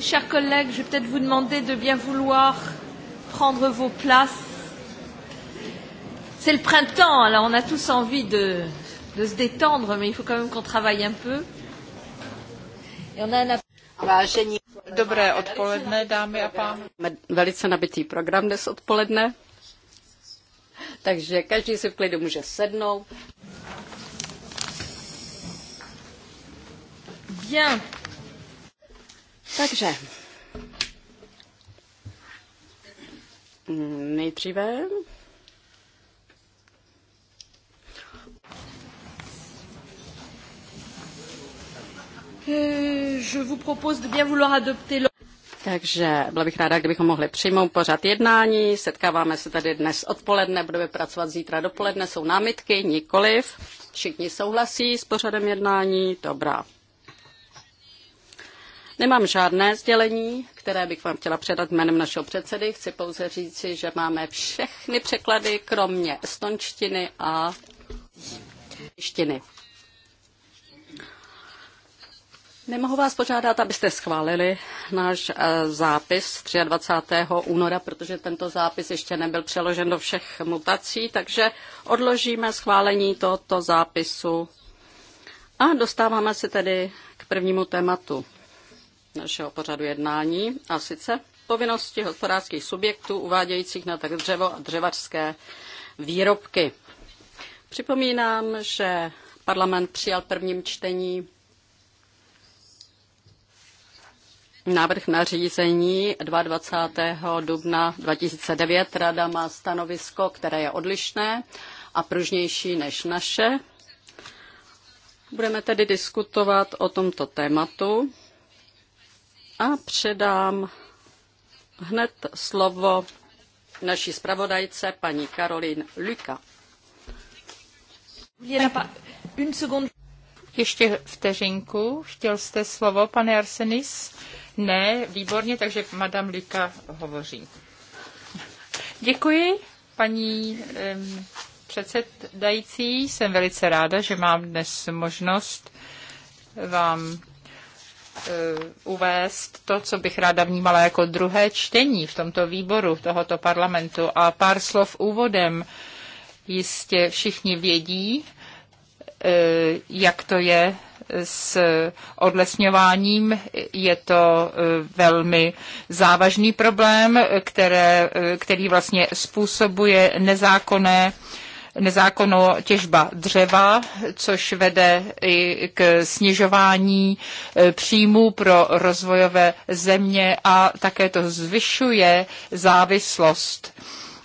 Chers collègues, je vais peut-être vous demander de bien vouloir prendre vos places. C'est le printemps, alors on a tous envie de, de se détendre, mais il faut quand même qu'on travaille un peu. Et on a un... Vážení, dobré odpoledne, dámy a pánové. Velice nabitý program dnes odpoledne, takže každý si v klidu může sednout. Bien. Takže nejdříve Je vous propose de bien vouloir adopter le... Takže byla bych ráda, kdybychom mohli přijmout pořád jednání. Setkáváme se tady dnes odpoledne, budeme pracovat zítra dopoledne. Jsou námitky? Nikoliv. Všichni souhlasí s pořadem jednání? Dobrá. Nemám žádné sdělení, které bych vám chtěla předat jménem našeho předsedy. Chci pouze říci, že máme všechny překlady, kromě estonštiny a štiny. Nemohu vás požádat, abyste schválili náš eh, zápis 23. února, protože tento zápis ještě nebyl přeložen do všech mutací, takže odložíme schválení tohoto zápisu. A dostáváme se tedy k prvnímu tématu našeho pořadu jednání, a sice povinnosti hospodářských subjektů uvádějících na trh dřevo a dřevařské výrobky. Připomínám, že parlament přijal prvním čtení návrh nařízení 22. dubna 2009. Rada má stanovisko, které je odlišné a pružnější než naše. Budeme tedy diskutovat o tomto tématu a předám hned slovo naší zpravodajce paní Karolín Luka. Ještě vteřinku. Chtěl jste slovo, pane Arsenis? Ne, výborně, takže madam Luka hovoří. Děkuji, paní um, předsedající. Jsem velice ráda, že mám dnes možnost vám Eh, uvést to, co bych ráda vnímala jako druhé čtení v tomto výboru tohoto parlamentu. A pár slov úvodem. Jistě všichni vědí, eh, jak to je s odlesňováním. Je to eh, velmi závažný problém, které, který vlastně způsobuje nezákonné nezákonná těžba dřeva, což vede i k snižování e, příjmů pro rozvojové země a také to zvyšuje závislost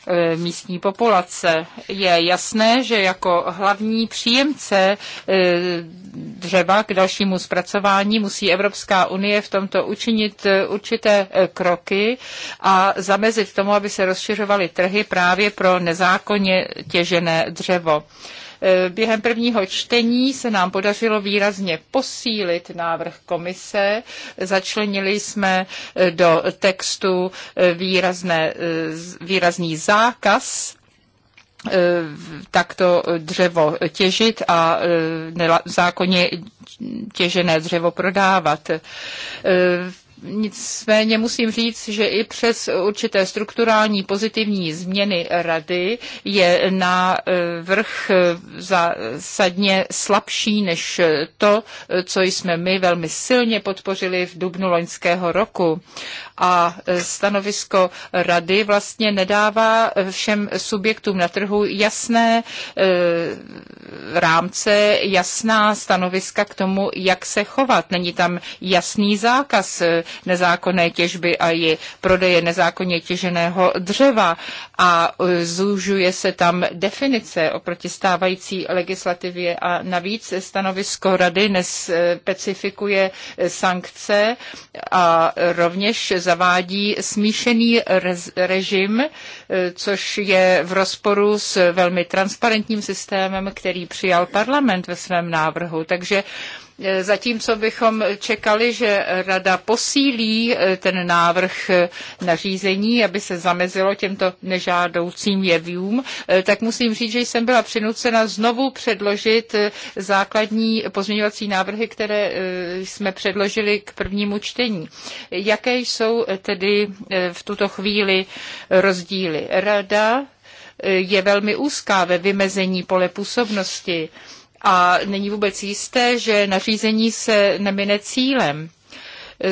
E, místní populace. Je jasné, že jako hlavní příjemce e, dřeva k dalšímu zpracování musí Evropská unie v tomto učinit e, určité kroky a zamezit tomu, aby se rozšiřovaly trhy právě pro nezákonně těžené dřevo. E, během prvního čtení se nám podařilo výrazně posílit návrh komise. Začlenili jsme e, do textu e, výrazné, výrazný zákaz takto dřevo těžit a zákonně těžené dřevo prodávat. Nicméně musím říct, že i přes určité strukturální pozitivní změny rady je na e, vrch e, zásadně slabší než to, co jsme my velmi silně podpořili v dubnu loňského roku. A e, stanovisko rady vlastně nedává všem subjektům na trhu jasné rámce, jasná stanoviska k tomu, jak se chovat. Není tam jasný zákaz, nezákonné těžby a i prodeje nezákonně těženého dřeva a e, zúžuje se tam definice oproti stávající legislativě a navíc stanovisko rady nespecifikuje e, sankce a rovněž zavádí smíšený režim, e, což je v rozporu s velmi transparentním systémem, který přijal parlament ve svém návrhu. Takže E, zatímco bychom čekali, že rada posílí e, ten návrh e, nařízení, aby se zamezilo těmto nežádoucím jevům, tak musím říct, že jsem byla přinucena znovu předložit základní pozměňovací návrhy, které jsme předložili k prvnímu čtení. Jaké jsou tedy v tuto chvíli rozdíly? Rada je velmi úzká ve vymezení pole působnosti a není vůbec jisté, že nařízení se nemine cílem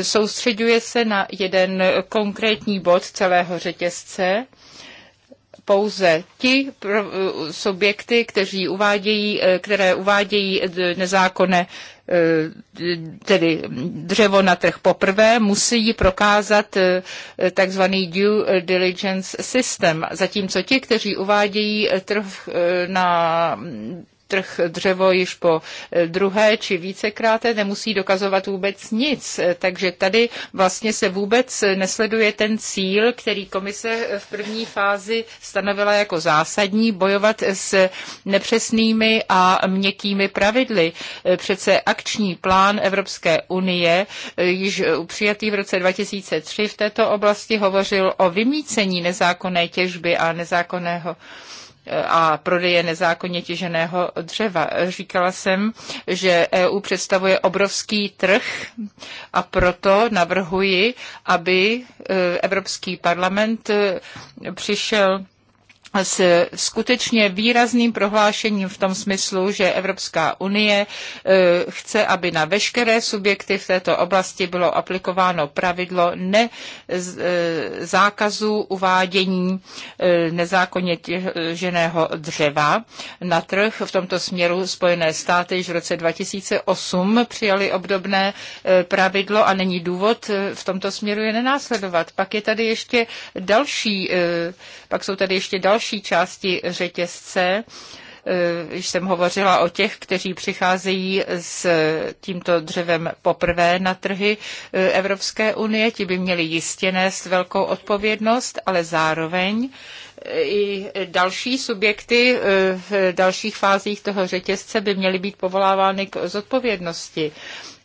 soustředuje se na jeden konkrétní bod celého řetězce. Pouze ti eh, subjekty, kteří uvádějí, eh, které uvádějí nezákonné eh, tedy dřevo na trh poprvé, musí prokázat takzvaný due diligence system, zatímco ti, kteří uvádějí trh na trh dřevo již po eh, druhé či vícekráté, nemusí dokazovat vůbec nic. Eh, takže tady vlastně se vůbec eh, nesleduje ten cíl, který komise v první fázi stanovila jako zásadní, bojovat s nepřesnými a měkkými pravidly. Přece akční plán Evropské unie, již přijatý v roce 2003 v této oblasti, hovořil o vymícení nezákonné těžby a nezákonného a prodeje nezákonně těženého dřeva. Říkala jsem, že EU představuje obrovský trh a proto navrhuji, aby e, Evropský parlament e, přišel s skutečně výrazným prohlášením v tom smyslu, že Evropská unie e, chce, aby na veškeré subjekty v této oblasti bylo aplikováno pravidlo ne e, zákazu uvádění e, nezákonně těženého dřeva na trh. V tomto směru Spojené státy již v roce 2008 přijali obdobné pravidlo a není důvod v tomto směru je nenásledovat. Pak je tady ještě další pak jsou tady ještě další části řetězce, když eh, jsem hovořila o těch, kteří přicházejí s tímto dřevem poprvé na trhy eh, Evropské unie, ti by měli jistě nést velkou odpovědnost, ale zároveň eh, i další subjekty v dalších fázích toho řetězce by měly být povolávány k zodpovědnosti.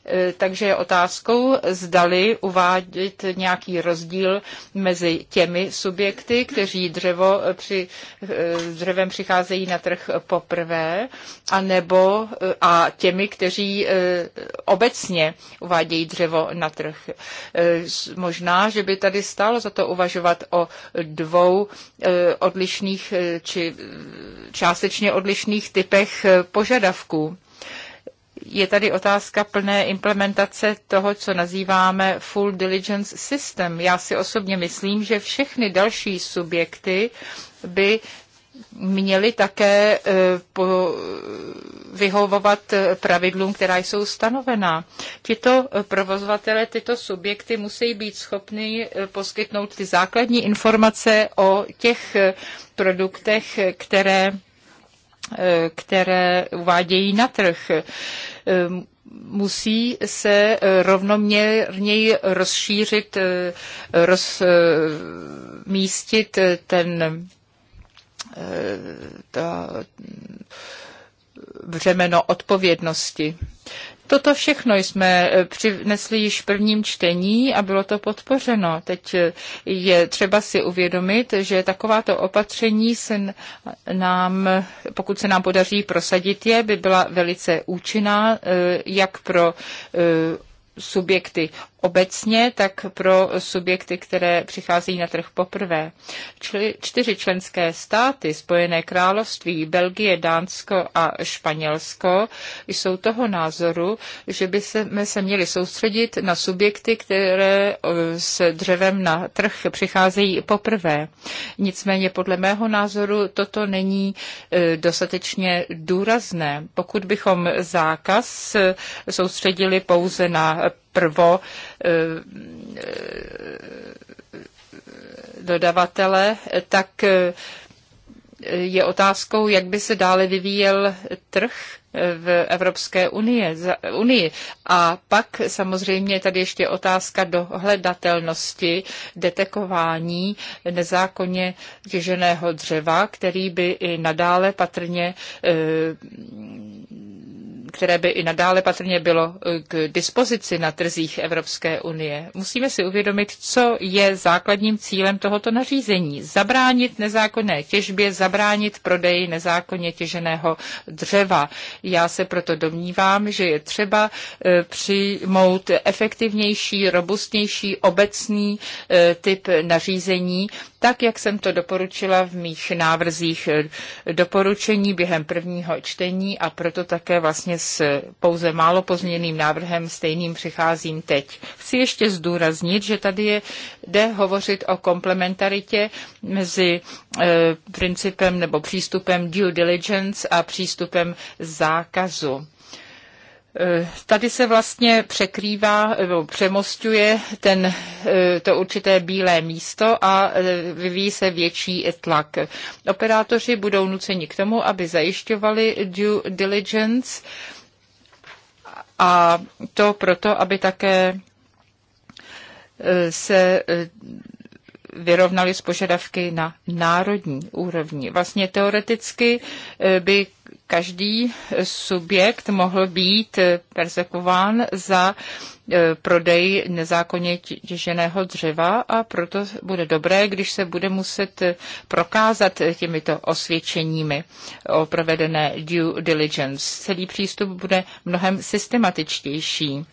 E, takže je otázkou, zdali uvádět nějaký rozdíl mezi těmi subjekty, kteří dřevo při, e, dřevem přicházejí na trh poprvé, a nebo e, a těmi, kteří obecně uvádějí dřevo na trh. Možná, že by tady stálo za to uvažovat o dvou odlišných či částečně odlišných typech požadavků je tady otázka plné implementace toho, co nazýváme full diligence system. Já si osobně myslím, že všechny další subjekty by měli také eh, vyhovovat eh, pravidlům, která jsou stanovená. Tito eh, provozovatele, tyto subjekty musí být schopni poskytnout ty základní informace o těch produktech, které které uvádějí na trh musí se rovnoměrněji rozšířit, rozmístit ten ta, břemeno odpovědnosti. Toto všechno jsme eh, přinesli již v prvním čtení a bylo to podpořeno. Teď eh, je třeba si uvědomit, že takováto opatření se nám, pokud se nám podaří prosadit je, by byla velice účinná eh, jak pro subjekty obecně, tak pro subjekty, které přicházejí na trh poprvé. čtyři členské státy, Spojené království, Belgie, Dánsko a Španělsko, jsou toho názoru, že by se měli soustředit na subjekty, které eh, s dřevem na trh přicházejí poprvé. Nicméně podle mého názoru toto není eh, dostatečně důrazné. Pokud bychom zákaz eh, soustředili pouze na prvo eh, eh, dodavatele, tak eh, je otázkou, jak by se dále vyvíjel trh v Evropské unie, unii. A pak samozřejmě je tady ještě otázka dohledatelnosti, detekování nezákonně těženého dřeva, který by i nadále patrně které by i nadále patrně bylo eh, k dispozici na trzích Evropské unie. Musíme si uvědomit, co je základním cílem tohoto nařízení. Zabránit nezákonné těžbě, zabránit prodeji nezákonně těženého dřeva. Já se proto domnívám, že je třeba eh, přijmout efektivnější, robustnější, obecný eh, typ nařízení, tak jak jsem to doporučila v mých návrzích eh, doporučení během prvního čtení a proto také vlastně s pouze málo pozměněným návrhem stejným přicházím teď. Chci ještě zdůraznit, že tady je, jde hovořit o komplementaritě mezi eh, principem nebo přístupem due diligence a přístupem zákazu. Eh, tady se vlastně překrývá, přemostuje ten, eh, to určité bílé místo a eh, vyvíjí se větší tlak. Operátoři budou nuceni k tomu, aby zajišťovali due diligence a to proto, aby také se vyrovnali s požadavky na národní úrovni. Vlastně teoreticky by každý subjekt mohl být eh, persekován za eh, prodej nezákonně těženého dřeva a proto bude dobré, když se bude muset eh, prokázat těmito osvědčeními o provedené due diligence. Celý přístup bude mnohem systematičtější.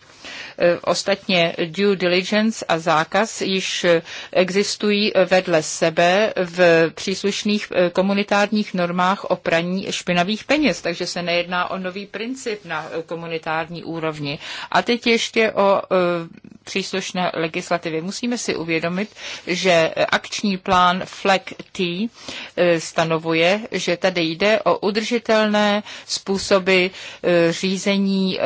E, ostatně due diligence a zákaz již existují vedle sebe v příslušných e, komunitárních normách o praní špinavých peněz, takže se nejedná o nový princip na e, komunitární úrovni. A teď ještě o příslušné legislativě. Musíme si uvědomit, že akční plán FLEG T stanovuje, že tady jde o udržitelné způsoby řízení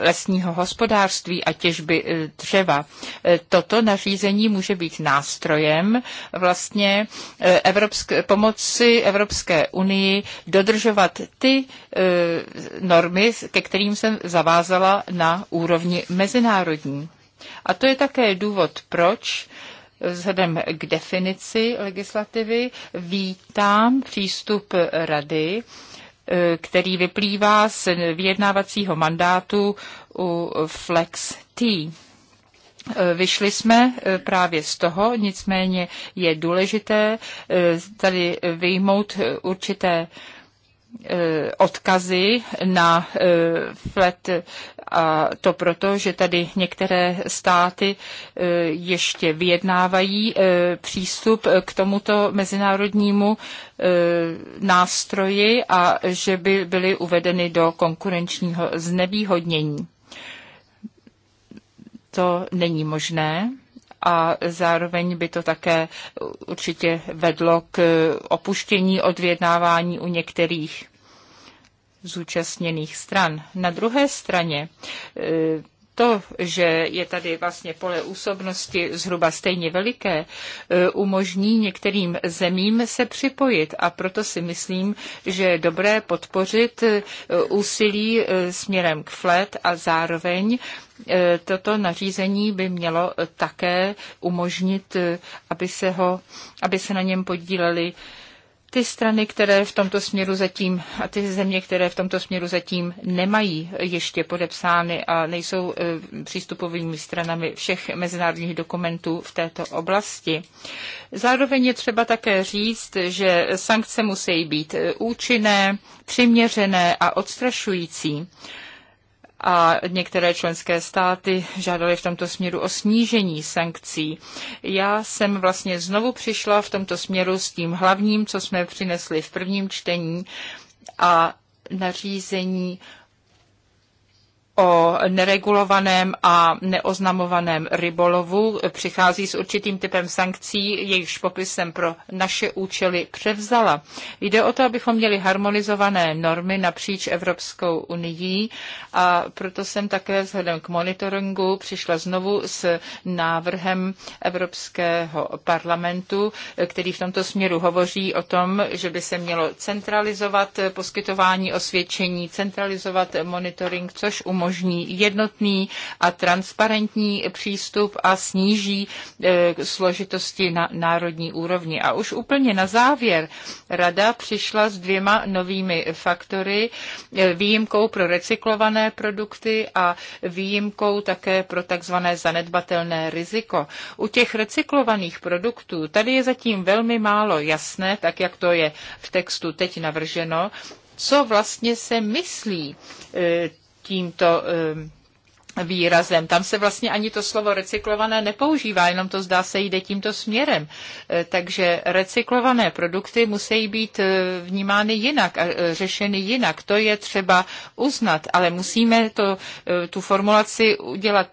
lesního hospodářství, hospodářství a těžby eh, dřeva. Eh, toto nařízení může být nástrojem vlastně eh, evropské, pomoci Evropské unii dodržovat ty normy, ke kterým jsem zavázala na úrovni mezinárodní. A to je také důvod, proč vzhledem k definici legislativy vítám přístup rady který vyplývá z vyjednávacího mandátu u Flex T. Vyšli jsme eh, právě z toho, nicméně je důležité eh, tady vyjmout eh, určité Eh, odkazy na eh, flat a to proto, že tady některé státy eh, ještě vyjednávají přístup k tomuto mezinárodnímu nástroji a že by byly uvedeny do konkurenčního znevýhodnění. To není možné a zároveň by to také určitě vedlo k opuštění od vyjednávání u některých zúčastněných stran. Na druhé straně to, že je tady vlastně pole úsobnosti zhruba stejně veliké, e, umožní některým zemím se připojit a proto si myslím, že je dobré podpořit e, úsilí e, směrem k FLET a zároveň toto nařízení by mělo také umožnit, aby se, ho, aby se na něm podíleli ty strany, které v tomto směru zatím a ty země, které v tomto směru zatím nemají ještě podepsány a nejsou e, přístupovými stranami všech mezinárodních dokumentů v této oblasti. Zároveň je třeba také říct, že sankce musí být e, účinné, přiměřené a odstrašující a některé členské státy žádaly v tomto směru o snížení sankcí. Já jsem vlastně znovu přišla v tomto směru s tím hlavním, co jsme přinesli v prvním čtení a nařízení o neregulovaném a neoznamovaném rybolovu přichází s určitým typem sankcí, jejichž popis jsem pro naše účely převzala. Jde o to, abychom měli harmonizované normy napříč Evropskou unii a proto jsem také vzhledem k monitoringu přišla znovu s návrhem Evropského parlamentu, který v tomto směru hovoří o tom, že by se mělo centralizovat poskytování osvědčení, centralizovat monitoring, což umožňuje umožní jednotný a transparentní přístup a sníží eh, složitosti na národní úrovni. A už úplně na závěr rada přišla s dvěma novými faktory, eh, výjimkou pro recyklované produkty a výjimkou také pro takzvané zanedbatelné riziko. U těch recyklovaných produktů tady je zatím velmi málo jasné, tak jak to je v textu teď navrženo, co vlastně se myslí eh, tímto um, výrazem. Tam se vlastně ani to slovo recyklované nepoužívá, jenom to zdá se jde tímto směrem. E, takže recyklované produkty musí být e, vnímány jinak a e, řešeny jinak. To je třeba uznat, ale musíme to, tu formulaci udělat,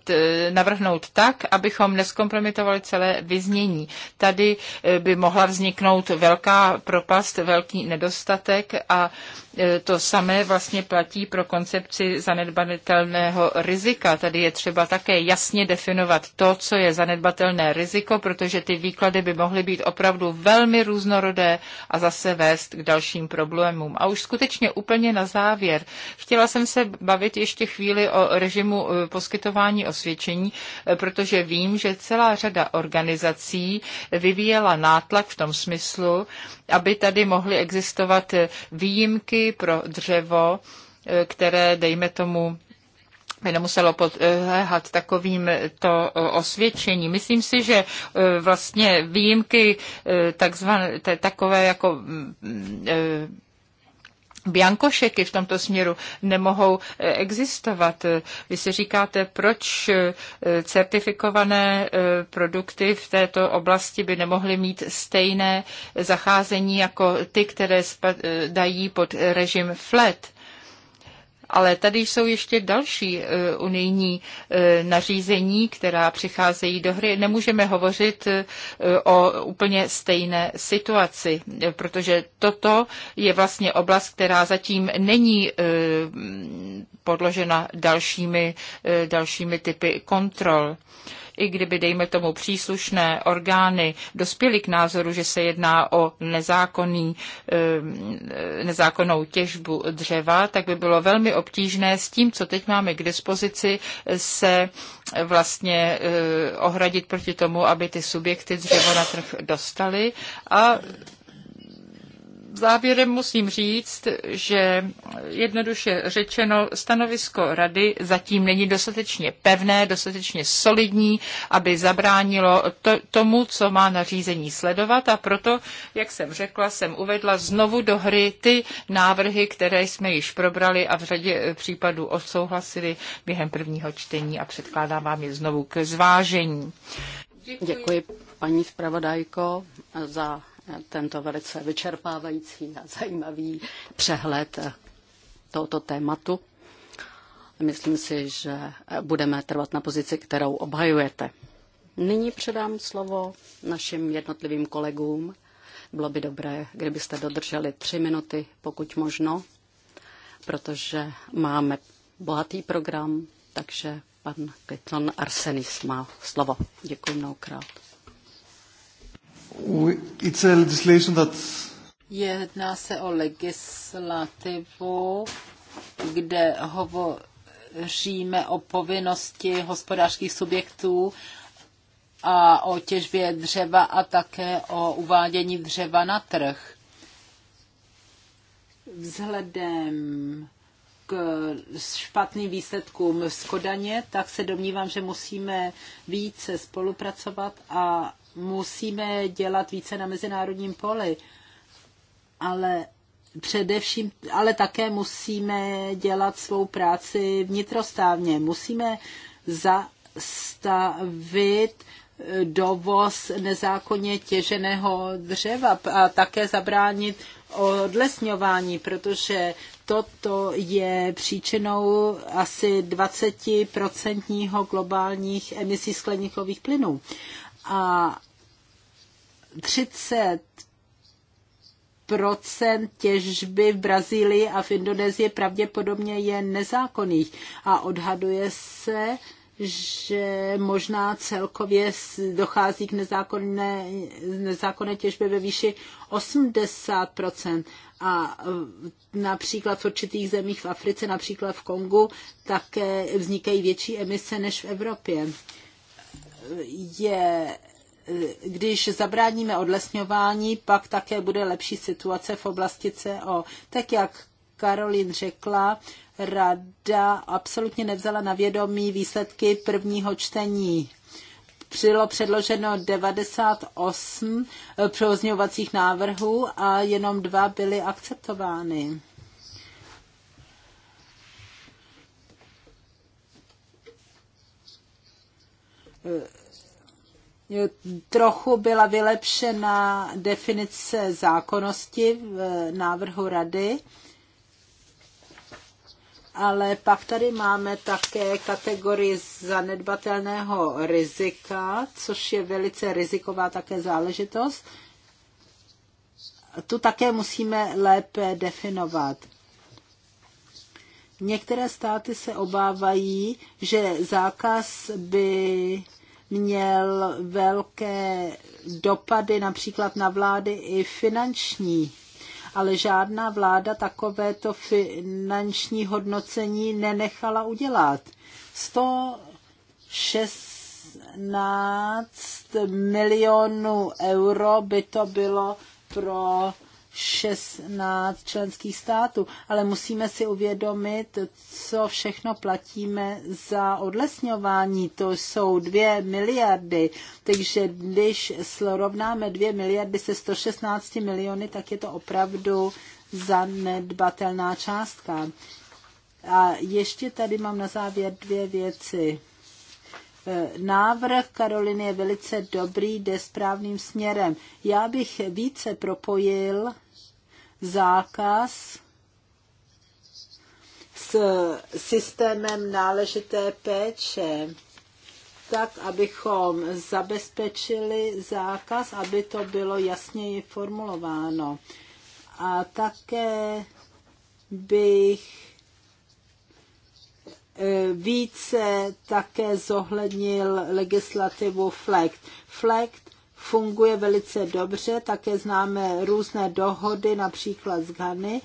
navrhnout tak, abychom neskompromitovali celé vyznění. Tady by mohla vzniknout velká propast, velký nedostatek a E, to samé vlastně platí pro koncepci zanedbatelného rizika. Tady je třeba také jasně definovat to, co je zanedbatelné riziko, protože ty výklady by mohly být opravdu velmi různorodé a zase vést k dalším problémům. A už skutečně úplně na závěr. Chtěla jsem se bavit ještě chvíli o režimu e, poskytování osvědčení, e, protože vím, že celá řada organizací vyvíjela nátlak v tom smyslu, aby tady mohly existovat výjimky pro dřevo, eh, které, dejme tomu, by nemuselo podléhat takovým to eh, osvědčení. Myslím si, že eh, vlastně výjimky takzvané, takové jako mm, Biankošeky v tomto směru nemohou eh, existovat. Vy si říkáte, proč eh, certifikované eh, produkty v této oblasti by nemohly mít stejné zacházení jako ty, které dají pod režim FLET. Ale tady jsou ještě další eh, unijní eh, nařízení, která přicházejí do hry. Nemůžeme hovořit eh, o úplně stejné situaci, protože toto je vlastně oblast, která zatím není podložena dalšími, dalšími typy kontrol. Uh, i kdyby, dejme tomu, příslušné orgány dospěly k názoru, že se jedná o nezákonný, ehm, nezákonnou těžbu dřeva, tak by bylo velmi obtížné s tím, co teď máme k dispozici, se vlastně eh, ohradit proti tomu, aby ty subjekty dřevo na trh dostaly a Závěrem musím říct, že jednoduše řečeno stanovisko rady zatím není dostatečně pevné, dostatečně solidní, aby zabránilo to, tomu, co má nařízení sledovat a proto, jak jsem řekla, jsem uvedla znovu do hry ty návrhy, které jsme již probrali a v řadě eh, případů odsouhlasili během prvního čtení a předkládám vám je znovu k zvážení. Děkuji, Děkuji paní zpravodajko za tento velice vyčerpávající a zajímavý přehled tohoto tématu. Myslím si, že budeme trvat na pozici, kterou obhajujete. Nyní předám slovo našim jednotlivým kolegům. Bylo by dobré, kdybyste dodrželi tři minuty, pokud možno, protože máme bohatý program, takže pan Clinton Arsenis má slovo. Děkuji mnohokrát. It's a legislation that... Jedná se o legislativu, kde hovoříme o povinnosti hospodářských subjektů a o těžbě dřeva a také o uvádění dřeva na trh. Vzhledem k špatným výsledkům z Kodaně, tak se domnívám, že musíme více spolupracovat a musíme dělat více na mezinárodním poli, ale především, ale také musíme dělat svou práci vnitrostávně. Musíme zastavit dovoz nezákonně těženého dřeva a také zabránit odlesňování, protože toto je příčinou asi 20% globálních emisí skleníkových plynů a 30 těžby v Brazílii a v Indonésii pravděpodobně je nezákonných a odhaduje se, že možná celkově dochází k nezákonné, nezákonné těžbě ve výši 80%. A například v určitých zemích v Africe, například v Kongu, také vznikají větší emise než v Evropě je eh, když zabráníme odlesňování, pak také bude lepší situace v oblasti CO. Tak jak Karolin řekla, rada absolutně nevzala na vědomí výsledky prvního čtení. Přilo předloženo 98 eh, pozměňovacích návrhů a jenom dva byly akceptovány. E, trochu byla vylepšena definice zákonnosti v návrhu rady, ale pak tady máme také kategorii zanedbatelného rizika, což je velice riziková také záležitost. Tu také musíme lépe definovat. Některé státy se obávají, že zákaz by měl velké dopady například na vlády i finanční, ale žádná vláda takovéto finanční hodnocení nenechala udělat. 116 milionů euro by to bylo pro 16 členských států, ale musíme si uvědomit, co všechno platíme za odlesňování. To jsou 2 miliardy, takže když slorovnáme 2 miliardy se 116 miliony, tak je to opravdu zanedbatelná částka. A ještě tady mám na závěr dvě věci. Návrh Karoliny je velice dobrý, jde správným směrem. Já bych více propojil zákaz s systémem náležité péče, tak, abychom zabezpečili zákaz, aby to bylo jasněji formulováno. A také bych eh, více také zohlednil legislativu FLECT. FLECT funguje velice dobře, také známe různé dohody, například z Ghany.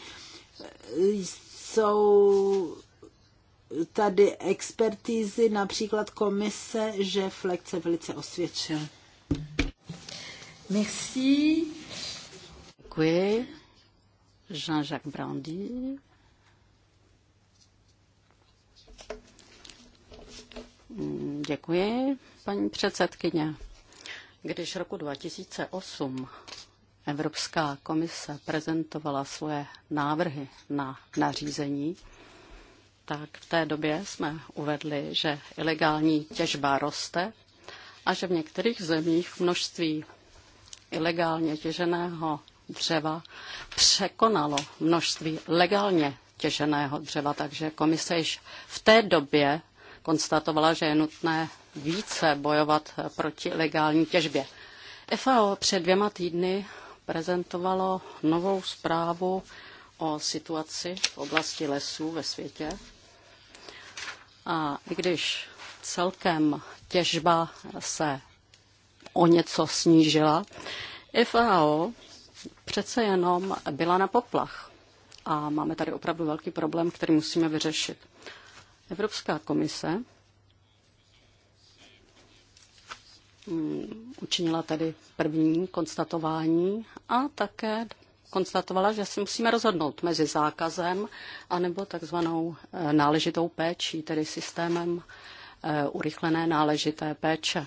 Jsou tady expertízy, například komise, že Fleck se velice osvědčil. Merci. Děkuji. Jean-Jacques Brandy. Děkuji, paní předsedkyně. Když roku 2008 Evropská komise prezentovala svoje návrhy na nařízení, tak v té době jsme uvedli, že ilegální těžba roste a že v některých zemích množství ilegálně těženého dřeva překonalo množství legálně těženého dřeva, takže komise již v té době konstatovala, že je nutné více bojovat proti legální těžbě. FAO před dvěma týdny prezentovalo novou zprávu o situaci v oblasti lesů ve světě. A i když celkem těžba se o něco snížila, FAO přece jenom byla na poplach. A máme tady opravdu velký problém, který musíme vyřešit. Evropská komise Mm, učinila tedy první konstatování a také konstatovala, že si musíme rozhodnout mezi zákazem anebo takzvanou eh, náležitou péčí, tedy systémem eh, urychlené náležité péče.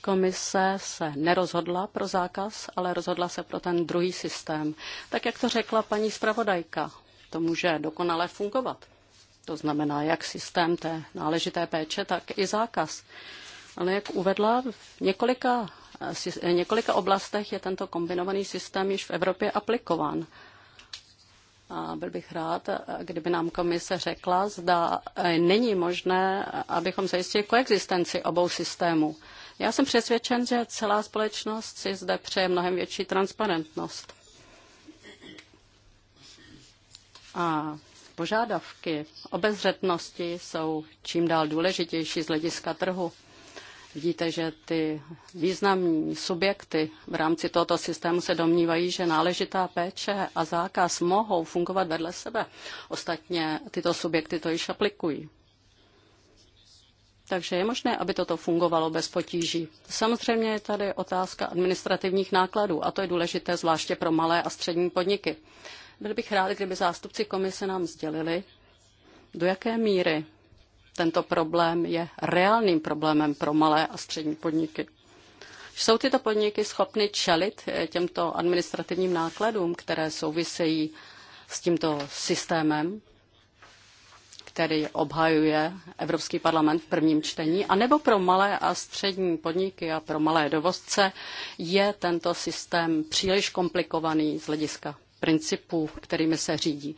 Komise se nerozhodla pro zákaz, ale rozhodla se pro ten druhý systém. Tak jak to řekla paní zpravodajka, to může dokonale fungovat. To znamená jak systém té náležité péče, tak i zákaz ale jak uvedla, v několika, eh, eh, několika oblastech je tento kombinovaný systém již v Evropě aplikován. A byl bych rád, eh, kdyby nám komise řekla, zda není možné, abychom zajistili koexistenci obou systémů. Já jsem přesvědčen, že celá společnost si zde přeje mnohem větší transparentnost. A požádavky obezřetnosti jsou čím dál důležitější z hlediska trhu. Vidíte, že ty významní subjekty v rámci tohoto systému se domnívají, že náležitá péče a zákaz mohou fungovat vedle sebe. Ostatně tyto subjekty to již aplikují. Takže je možné, aby toto fungovalo bez potíží. Samozřejmě je tady otázka administrativních nákladů a to je důležité zvláště pro malé a střední podniky. Byl bych rád, kdyby zástupci komise nám sdělili, do jaké míry tento problém je reálným problémem pro malé a střední podniky. Jsou tyto podniky schopny čelit eh, těmto administrativním nákladům, které souvisejí s tímto systémem, který obhajuje Evropský parlament v prvním čtení, anebo pro malé a střední podniky a pro malé dovozce je tento systém příliš komplikovaný z hlediska principů, kterými se řídí.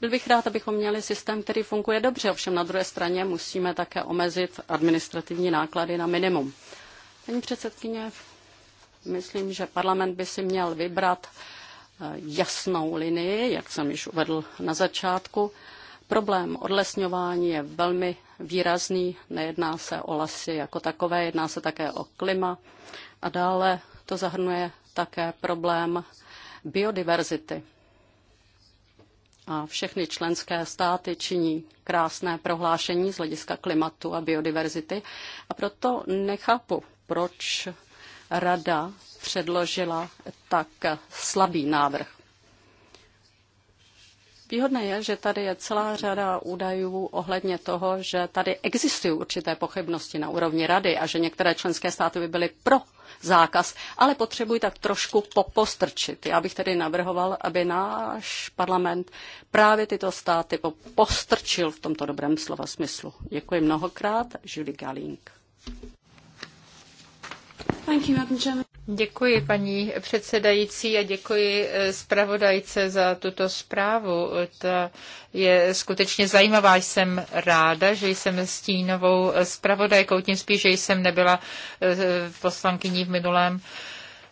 Byl bych rád, abychom měli systém, který funguje dobře, ovšem na druhé straně musíme také omezit administrativní náklady na minimum. Paní předsedkyně, myslím, že parlament by si měl vybrat eh, jasnou linii, jak jsem již uvedl na začátku. Problém odlesňování je velmi výrazný, nejedná se o lesy jako takové, jedná se také o klima a dále to zahrnuje také problém biodiverzity a všechny členské státy činí krásné prohlášení z hlediska klimatu a biodiverzity a proto nechápu, proč rada předložila tak slabý návrh. Výhodné je, že tady je celá řada údajů ohledně toho, že tady existují určité pochybnosti na úrovni rady a že některé členské státy by byly pro zákaz, ale potřebují tak trošku popostrčit. Já bych tedy navrhoval, aby náš parlament právě tyto státy postrčil v tomto dobrém slova smyslu. Děkuji mnohokrát, Julie Galink. Thank you, Madam Chairman. Děkuji paní předsedající a děkuji eh, zpravodajce za tuto zprávu. Ta je skutečně zajímavá. Jsem ráda, že jsem stínovou eh, zpravodajkou, tím spíš, že jsem nebyla eh, poslankyní v minulém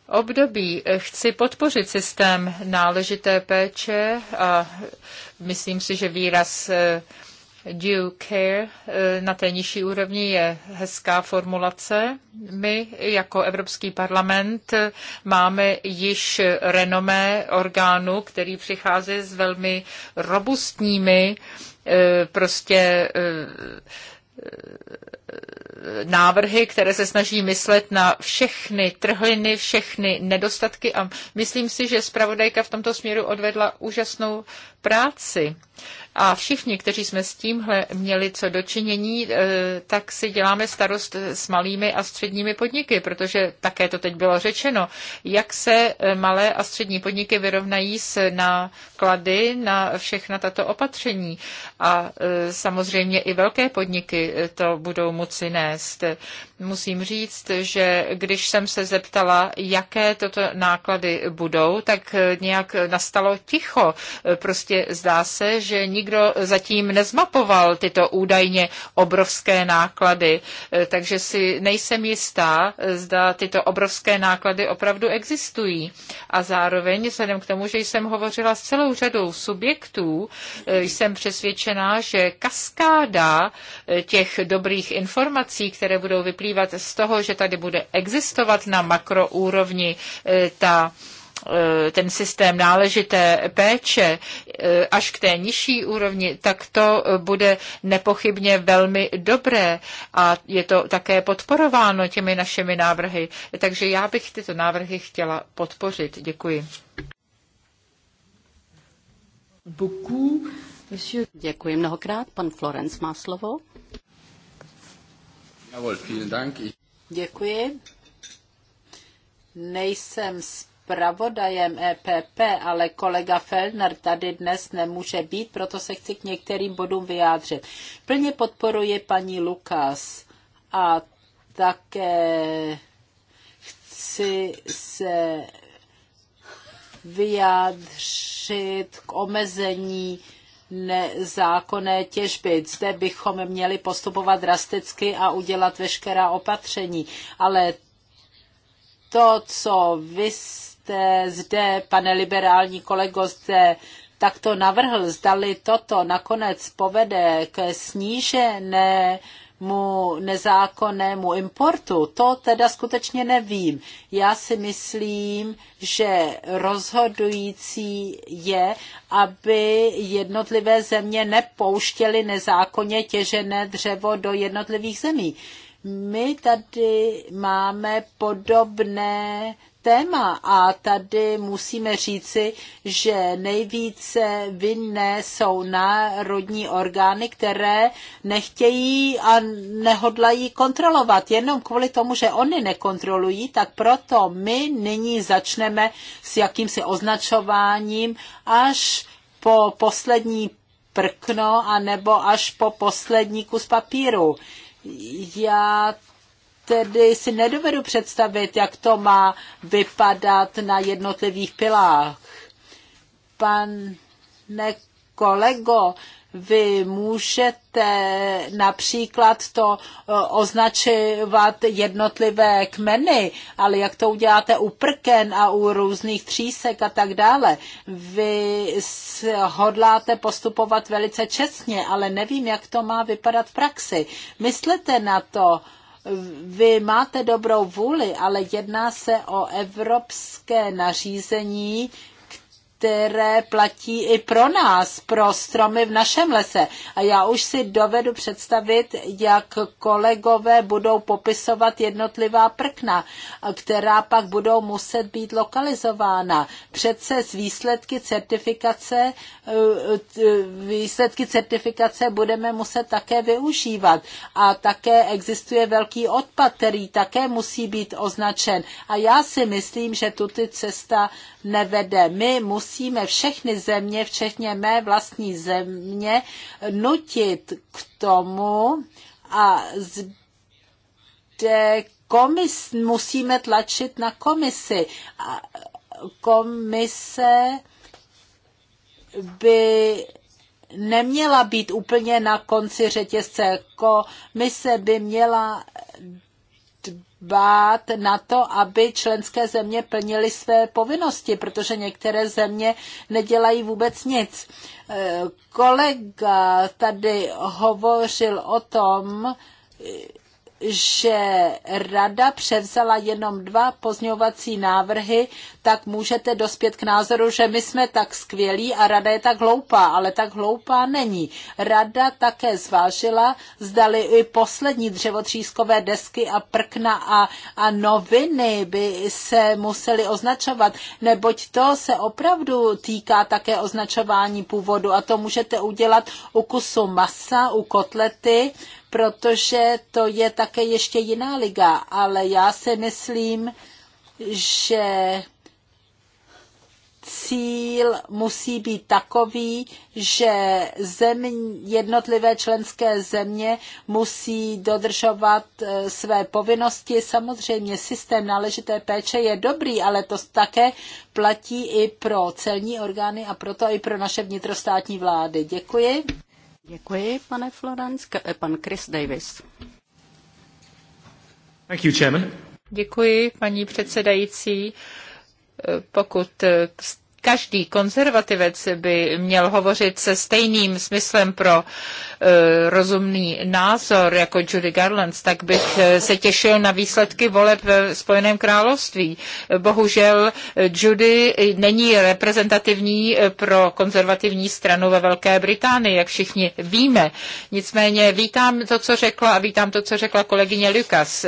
období. Chci podpořit systém náležité péče a myslím si, že výraz due care eh, na té nižší úrovni je hezká formulace. My jako Evropský parlament máme již renomé orgánu, který přichází s velmi robustními eh, prostě eh, návrhy, které se snaží myslet na všechny trhliny, všechny nedostatky a myslím si, že zpravodajka v tomto směru odvedla úžasnou práci. A všichni, kteří jsme s tímhle měli co dočinění, eh, tak si děláme starost s malými a středními podniky, protože také to teď bylo řečeno, jak se eh, malé a střední podniky vyrovnají s náklady na všechna tato opatření. A eh, samozřejmě i velké podniky to budou pomoci nést. Musím říct, že když jsem se zeptala, jaké toto náklady budou, tak nějak nastalo ticho. Prostě zdá se, že nikdo zatím nezmapoval tyto údajně obrovské náklady, takže si nejsem jistá, zda tyto obrovské náklady opravdu existují. A zároveň, vzhledem k tomu, že jsem hovořila s celou řadou subjektů, jsem přesvědčená, že kaskáda těch dobrých informací, které budou vyplývat z toho, že tady bude existovat na makroúrovni e, ta e, ten systém náležité péče e, až k té nižší úrovni, tak to bude nepochybně velmi dobré a je to také podporováno těmi našimi návrhy. Takže já bych tyto návrhy chtěla podpořit. Děkuji. Děkuji mnohokrát. Pan Florence má slovo. Děkuji. Nejsem zpravodajem EPP, ale kolega Fellner tady dnes nemůže být, proto se chci k některým bodům vyjádřit. Plně podporuje paní Lukas a také chci se vyjádřit k omezení nezákonné těžby. Zde bychom měli postupovat drasticky a udělat veškerá opatření. Ale to, co vy jste zde, pane liberální kolego, zde takto navrhl, zdali toto nakonec povede k snížené mu nezákonnému importu, to teda skutečně nevím. Já si myslím, že rozhodující je, aby jednotlivé země nepouštěly nezákonně těžené dřevo do jednotlivých zemí. My tady máme podobné téma a tady musíme říci, že nejvíce vinné jsou národní orgány, které nechtějí a nehodlají kontrolovat. Jenom kvůli tomu, že oni nekontrolují, tak proto my nyní začneme s jakýmsi označováním až po poslední prkno a nebo až po poslední kus papíru. Já tedy si nedovedu představit, jak to má vypadat na jednotlivých pilách. Pane kolego, vy můžete například to eh, označovat jednotlivé kmeny, ale jak to uděláte u prken a u různých třísek a tak dále. Vy hodláte postupovat velice čestně, ale nevím, jak to má vypadat v praxi. Myslete na to, vy máte dobrou vůli, ale jedná se o evropské nařízení, které platí i pro nás, pro stromy v našem lese. A já už si dovedu představit, jak kolegové budou popisovat jednotlivá prkna, která pak budou muset být lokalizována. Přece z výsledky certifikace, eh, výsledky certifikace budeme muset také využívat. A také existuje velký odpad, který také musí být označen. A já si myslím, že tuto cesta nevede. My musíme musíme všechny země, včetně mé vlastní země, nutit k tomu a zde komis, musíme tlačit na komisi. A komise by neměla být úplně na konci řetězce. Komise by měla dbát na to, aby členské země plnily své povinnosti, protože některé země nedělají vůbec nic. Eh, kolega tady hovořil o tom, eh, že rada převzala jenom dva pozňovací návrhy, tak můžete dospět k názoru, že my jsme tak skvělí a rada je tak hloupá, ale tak hloupá není. Rada také zvážila, zdali i poslední dřevotřískové desky a prkna a, a noviny by se museli označovat, neboť to se opravdu týká také označování původu a to můžete udělat u kusu masa, u kotlety, protože to je také ještě jiná liga, ale já si myslím, že cíl musí být takový, že zem, jednotlivé členské země musí dodržovat eh, své povinnosti. Samozřejmě systém náležité péče je dobrý, ale to také platí i pro celní orgány a proto i pro naše vnitrostátní vlády. Děkuji. Děkuji, pane Florence. Eh, pan Chris Davis. Thank you, Chairman. Děkuji, paní předsedající. Eh, Pokud eh, každý konzervativec by měl hovořit se stejným smyslem pro e, rozumný názor jako Judy Garland, tak bych e, se těšil na výsledky voleb ve Spojeném království. Bohužel e, Judy není reprezentativní pro konzervativní stranu ve Velké Británii, jak všichni víme. Nicméně vítám to, co řekla a vítám to, co řekla kolegyně Lukas.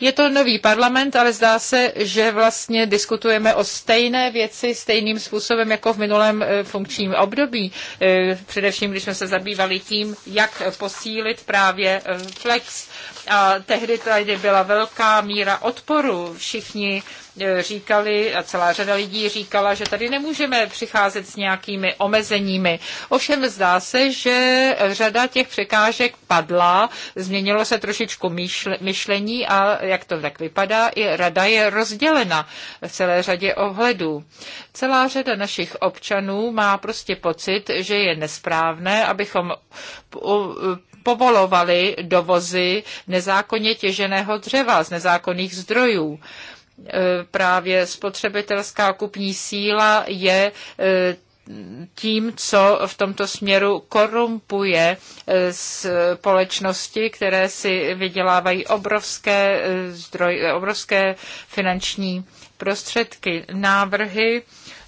Je to nový parlament, ale zdá se, že vlastně diskutujeme o stejné věci stejným způsobem jako v minulém eh, funkčním období, eh, především když jsme se zabývali tím, jak posílit právě eh, flex. A tehdy tady byla velká míra odporu. Všichni e, říkali, a celá řada lidí říkala, že tady nemůžeme přicházet s nějakými omezeními. Ovšem zdá se, že řada těch překážek padla, změnilo se trošičku myšlení a jak to tak vypadá, i rada je rozdělena v celé řadě ohledů. Celá řada našich občanů má prostě pocit, že je nesprávné, abychom povolovaly dovozy nezákonně těženého dřeva z nezákonných zdrojů e, právě spotřebitelská kupní síla je e, tím, co v tomto směru korumpuje e, společnosti, které si vydělávají obrovské, zdroj, obrovské finanční prostředky. Návrhy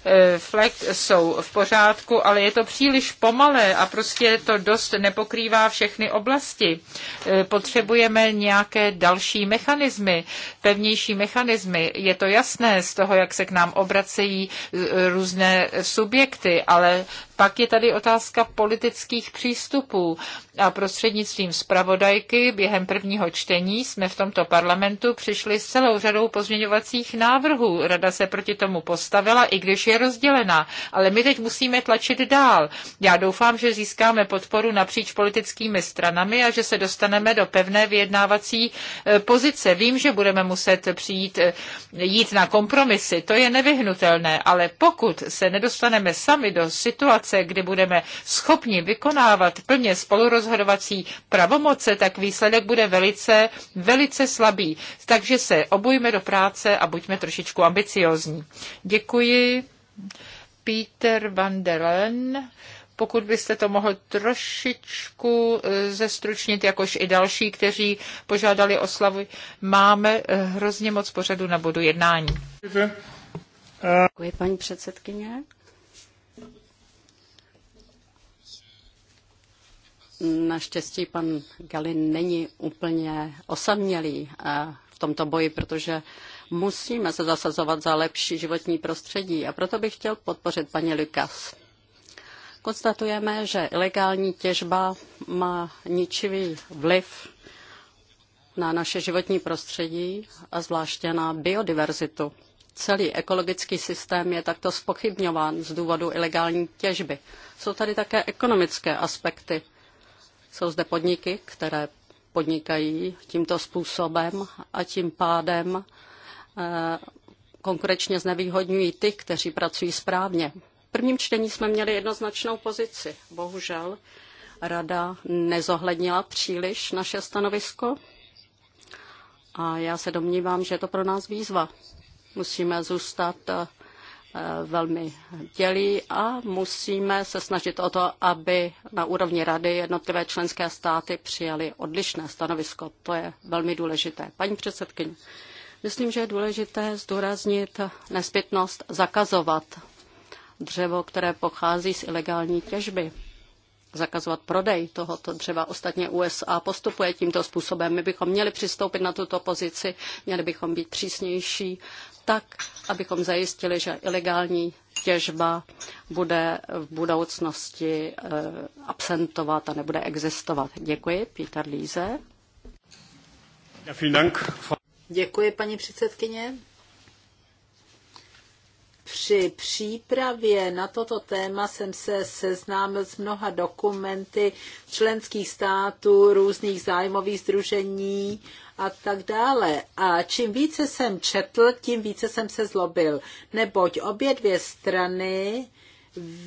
Eh, FLEG jsou v pořádku, ale je to příliš pomalé a prostě to dost nepokrývá všechny oblasti. Eh, potřebujeme nějaké další mechanismy, pevnější mechanismy. Je to jasné z toho, jak se k nám obracejí eh, různé subjekty, ale pak je tady otázka politických přístupů a prostřednictvím zpravodajky během prvního čtení jsme v tomto parlamentu přišli s celou řadou pozměňovacích návrhů. Rada se proti tomu postavila, i když je rozdělená, ale my teď musíme tlačit dál. Já doufám, že získáme podporu napříč politickými stranami a že se dostaneme do pevné vyjednávací e, pozice. Vím, že budeme muset přijít, e, jít na kompromisy, to je nevyhnutelné, ale pokud se nedostaneme sami do situace, situace, kdy budeme schopni vykonávat plně spolurozhodovací pravomoce, tak výsledek bude velice, velice slabý. Takže se obujme do práce a buďme trošičku ambiciozní. Děkuji. Peter van der Len pokud byste to mohl trošičku eh, zestručnit, jakož i další, kteří požádali o slavu. Máme eh, hrozně moc pořadu na bodu jednání. Děkuji, eh. paní předsedkyně. Naštěstí pan Galin není úplně osamělý eh, v tomto boji, protože musíme se zasazovat za lepší životní prostředí a proto bych chtěl podpořit paní Lukas. Konstatujeme, že ilegální těžba má ničivý vliv na naše životní prostředí a zvláště na biodiverzitu. Celý ekologický systém je takto spochybňován z důvodu ilegální těžby. Jsou tady také ekonomické aspekty. Jsou zde podniky, které podnikají tímto způsobem a tím pádem eh, konkurečně znevýhodňují ty, kteří pracují správně. V prvním čtení jsme měli jednoznačnou pozici. Bohužel rada nezohlednila příliš naše stanovisko a já se domnívám, že je to pro nás výzva. Musíme zůstat eh, Eh, velmi dělí a musíme se snažit o to, aby na úrovni rady jednotlivé členské státy přijali odlišné stanovisko. To je velmi důležité. Paní předsedkyně, myslím, že je důležité zdůraznit nezbytnost zakazovat dřevo, které pochází z ilegální těžby zakazovat prodej tohoto dřeva. Ostatně USA postupuje tímto způsobem. My bychom měli přistoupit na tuto pozici, měli bychom být přísnější, tak, abychom zajistili, že ilegální těžba bude v budoucnosti eh, absentovat a nebude existovat. Děkuji, Peter Líze. Děkuji, paní předsedkyně. Při přípravě na toto téma jsem se seznámil s mnoha dokumenty členských států, různých zájmových združení a tak dále. A čím více jsem četl, tím více jsem se zlobil, neboť obě dvě strany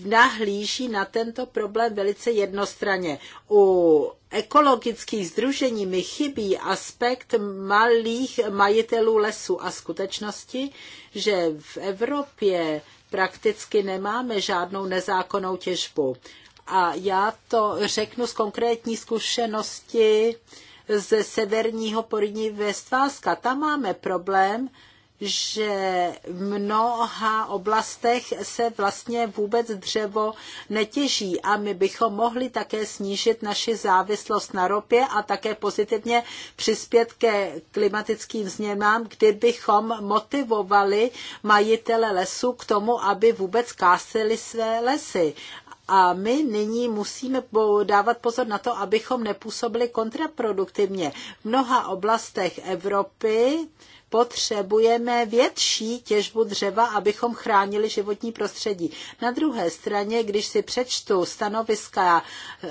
nahlíží na tento problém velice jednostranně. U ekologických združení mi chybí aspekt malých majitelů lesů a skutečnosti, že v Evropě prakticky nemáme žádnou nezákonnou těžbu. A já to řeknu z konkrétní zkušenosti ze severního Porní Vestvázka. Tam máme problém, že v mnoha oblastech se vlastně vůbec dřevo netěží a my bychom mohli také snížit naši závislost na ropě a také pozitivně přispět ke klimatickým změnám, kdybychom motivovali majitele lesů k tomu, aby vůbec kásili své lesy. A my nyní musíme dávat pozor na to, abychom nepůsobili kontraproduktivně. V mnoha oblastech Evropy potřebujeme větší těžbu dřeva, abychom chránili životní prostředí. Na druhé straně, když si přečtu stanoviska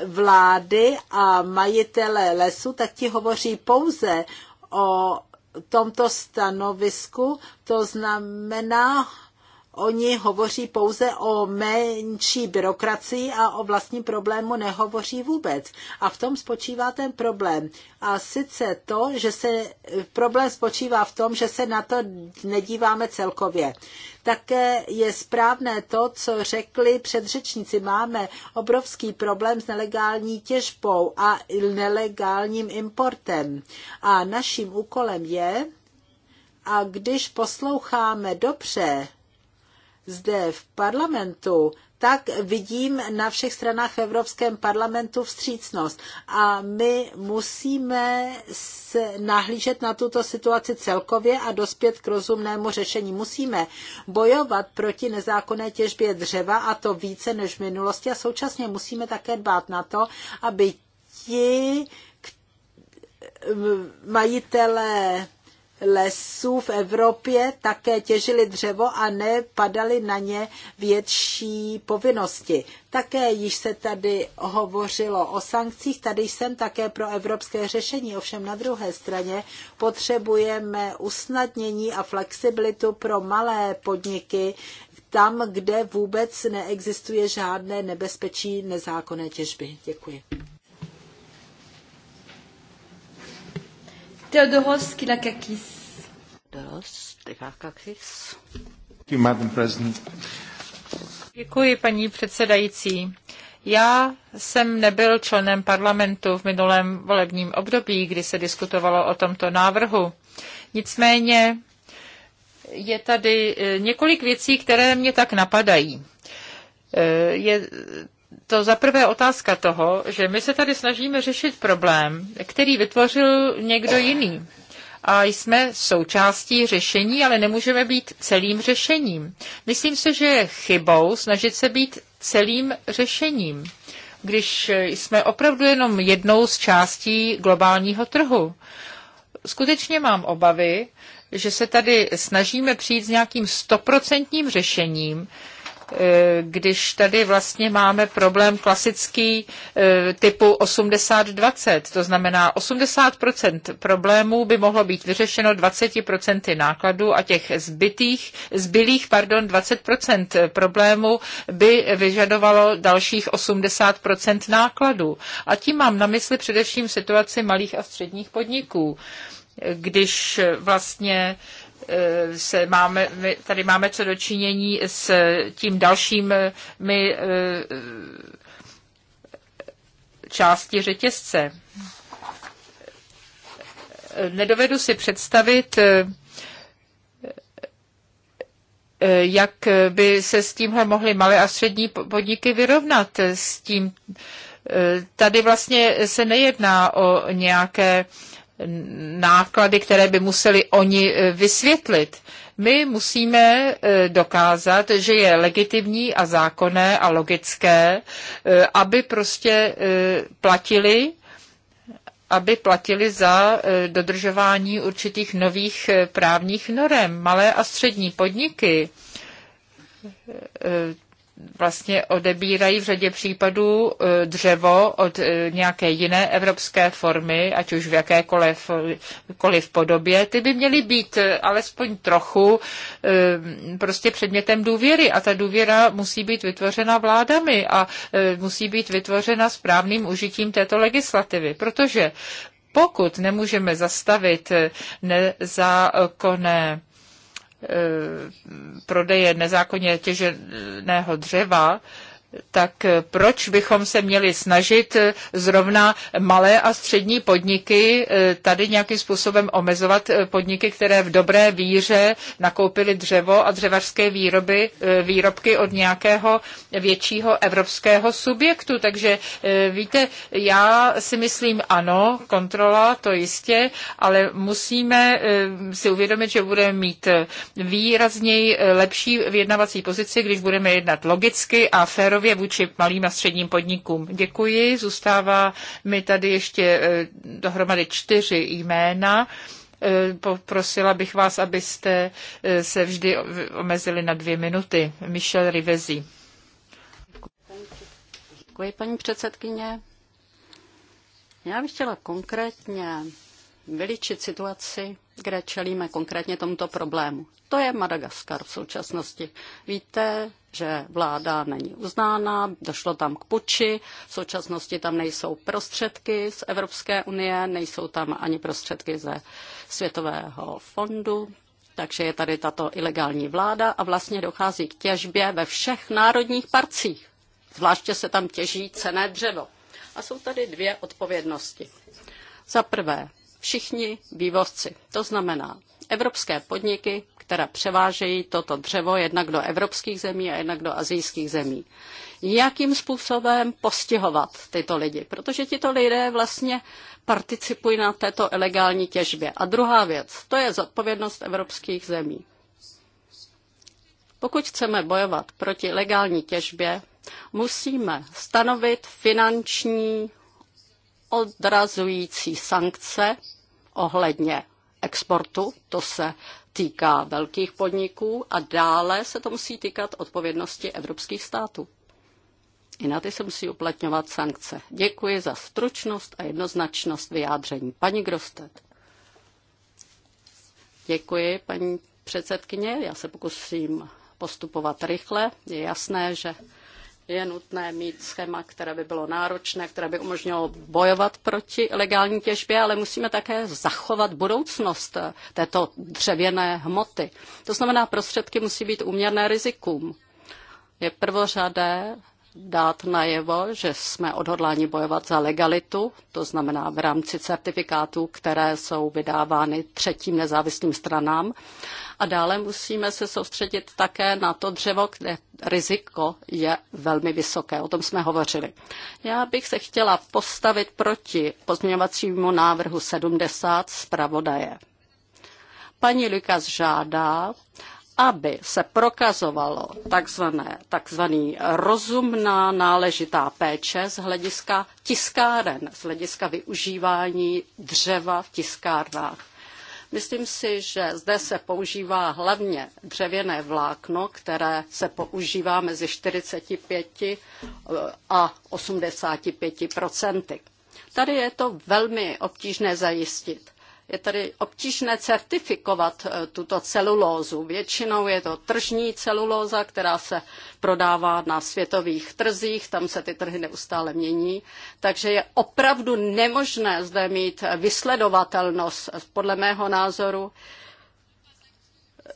vlády a majitele lesu, tak ti hovoří pouze o tomto stanovisku, to znamená, Oni hovoří pouze o menší byrokracii a o vlastním problému nehovoří vůbec. A v tom spočívá ten problém. A sice to, že se problém spočívá v tom, že se na to nedíváme celkově. Také je správné to, co řekli předřečníci. Máme obrovský problém s nelegální těžbou a nelegálním importem. A naším úkolem je, a když posloucháme dobře, zde v parlamentu, tak vidím na všech stranách v Evropském parlamentu vstřícnost. A my musíme nahlížet na tuto situaci celkově a dospět k rozumnému řešení. Musíme bojovat proti nezákonné těžbě dřeva a to více než v minulosti a současně musíme také dbát na to, aby ti majitelé lesů v Evropě také těžili dřevo a nepadaly na ně větší povinnosti. Také již se tady hovořilo o sankcích, tady jsem také pro evropské řešení, ovšem na druhé straně potřebujeme usnadnění a flexibilitu pro malé podniky, tam, kde vůbec neexistuje žádné nebezpečí nezákonné těžby. Děkuji. Theodoros Kilakakis. Theodoros Kilakakis. Děkuji, paní předsedající. Já jsem nebyl členem parlamentu v minulém volebním období, kdy se diskutovalo o tomto návrhu. Nicméně je tady eh, několik věcí, které mě tak napadají. Eh, je to zaprvé otázka toho, že my se tady snažíme řešit problém, který vytvořil někdo jiný. A jsme součástí řešení, ale nemůžeme být celým řešením. Myslím si, že je chybou snažit se být celým řešením, když jsme opravdu jenom jednou z částí globálního trhu. Skutečně mám obavy, že se tady snažíme přijít s nějakým stoprocentním řešením, Eh, když tady vlastně máme problém klasický eh, typu 80-20, to znamená 80% problémů by mohlo být vyřešeno 20% nákladů a těch zbytých, zbylých pardon, 20% problémů by vyžadovalo dalších 80% nákladů. A tím mám na mysli především situaci malých a středních podniků když vlastně Eh, se máme, my tady máme co dočinění s tím dalším my eh, části řetězce. Nedovedu si představit, eh, jak by se s tímhle mohly malé a střední podniky vyrovnat s tím. Tady vlastně se nejedná o nějaké uh, náklady, které by museli oni e, vysvětlit. My musíme e, dokázat, že je legitimní a zákonné a logické, e, aby prostě platili aby platili za dodržování určitých nových právních norem. Malé a střední podniky vlastně odebírají v řadě případů eh, dřevo od eh, nějaké jiné evropské formy, ať už v jakékoliv podobě, ty by měly být eh, alespoň trochu prostě předmětem důvěry a ta důvěra musí být vytvořena vládami a musí být vytvořena správným užitím této legislativy, protože pokud nemůžeme zastavit nezákonné Eh, prodeje nezákonně těženého dřeva tak eh, proč bychom se měli snažit eh, zrovna malé a střední podniky eh, tady nějakým způsobem omezovat podniky, které v dobré víře nakoupily dřevo a dřevařské výroby, výrobky od nějakého většího evropského subjektu. Takže víte, já si myslím ano, kontrola, to jistě, ale musíme si uvědomit, že budeme mít výrazněji lepší vyjednavací pozici, když budeme jednat logicky a férově férově vůči malým a středním podnikům. Děkuji. Zůstává mi tady ještě eh, dohromady čtyři jména. Eh, poprosila bych vás, abyste eh, se vždy omezili na dvě minuty. Michel Rivezi. Děkuji, paní předsedkyně. Já bych chtěla konkrétně vyličit situaci kde čelíme konkrétně tomuto problému. To je Madagaskar v současnosti. Víte, že vláda není uznána, došlo tam k puči, v současnosti tam nejsou prostředky z Evropské unie, nejsou tam ani prostředky ze Světového fondu, takže je tady tato ilegální vláda a vlastně dochází k těžbě ve všech národních parcích. Zvláště se tam těží cené dřevo. A jsou tady dvě odpovědnosti. Za prvé, všichni vývozci. To znamená evropské podniky, které převážejí toto dřevo jednak do evropských zemí a jednak do azijských zemí. Jakým způsobem postihovat tyto lidi? Protože tyto lidé vlastně participují na této ilegální těžbě. A druhá věc, to je zodpovědnost evropských zemí. Pokud chceme bojovat proti ilegální těžbě, musíme stanovit finanční odrazující sankce ohledně exportu, to se týká velkých podniků a dále se to musí týkat odpovědnosti evropských států. I na ty se musí uplatňovat sankce. Děkuji za stručnost a jednoznačnost vyjádření. Paní Grostet. Děkuji, paní předsedkyně. Já se pokusím postupovat rychle. Je jasné, že je nutné mít schéma, které by bylo náročné, které by umožnilo bojovat proti legální těžbě, ale musíme také zachovat budoucnost této dřevěné hmoty. To znamená, prostředky musí být uměrné rizikům. Je prvořadé dát najevo, že jsme odhodláni bojovat za legalitu, to znamená v rámci certifikátů, které jsou vydávány třetím nezávislým stranám. A dále musíme se soustředit také na to dřevo, kde riziko je velmi vysoké. O tom jsme hovořili. Já bych se chtěla postavit proti pozměňovacímu návrhu 70 zpravodaje. Paní Lukas žádá, aby se prokazovalo takzvané, takzvaný rozumná náležitá péče z hlediska tiskáren, z hlediska využívání dřeva v tiskárnách. Myslím si, že zde se používá hlavně dřevěné vlákno, které se používá mezi 45 eh, a 85 Tady je to velmi obtížné zajistit. Je tady obtížné certifikovat eh, tuto celulózu. Většinou je to tržní celulóza, která se prodává na světových trzích, tam se ty trhy neustále mění, takže je opravdu nemožné zde mít vysledovatelnost. Podle mého názoru eh,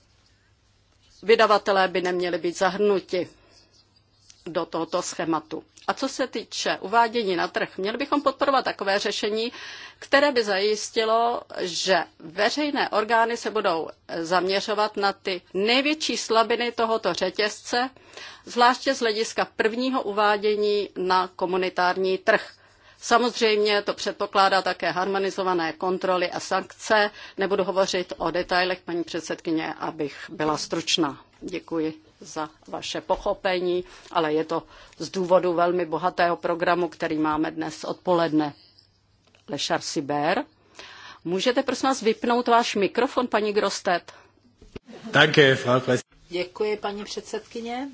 vydavatelé by neměli být zahrnuti do tohoto schématu. A co se týče uvádění na trh, měli bychom podporovat takové řešení, které by zajistilo, že veřejné orgány se budou zaměřovat na ty největší slabiny tohoto řetězce, zvláště z hlediska prvního uvádění na komunitární trh. Samozřejmě to předpokládá také harmonizované kontroly a sankce. Nebudu hovořit o detailech, paní předsedkyně, abych byla stručná. Děkuji za vaše pochopení, ale je to z důvodu velmi bohatého programu, který máme dnes odpoledne. Lešar Charciber. Můžete prosím vás vypnout váš mikrofon, paní Grostet? Danke, Frau Děkuji, paní předsedkyně.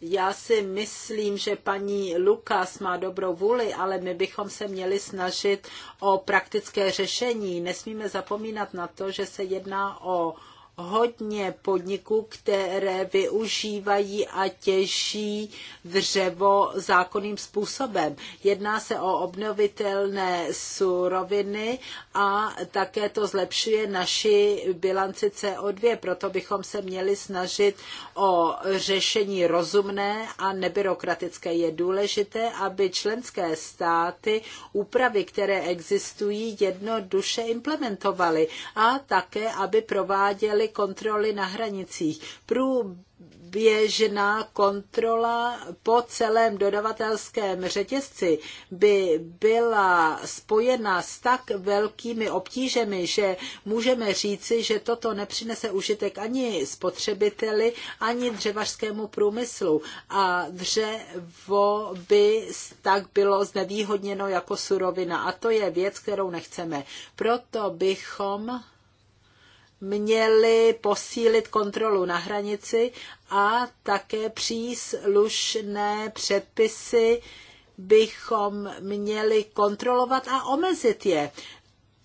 Já si myslím, že paní Lukas má dobrou vůli, ale my bychom se měli snažit o praktické řešení. Nesmíme zapomínat na to, že se jedná o hodně podniků, které využívají a těží dřevo zákonným způsobem. Jedná se o obnovitelné suroviny a také to zlepšuje naši bilanci CO2, proto bychom se měli snažit o řešení rozumné a nebyrokratické. Je důležité, aby členské státy úpravy, které existují, jednoduše implementovaly a také, aby prováděly byly kontroly na hranicích. Průběžná kontrola po celém dodavatelském řetězci by byla spojena s tak velkými obtížemi, že můžeme říci, že toto nepřinese užitek ani spotřebiteli, ani dřevařskému průmyslu. A dřevo by tak bylo znevýhodněno jako surovina. A to je věc, kterou nechceme. Proto bychom měli posílit kontrolu na hranici a také příslušné předpisy bychom měli kontrolovat a omezit je,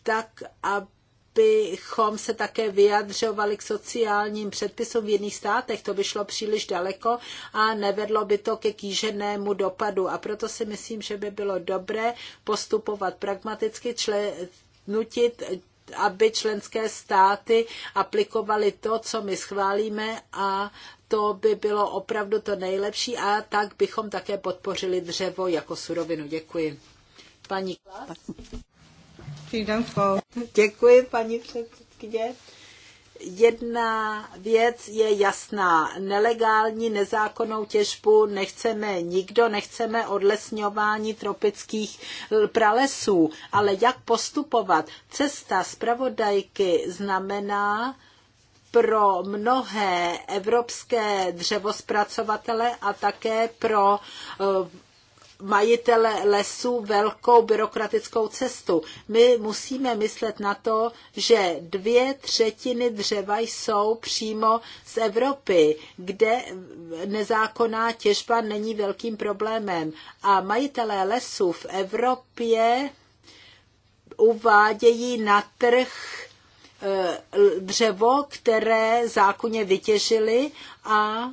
tak abychom se také vyjadřovali k sociálním předpisům v jiných státech. To by šlo příliš daleko a nevedlo by to ke kýženému dopadu. A proto si myslím, že by bylo dobré postupovat pragmaticky, čle, nutit aby členské státy aplikovaly to, co my schválíme a to by bylo opravdu to nejlepší a tak bychom také podpořili dřevo jako surovinu. Děkuji. Paní Klas. Děkuji, paní předsedkyně jedna věc je jasná. Nelegální, nezákonnou těžbu nechceme nikdo, nechceme odlesňování tropických pralesů. Ale jak postupovat? Cesta zpravodajky znamená, pro mnohé evropské dřevospracovatele a také pro eh, majitele lesů velkou byrokratickou cestu. My musíme myslet na to, že dvě třetiny dřeva jsou přímo z Evropy, kde nezákonná těžba není velkým problémem. A majitelé lesů v Evropě uvádějí na trh eh, dřevo, které zákonně vytěžili a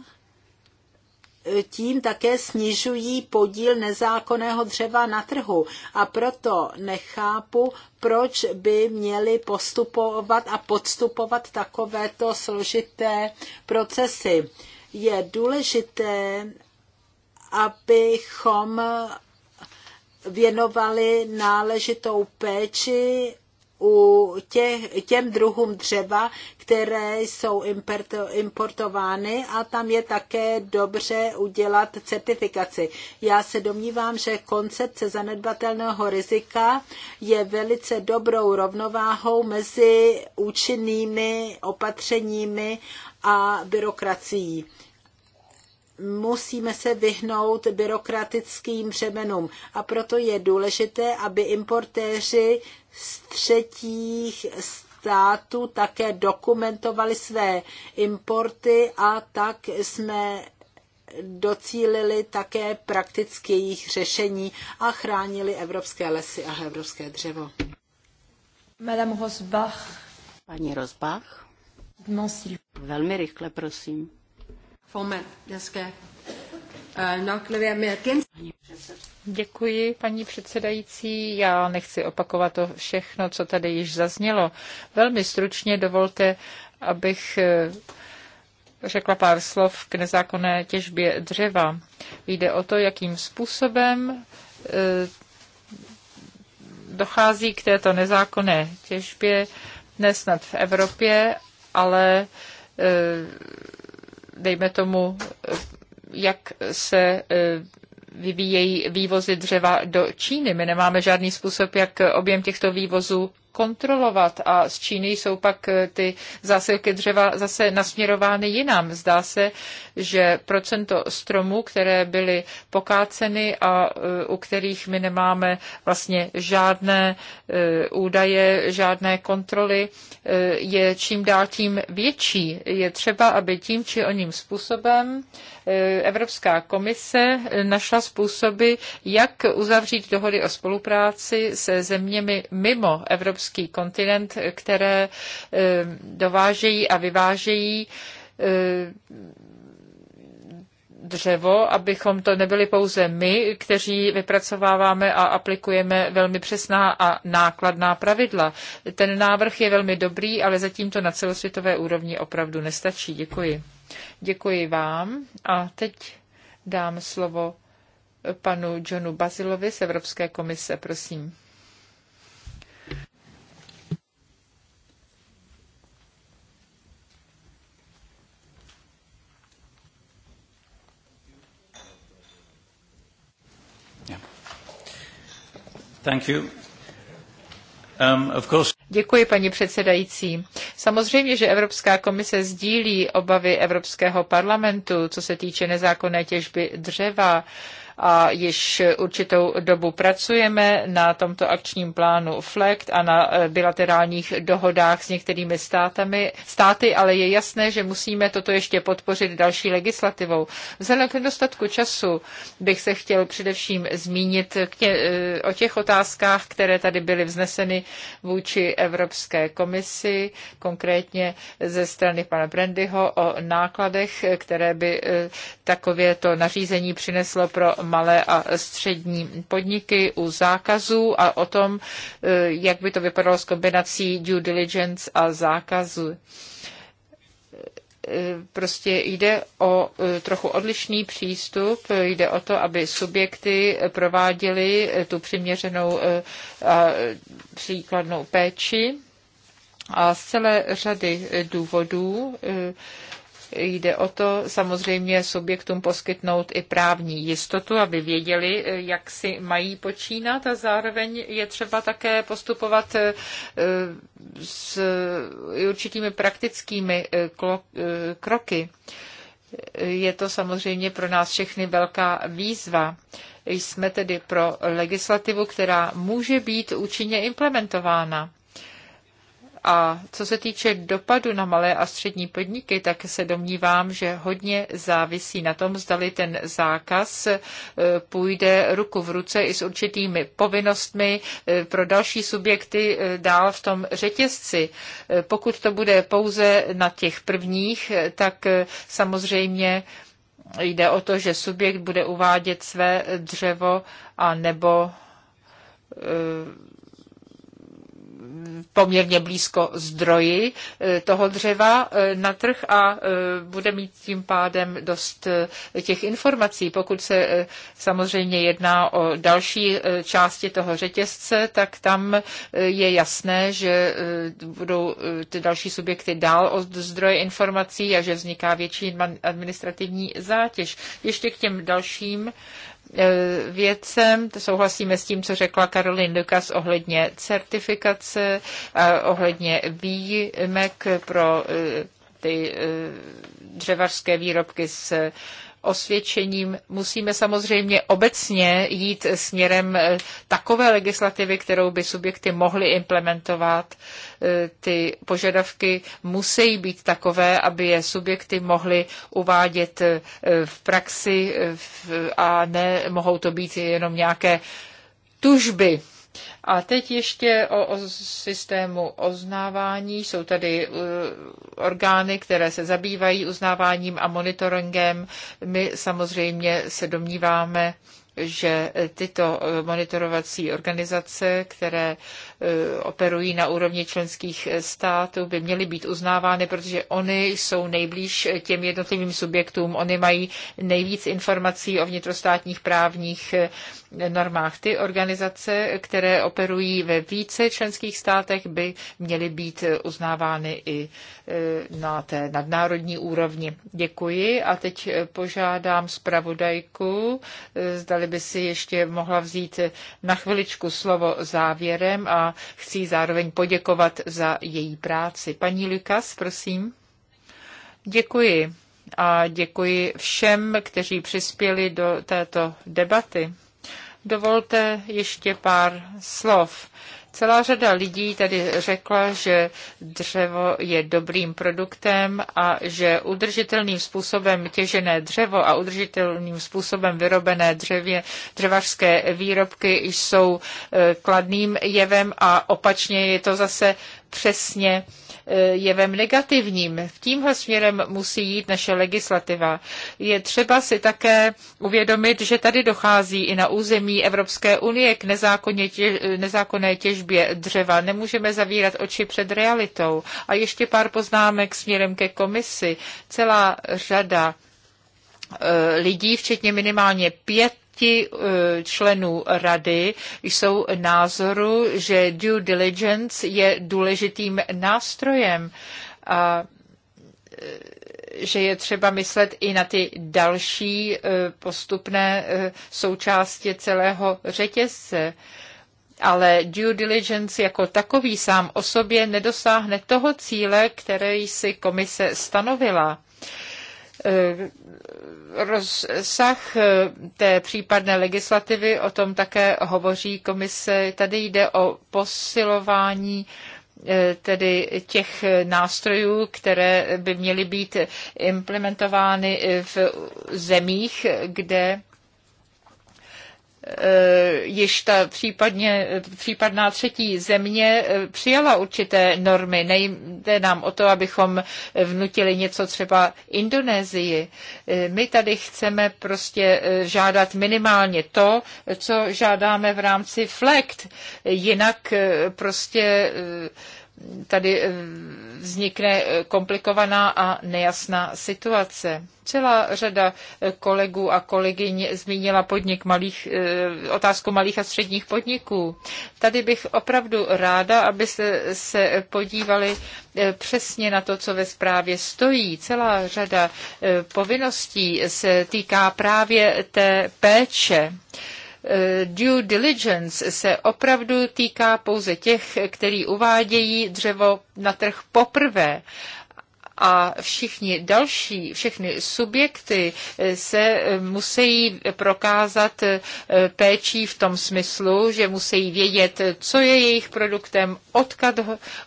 tím také snižují podíl nezákonného dřeva na trhu. A proto nechápu, proč by měli postupovat a podstupovat takovéto složité procesy. Je důležité, abychom věnovali náležitou péči u tě, těm druhům dřeva, které jsou importovány a tam je také dobře udělat certifikaci. Já se domnívám, že koncepce zanedbatelného rizika je velice dobrou rovnováhou mezi účinnými opatřeními a byrokracií musíme se vyhnout byrokratickým řemenům. A proto je důležité, aby importéři z třetích států také dokumentovali své importy a tak jsme docílili také prakticky jejich řešení a chránili evropské lesy a evropské dřevo. Madame Rosbach. Paní Rosbach. Velmi rychle, prosím formand. Jeg skal nok lade være med at gentage. Děkuji, paní předsedající. Já nechci opakovat to všechno, co tady již zaznělo. Velmi stručně dovolte, abych eh, řekla pár slov k nezákonné těžbě dřeva. Jde o to, jakým způsobem eh, dochází k této nezákonné těžbě, nesnad v Evropě, ale eh, dejme tomu, jak se eh, vyvíjejí vývozy dřeva do Číny. My nemáme žádný způsob, jak objem těchto vývozů kontrolovat a z Číny jsou pak eh, ty zásilky dřeva zase nasměrovány jinam. Zdá se, že procento stromů, které byly pokáceny a eh, u kterých my nemáme vlastně žádné eh, údaje, žádné kontroly, je čím dál tím větší. Je třeba, aby tím či oním způsobem Evropská komise našla způsoby, jak uzavřít dohody o spolupráci se zeměmi mimo evropský kontinent, které eh, dovážejí a vyvážejí eh, dřevo, abychom to nebyli pouze my, kteří vypracováváme a aplikujeme velmi přesná a nákladná pravidla. Ten návrh je velmi dobrý, ale zatím to na celosvětové úrovni opravdu nestačí. Děkuji. Děkuji vám a teď dám slovo panu Johnu Bazilovi z Evropské komise, prosím. Thank you. Um, Děkuji, paní předsedající. Samozřejmě, že Evropská komise sdílí obavy Evropského parlamentu, co se týče nezákonné těžby dřeva a již určitou dobu pracujeme na tomto akčním plánu FLECT a na eh, bilaterálních dohodách s některými státami, státy, ale je jasné, že musíme toto ještě podpořit další legislativou. Vzhledem k nedostatku času bych se chtěl především zmínit tě, eh, o těch otázkách, které tady byly vzneseny vůči Evropské komisi, konkrétně ze strany pana Brandyho o nákladech, které by eh, takovéto nařízení přineslo pro malé a střední podniky u zákazů a o tom, eh, jak by to vypadalo s kombinací due diligence a zákazu eh, prostě jde o eh, trochu odlišný přístup. Jde o to, aby subjekty prováděly tu přiměřenou a příkladnou péči. A z celé řady důvodů Jde o to samozřejmě subjektům poskytnout i právní jistotu, aby věděli, eh, jak si mají počínat a zároveň je třeba také postupovat eh, s určitými praktickými eh, kroky. Je to samozřejmě pro nás všechny velká výzva. Jsme tedy pro legislativu, která může být účinně implementována. A co se týče dopadu na malé a střední podniky, tak se domnívám, že hodně závisí na tom, zdali ten zákaz e, půjde ruku v ruce i s určitými povinnostmi e, pro další subjekty e, dál v tom řetězci. Pokud to bude pouze na těch prvních, tak samozřejmě jde o to, že subjekt bude uvádět své dřevo a nebo poměrně blízko zdroji eh, toho dřeva eh, na trh a eh, bude mít tím pádem dost těch informací. Pokud se samozřejmě jedná o další části toho řetězce, tak tam je jasné, že budou ty další subjekty dál od zdroje informací a že vzniká větší administrativní zátěž. Ještě k těm dalším E, věcem. Souhlasíme s tím, co řekla Karolín Dukas ohledně certifikace, ohledně výjimek pro e, ty e, dřevařské výrobky z osvědčením. Musíme samozřejmě obecně jít směrem eh, takové legislativy, kterou by subjekty mohly implementovat. Eh, Ty požadavky musí být takové, aby je subjekty mohly uvádět eh, v praxi a ne mohou to být jenom nějaké tužby a teď ještě o, o systému oznávání. Jsou tady uh, orgány, které se zabývají uznáváním a monitoringem. My samozřejmě se domníváme, že tyto uh, monitorovací organizace, které E, operují na úrovni členských států, by měly být uznávány, protože oni jsou nejblíž těm jednotlivým subjektům, oni mají nejvíc informací o vnitrostátních právních e, normách. Ty organizace, které operují ve více členských státech, by měly být uznávány i e, na té nadnárodní úrovni. Děkuji a teď požádám zpravodajku, zdali by si ještě mohla vzít na chviličku slovo závěrem a a chci zároveň poděkovat za její práci. Paní Lukas, prosím. Děkuji a děkuji všem, kteří přispěli do této debaty. Dovolte ještě pár slov. Celá řada lidí tady řekla, že dřevo je dobrým produktem a že udržitelným způsobem těžené dřevo a udržitelným způsobem vyrobené dřevě, dřevařské výrobky jsou eh, kladným jevem a opačně je to zase přesně e, jevem negativním. V Tímhle směrem musí jít naše legislativa. Je třeba si také uvědomit, že tady dochází i na území Evropské unie k těž, e, nezákonné těžbě dřeva. Nemůžeme zavírat oči před realitou. A ještě pár poznámek směrem ke komisi. Celá řada e, lidí, včetně minimálně pět pěti eh, členů rady jsou názoru, že due diligence je důležitým nástrojem a eh, že je třeba myslet i na ty další eh, postupné součásti celého řetězce ale due diligence jako takový sám o sobě nedosáhne toho cíle, který si komise stanovila. Eh, rozsah eh, té případné legislativy, o tom také hovoří komise. Tady jde o posilování eh, tedy těch nástrojů, které by měly být implementovány v zemích, kde Eh, již ta případně, případná třetí země eh, přijala určité normy. Nejde nám o to, abychom vnutili něco třeba Indonésii. Eh, my tady chceme prostě žádat minimálně to, co žádáme v rámci FLECT. Jinak prostě tady eh, vznikne eh, komplikovaná a nejasná situace. Celá řada eh, kolegů a kolegyň zmínila podnik malých, otázku malých a středních podniků. Tady bych opravdu ráda, se, se podívali přesně na to, co ve zprávě stojí. Celá řada povinností se týká právě té péče Eh, due diligence se opravdu týká pouze těch, kteří uvádějí dřevo na trh poprvé a všichni další, všechny subjekty se musí prokázat eh, péčí v tom smyslu, že musí vědět, co je jejich produktem, odkud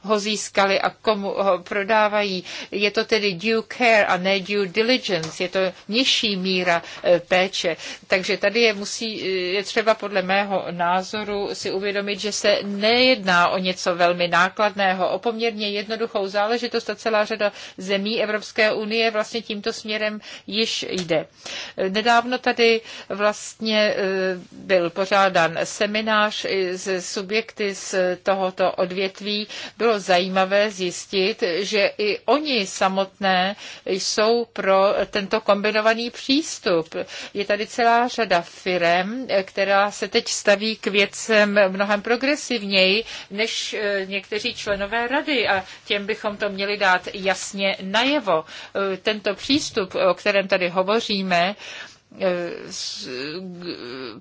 ho získali a komu ho prodávají. Je to tedy due care a ne due diligence, je to nižší míra eh, péče. Takže tady je, musí, eh, je třeba podle mého názoru si uvědomit, že se nejedná o něco velmi nákladného, o poměrně jednoduchou záležitost a celá řada zemí Evropské unie vlastně tímto směrem již jde. Nedávno tady vlastně e, byl pořádán seminář z e, subjekty z tohoto odvětví. Bylo zajímavé zjistit, že i oni samotné jsou pro tento kombinovaný přístup. Je tady celá řada firem, e, která se teď staví k věcem mnohem progresivněji než někteří členové rady a těm bychom to měli dát jasně najevo. E, tento přístup, o kterém tady hovoříme, e,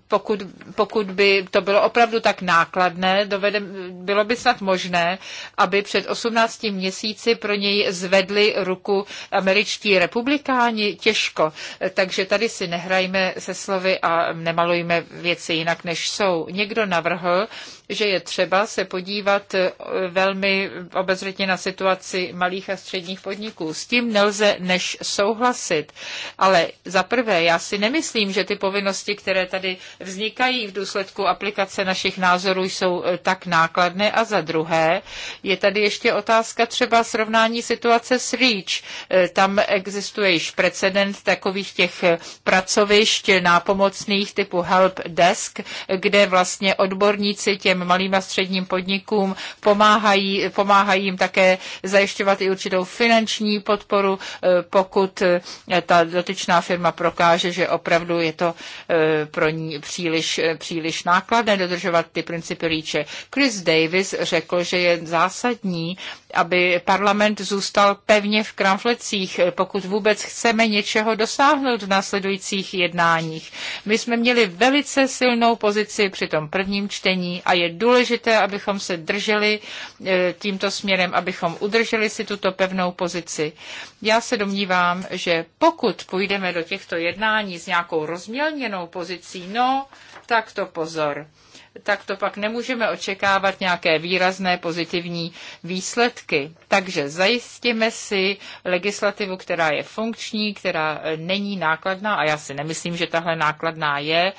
pokud, pokud by to bylo opravdu tak nákladné, dovede, bylo by snad možné, aby před 18 měsíci pro něj zvedli ruku američtí republikáni těžko. E, takže tady si nehrajme se slovy a nemalujme věci jinak, než jsou. Někdo navrhl, že je třeba se podívat eh, velmi obezřetně na situaci malých a středních podniků. S tím nelze než souhlasit. Ale za prvé, já si nemyslím, že ty povinnosti, které tady vznikají v důsledku aplikace našich názorů, jsou eh, tak nákladné. A za druhé, je tady ještě otázka třeba srovnání situace s REACH. Eh, tam existuje již precedent takových těch pracovišť nápomocných typu help desk, kde vlastně odborníci těm těm malým a středním podnikům, pomáhají, pomáhají jim také zajišťovat i určitou finanční podporu, eh, pokud eh, ta dotyčná firma prokáže, že opravdu je to eh, pro ní příliš, příliš nákladné dodržovat ty principy líče. Chris Davis řekl, že je zásadní, aby parlament zůstal pevně v kramflecích, pokud vůbec chceme něčeho dosáhnout v následujících jednáních. My jsme měli velice silnou pozici při tom prvním čtení a je důležité, abychom se drželi e, tímto směrem, abychom udrželi si tuto pevnou pozici. Já se domnívám, že pokud půjdeme do těchto jednání s nějakou rozmělněnou pozicí, no, tak to pozor tak to pak nemůžeme očekávat nějaké výrazné pozitivní výsledky. Takže zajistíme si legislativu, která je funkční, která e, není nákladná a já si nemyslím, že tahle nákladná je.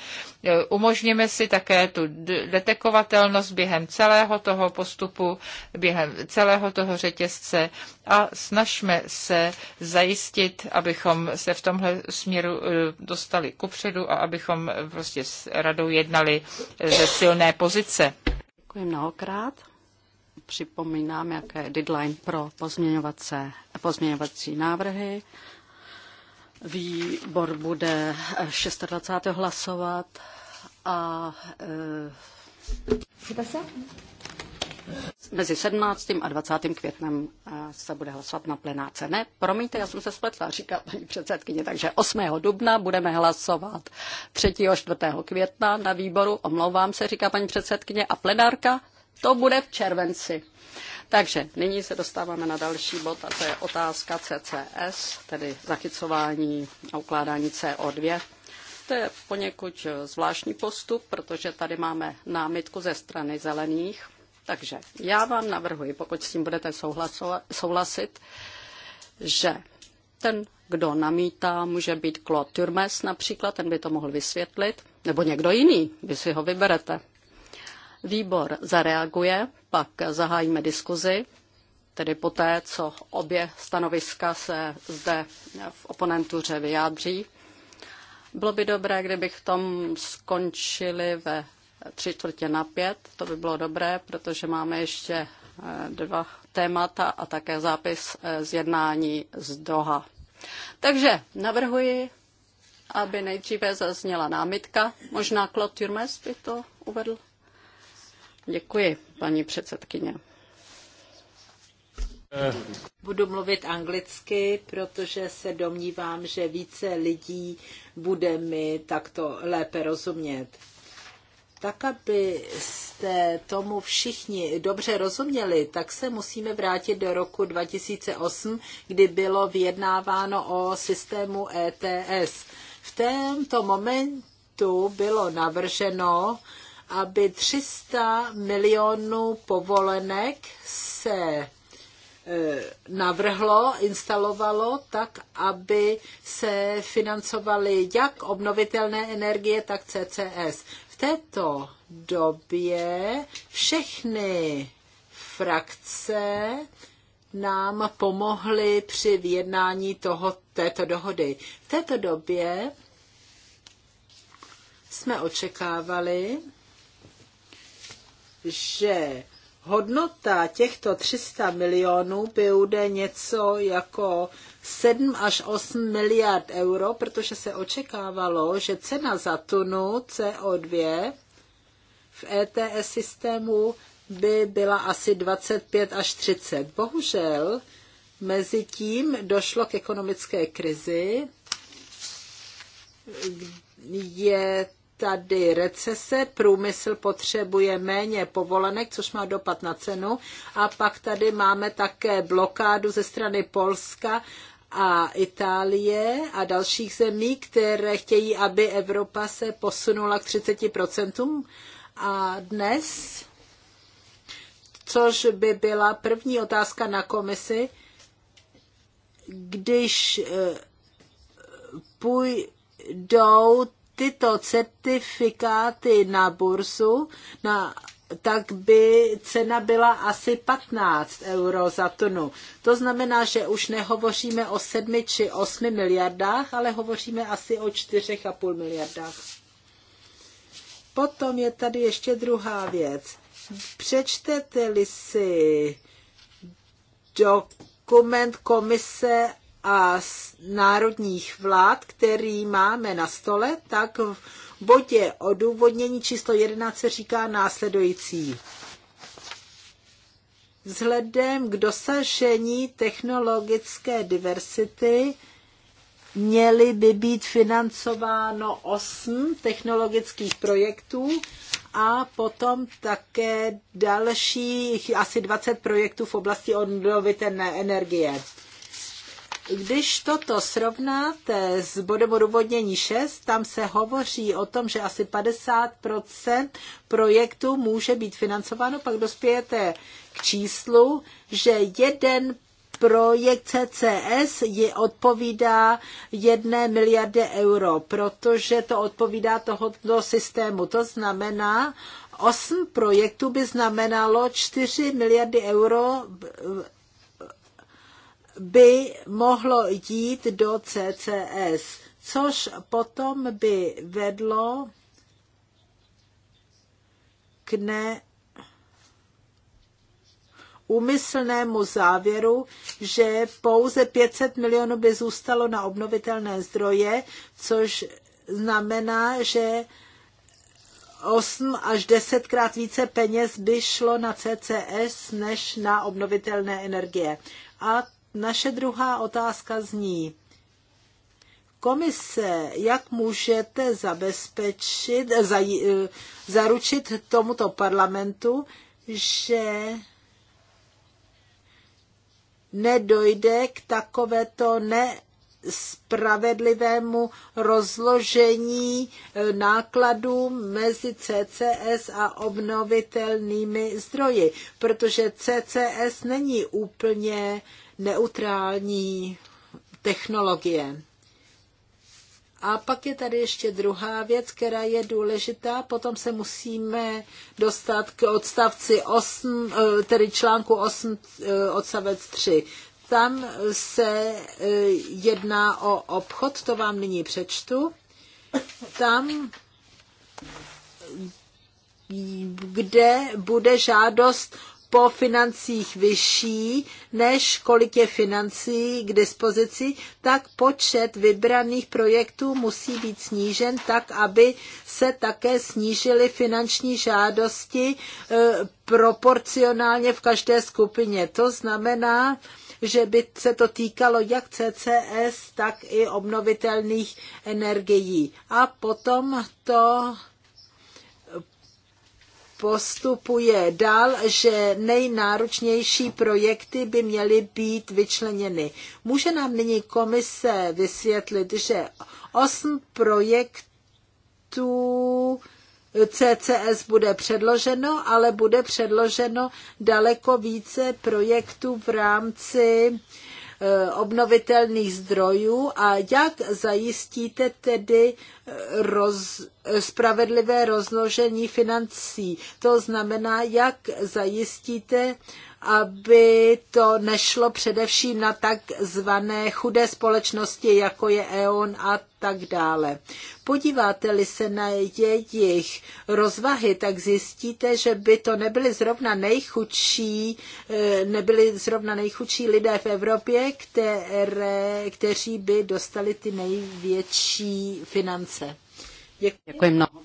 Eh, umožníme si také tu detekovatelnost během celého toho postupu, během celého toho řetězce a snažme se zajistit, abychom se v tomhle směru eh, dostali kupředu a abychom prostě s radou jednali eh, ze silné pozice. Děkuji mnohokrát. Připomínám, jaké je deadline pro pozměňovací návrhy. Výbor bude eh, 26. hlasovat a eh, mezi 17. a 20. květnem eh, se bude hlasovat na plenáce. Ne, promiňte, já jsem se spletla, říká paní předsedkyně, takže 8. dubna budeme hlasovat 3. a 4. května na výboru, omlouvám se, říká paní předsedkyně, a plenárka to bude v červenci. Takže nyní se dostáváme na další bod a to je otázka CCS, tedy zachycování a ukládání CO2. To je poněkud zvláštní postup, protože tady máme námitku ze strany zelených. Takže já vám navrhuji, pokud s tím budete souhlasit, že ten, kdo namítá, může být Claude Turmes například, ten by to mohl vysvětlit, nebo někdo jiný, vy si ho vyberete. Výbor zareaguje, pak zahájíme diskuzi, tedy poté, co obě stanoviska se zde v oponentuře vyjádří. Bylo by dobré, kdybych tom skončili ve tři čtvrtě na pět, to by bylo dobré, protože máme ještě eh, dva témata a také zápis eh, z jednání z Doha. Takže navrhuji, aby nejdříve zazněla námitka. Možná Claude Turmes by to uvedl. Děkuji, paní předsedkyně. Budu mluvit anglicky, protože se domnívám, že více lidí bude mi takto lépe rozumět. Tak, abyste tomu všichni dobře rozuměli, tak se musíme vrátit do roku 2008, kdy bylo vyjednáváno o systému ETS. V tomto momentu bylo navrženo, aby 300 milionů povolenek se e, navrhlo, instalovalo tak, aby se financovaly jak obnovitelné energie, tak CCS. V této době všechny frakce nám pomohly při vyjednání toho, této dohody. V této době jsme očekávali, že hodnota těchto 300 milionů bude něco jako 7 až 8 miliard euro, protože se očekávalo, že cena za tunu CO2 v ETS systému by byla asi 25 až 30. Bohužel mezi tím došlo k ekonomické krizi, je tady recese, průmysl potřebuje méně povolenek, což má dopad na cenu. A pak tady máme také blokádu ze strany Polska a Itálie a dalších zemí, které chtějí, aby Evropa se posunula k 30%. A dnes, což by byla první otázka na komisi, když eh, půjdou tyto certifikáty na burzu, na, tak by cena byla asi 15 euro za tunu. To znamená, že už nehovoříme o 7 či 8 miliardách, ale hovoříme asi o 4,5 miliardách. Potom je tady ještě druhá věc. Přečtete-li si dokument komise a národních vlád, který máme na stole, tak v bodě odůvodnění číslo 11 se říká následující. Vzhledem k dosažení technologické diversity měly by být financováno 8 technologických projektů a potom také dalších asi 20 projektů v oblasti obnovitelné energie. Když toto srovnáte s bodem odůvodnění 6, tam se hovoří o tom, že asi 50 projektů může být financováno, pak dospějete k číslu, že jeden projekt CCS je odpovídá jedné miliardě euro, protože to odpovídá tohoto systému. To znamená, osm projektů by znamenalo 4 miliardy euro by mohlo jít do CCS, což potom by vedlo k ne úmyslnému závěru, že pouze 500 milionů by zůstalo na obnovitelné zdroje, což znamená, že 8 až 10 krát více peněz by šlo na CCS než na obnovitelné energie. A naše druhá otázka zní, komise, jak můžete zabezpečit, zaj, zaručit tomuto parlamentu, že nedojde k takovéto nespravedlivému rozložení eh, nákladů mezi CCS a obnovitelnými zdroji, protože CCS není úplně neutrální technologie. A pak je tady ještě druhá věc, která je důležitá. Potom se musíme dostat k odstavci 8, eh, tedy článku 8 eh, odstavec 3. Tam se eh, jedná o obchod, to vám nyní přečtu. Tam kde bude žádost po financích vyšší, než kolik je financí k dispozici, tak počet vybraných projektů musí být snížen tak, aby se také snížily finanční žádosti e, proporcionálně v každé skupině. To znamená, že by se to týkalo jak CCS, tak i obnovitelných energií. A potom to postupuje dál, že nejnáročnější projekty by měly být vyčleněny. Může nám nyní komise vysvětlit, že osm projektů CCS bude předloženo, ale bude předloženo daleko více projektů v rámci Eh, obnovitelných zdrojů a jak zajistíte tedy roz, spravedlivé rozložení financí. To znamená, jak zajistíte aby to nešlo především na takzvané chudé společnosti, jako je EON a tak dále. Podíváte-li se na jejich rozvahy, tak zjistíte, že by to nebyly zrovna nejchudší, eh, nebyly zrovna nejchudší lidé v Evropě, které, kteří by dostali ty největší finance. Děkuji, Děkuji mnoho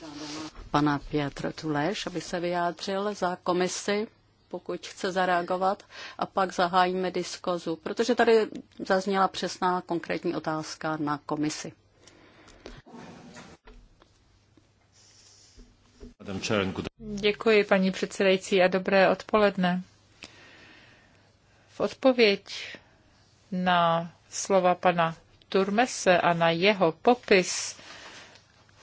požádala pana Pětra Tuleš, aby se vyjádřil za komisi, pokud chce zareagovat, a pak zahájíme diskozu, protože tady zazněla přesná konkrétní otázka na komisi. Děkuji, paní předsedající, a dobré odpoledne. V odpověď na slova pana Turmese a na jeho popis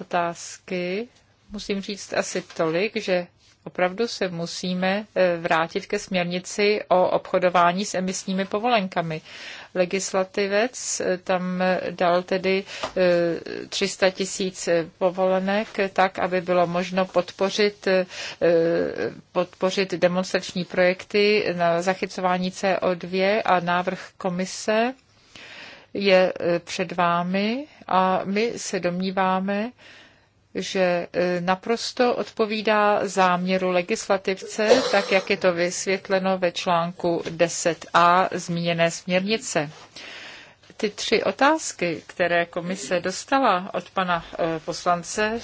otázky musím říct asi tolik, že opravdu se musíme eh, vrátit ke směrnici o obchodování s emisními povolenkami. Legislativec eh, tam eh, dal tedy 300 tisíc povolenek tak, aby bylo možno podpořit, podpořit demonstrační projekty na zachycování CO2 a návrh komise je e, před vámi a my se domníváme, že e, naprosto odpovídá záměru legislativce, tak jak je to vysvětleno ve článku 10a zmíněné směrnice. Ty tři otázky, které komise dostala od pana e, poslance,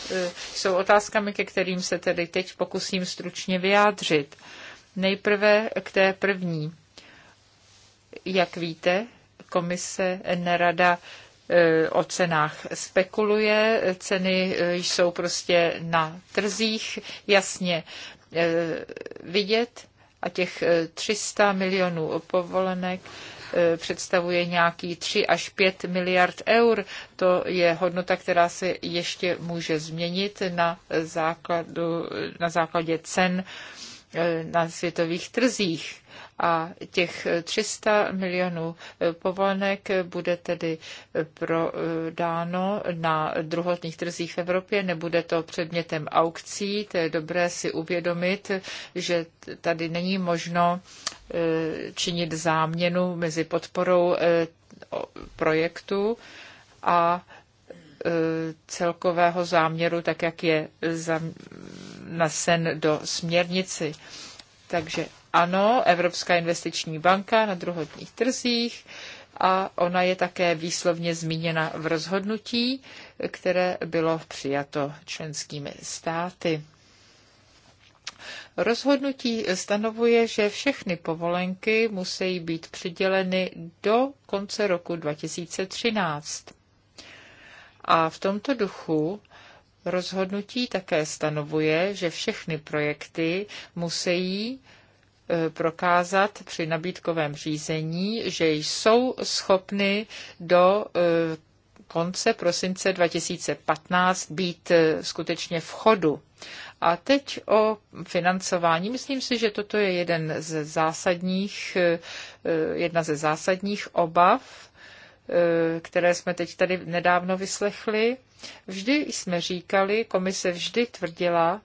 jsou otázkami, ke kterým se tedy teď pokusím stručně vyjádřit. Nejprve k té první. Jak víte, komise, nerada e, o cenách spekuluje. Ceny e, jsou prostě na trzích jasně e, vidět a těch 300 milionů povolenek představuje nějaký 3 až 5 miliard eur. To je hodnota, která se ještě může změnit na, základu, na základě cen na světových trzích a těch 300 milionů eh, povolenek bude tedy eh, prodáno na druhotných trzích v Evropě, nebude to předmětem aukcí, to je dobré si uvědomit, že tady není možno eh, činit záměnu mezi podporou projektu a celkového záměru, tak jak je nasen do směrnici. Takže ano, Evropská investiční banka na druhotních trzích a ona je také výslovně zmíněna v rozhodnutí, které bylo přijato členskými státy. Rozhodnutí stanovuje, že všechny povolenky musí být přiděleny do konce roku 2013. A v tomto duchu Rozhodnutí také stanovuje, že všechny projekty musí e, prokázat při nabídkovém řízení, že jsou schopny do e, konce prosince 2015 být e, skutečně v chodu. A teď o financování. Myslím si, že toto je jeden ze zásadních, jedna ze zásadních obav Eh, které jsme teď tady nedávno vyslechli, vždy jsme říkali, komise vždy tvrdila,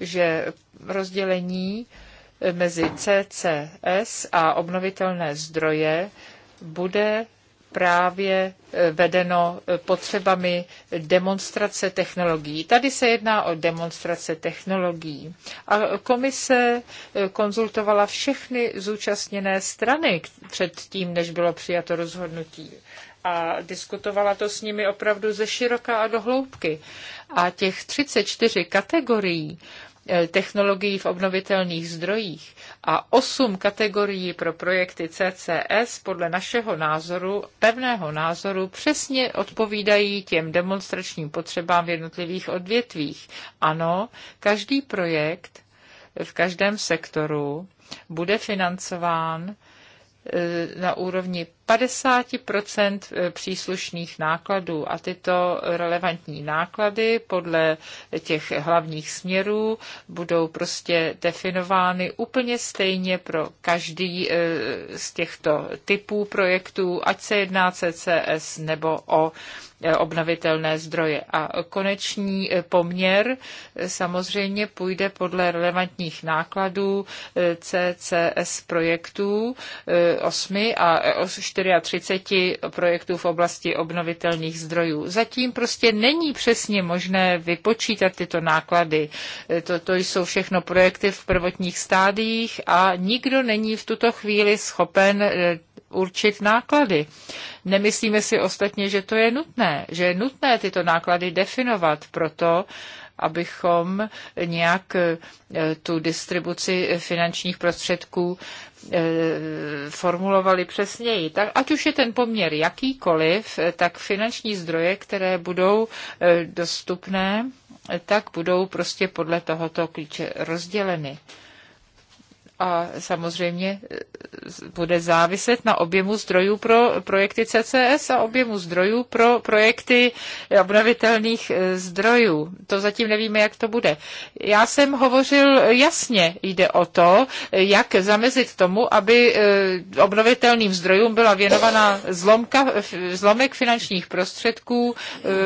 že rozdělení eh, mezi CCS a obnovitelné zdroje bude právě e, vedeno e, potřebami demonstrace technologií. Tady se jedná o demonstrace technologií. A komise e, konzultovala všechny zúčastněné strany před tím, než bylo přijato rozhodnutí. A diskutovala to s nimi opravdu ze široká a do hloubky. A těch 34 kategorií Eh, technologií v obnovitelných zdrojích a osm kategorií pro projekty CCS podle našeho názoru, pevného názoru, přesně odpovídají těm demonstračním potřebám v jednotlivých odvětvích. Ano, každý projekt v každém sektoru bude financován eh, na úrovni 50 eh, příslušných nákladů a tyto relevantní náklady podle těch hlavních směrů budou prostě definovány úplně stejně pro každý eh, z těchto typů projektů, ať se jedná CCS nebo o eh, obnovitelné zdroje. A koneční poměr samozřejmě půjde podle relevantních nákladů CCS projektů 8 a 34 projektů v oblasti obnovitelných zdrojů. Zatím prostě není přesně možné vypočítat tyto náklady. E, to jsou všechno projekty v prvotních stádiích a nikdo není v tuto chvíli schopen e, určit náklady. Nemyslíme si ostatně, že to je nutné, že je nutné tyto náklady definovat proto, abychom nějak eh, tu distribuci finančních prostředků eh, formulovali přesněji. Tak ať už je ten poměr jakýkoliv, eh, tak finanční zdroje, které budou dostupné, tak budou prostě podle tohoto klíče rozděleny a samozřejmě eh, bude záviset na objemu zdrojů pro projekty CCS a objemu zdrojů pro projekty obnovitelných eh, zdrojů. To zatím nevíme, jak to bude. Já jsem hovořil jasně, jde o to, eh, jak zamezit tomu, aby obnovitelným zdrojům byla věnovaná zlomka, zlomek finančních prostředků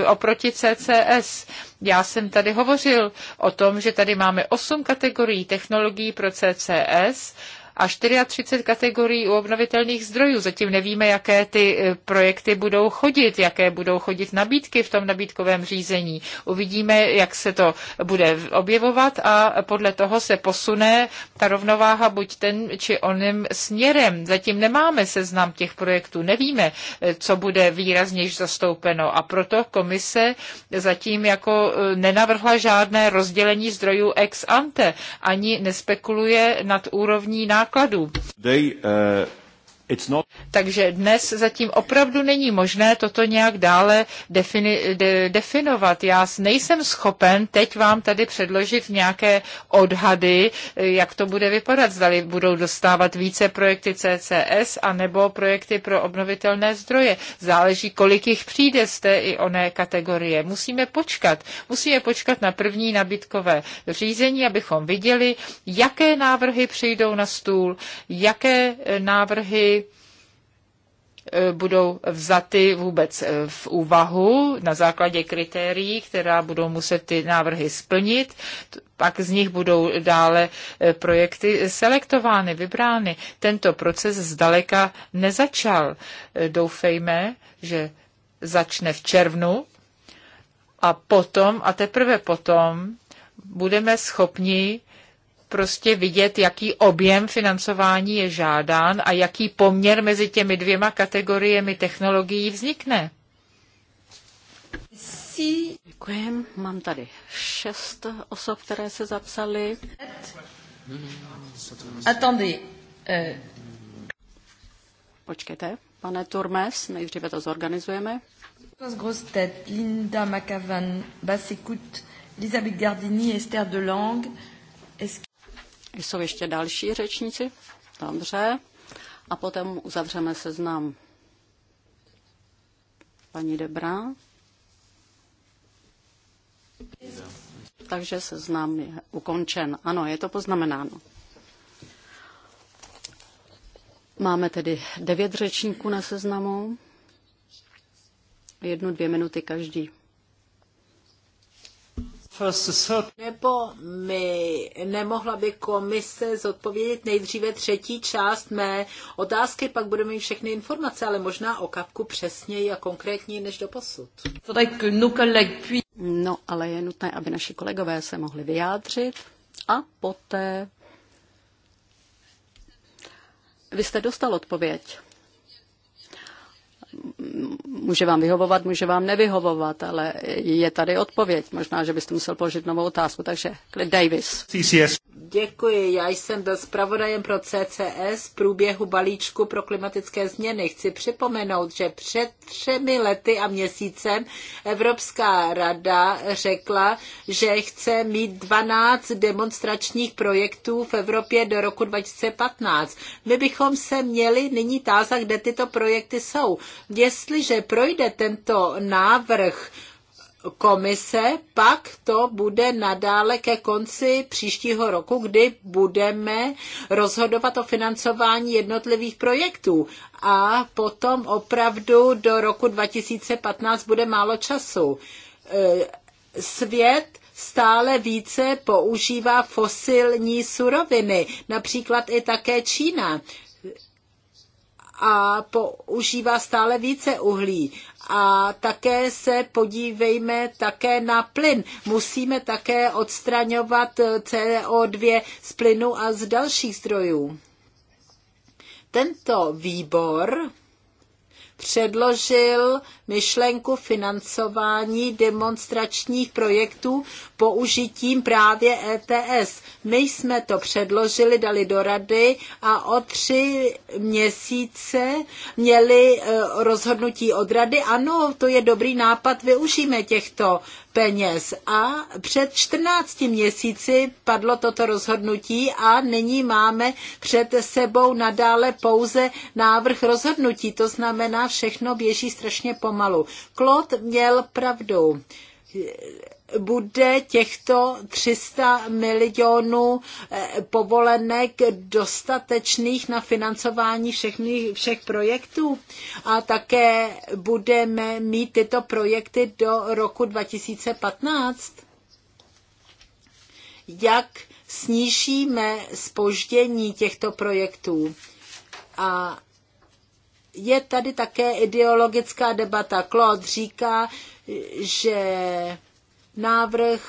oproti CCS. Já jsem tady hovořil o tom, že tady máme osm kategorií technologií pro CCS a 34 kategorií u obnovitelných zdrojů. Zatím nevíme, jaké ty e, projekty budou chodit, jaké budou chodit nabídky v tom nabídkovém řízení. Uvidíme, jak se to bude objevovat a podle toho se posune ta rovnováha buď ten či onem směrem. Zatím nemáme seznam těch projektů, nevíme, e, co bude výrazněž zastoupeno a proto komise zatím jako e, nenavrhla žádné rozdělení zdrojů ex ante, ani nespekuluje nad úrovní nákladů nákladů. They, uh... Takže dnes zatím opravdu není možné toto nějak dále defini- de- definovat. Já nejsem schopen teď vám tady předložit nějaké odhady, eh, jak to bude vypadat. Zdali budou dostávat více projekty CCS a nebo projekty pro obnovitelné zdroje. Záleží, kolik jich přijde z té i oné kategorie. Musíme počkat. Musíme počkat na první nabídkové řízení, abychom viděli, jaké návrhy přijdou na stůl, jaké eh, návrhy E, budou vzaty vůbec e, v úvahu na základě kritérií, která budou muset ty návrhy splnit. Pak z nich budou dále e, projekty selektovány, vybrány. Tento proces zdaleka nezačal. Doufejme, že začne v červnu a potom a teprve potom budeme schopni prostě vidět, jaký objem financování je žádán a jaký poměr mezi těmi dvěma kategoriemi technologií vznikne. Děkuji. Mám tady šest osob, které se zapsaly. Eh. Počkejte, pane Turmes, nejdříve to zorganizujeme. Linda McAvan, Bassekut, Elisabeth Gardini, Esther Delang. Jsou ještě další řečníci? Dobře. A potom uzavřeme seznam. Paní Debra. Takže seznam je ukončen. Ano, je to poznamenáno. Máme tedy devět řečníků na seznamu. Jednu, dvě minuty každý. Nebo mi nemohla by komise zodpovědět nejdříve třetí část mé otázky, pak budeme mít všechny informace, ale možná o kapku přesněji a konkrétněji než do posud. No, ale je nutné, aby naši kolegové se mohli vyjádřit a poté... Vy jste dostal odpověď může vám vyhovovat, může vám nevyhovovat, ale je tady odpověď. Možná, že byste musel položit novou otázku. Takže Clint Davis. CCS. Děkuji. Já jsem byl zpravodajem pro CCS v průběhu balíčku pro klimatické změny. Chci připomenout, že před třemi lety a měsícem Evropská rada řekla, že chce mít 12 demonstračních projektů v Evropě do roku 2015. My bychom se měli nyní tázat, kde tyto projekty jsou Jestliže projde tento návrh komise, pak to bude nadále ke konci příštího roku, kdy budeme rozhodovat o financování jednotlivých projektů. A potom opravdu do roku 2015 bude málo času. E, svět stále více používá fosilní suroviny, například i také Čína a používá stále více uhlí. A také se podívejme také na plyn. Musíme také odstraňovat CO2 z plynu a z dalších zdrojů. Tento výbor předložil myšlenku financování demonstračních projektů použitím právě ETS. My jsme to předložili, dali do rady a o tři měsíce měli eh, rozhodnutí od rady. Ano, to je dobrý nápad, využijeme těchto peněz. A před 14 měsíci padlo toto rozhodnutí a nyní máme před sebou nadále pouze návrh rozhodnutí. To znamená, všechno běží strašně pomalu. Klot měl pravdu bude těchto 300 milionů eh, povolenek dostatečných na financování všech, všech projektů a také budeme mít tyto projekty do roku 2015. Jak snížíme spoždění těchto projektů? A je tady také ideologická debata. Claude říká, že Návrh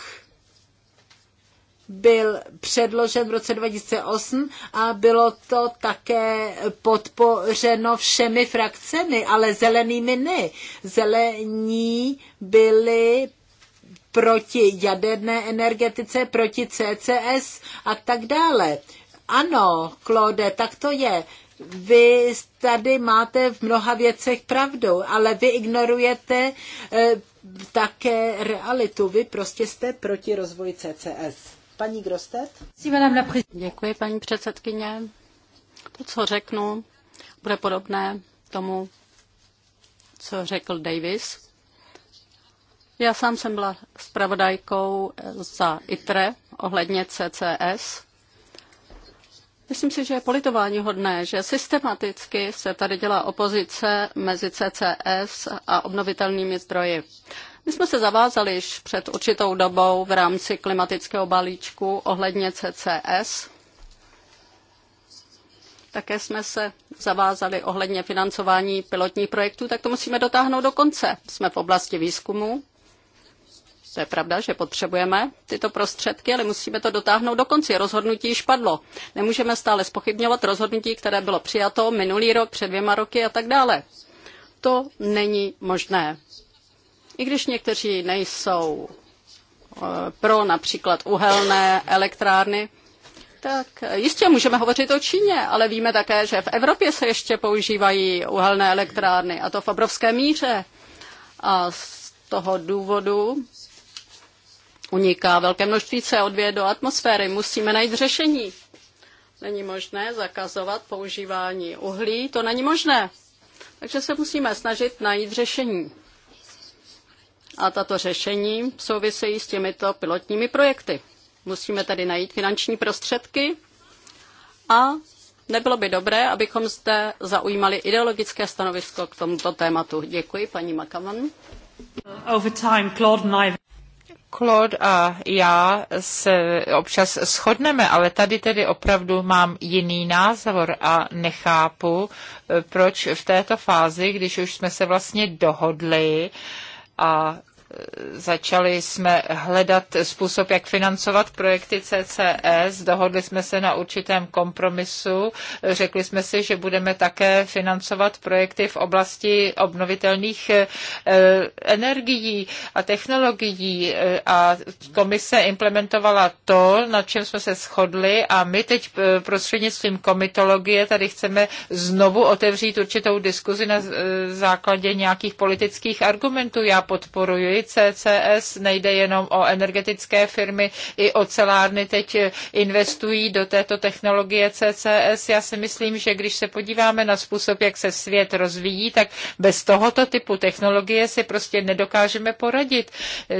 byl předložen v roce 2008 a bylo to také podpořeno všemi frakcemi, ale zelenými ne. Zelení byli proti jaderné energetice, proti CCS a tak dále. Ano, Klode, tak to je vy tady máte v mnoha věcech pravdu, ale vy ignorujete eh, také realitu. Vy prostě jste proti rozvoji CCS. Paní Grostet? Děkuji, paní předsedkyně. To, co řeknu, bude podobné tomu, co řekl Davis. Já sám jsem byla spravodajkou za ITRE ohledně CCS Myslím si, že je politování hodné, že systematicky se tady dělá opozice mezi CCS a obnovitelnými zdroji. My jsme se zavázali již před určitou dobou v rámci klimatického balíčku ohledně CCS. Také jsme se zavázali ohledně financování pilotních projektů, tak to musíme dotáhnout do konce. Jsme v oblasti výzkumu, to je pravda, že potřebujeme tyto prostředky, ale musíme to dotáhnout do konce. Rozhodnutí již padlo. Nemůžeme stále spochybňovat rozhodnutí, které bylo přijato minulý rok, před dvěma roky a tak dále. To není možné. I když někteří nejsou eh, pro například uhelné elektrárny, tak jistě můžeme hovořit o Číně, ale víme také, že v Evropě se ještě používají uhelné elektrárny a to v obrovské míře. A z toho důvodu uniká velké množství CO2 do atmosféry. Musíme najít řešení. Není možné zakazovat používání uhlí, to není možné. Takže se musíme snažit najít řešení. A tato řešení souvisejí s těmito pilotními projekty. Musíme tedy najít finanční prostředky a nebylo by dobré, abychom zde zaujímali ideologické stanovisko k tomuto tématu. Děkuji, paní Makaman. Over time, Claude and I... Claude a já se občas shodneme, ale tady tedy opravdu mám jiný názor a nechápu, eh, proč v této fázi, když už jsme se vlastně dohodli a Začali jsme hledat způsob, jak financovat projekty CCS. Dohodli jsme se na určitém kompromisu. Řekli jsme si, že budeme také financovat projekty v oblasti obnovitelných eh, energií a technologií. Eh, a komise implementovala to, na čem jsme se shodli a my teď eh, prostřednictvím komitologie tady chceme znovu otevřít určitou diskuzi na základě nějakých politických argumentů. Já podporuji rozvoj CCS, nejde jenom o energetické firmy, i ocelárny teď investují do této technologie CCS. Já si myslím, že když se podíváme na způsob, jak se svět rozvíjí, tak bez tohoto typu technologie si prostě nedokážeme poradit.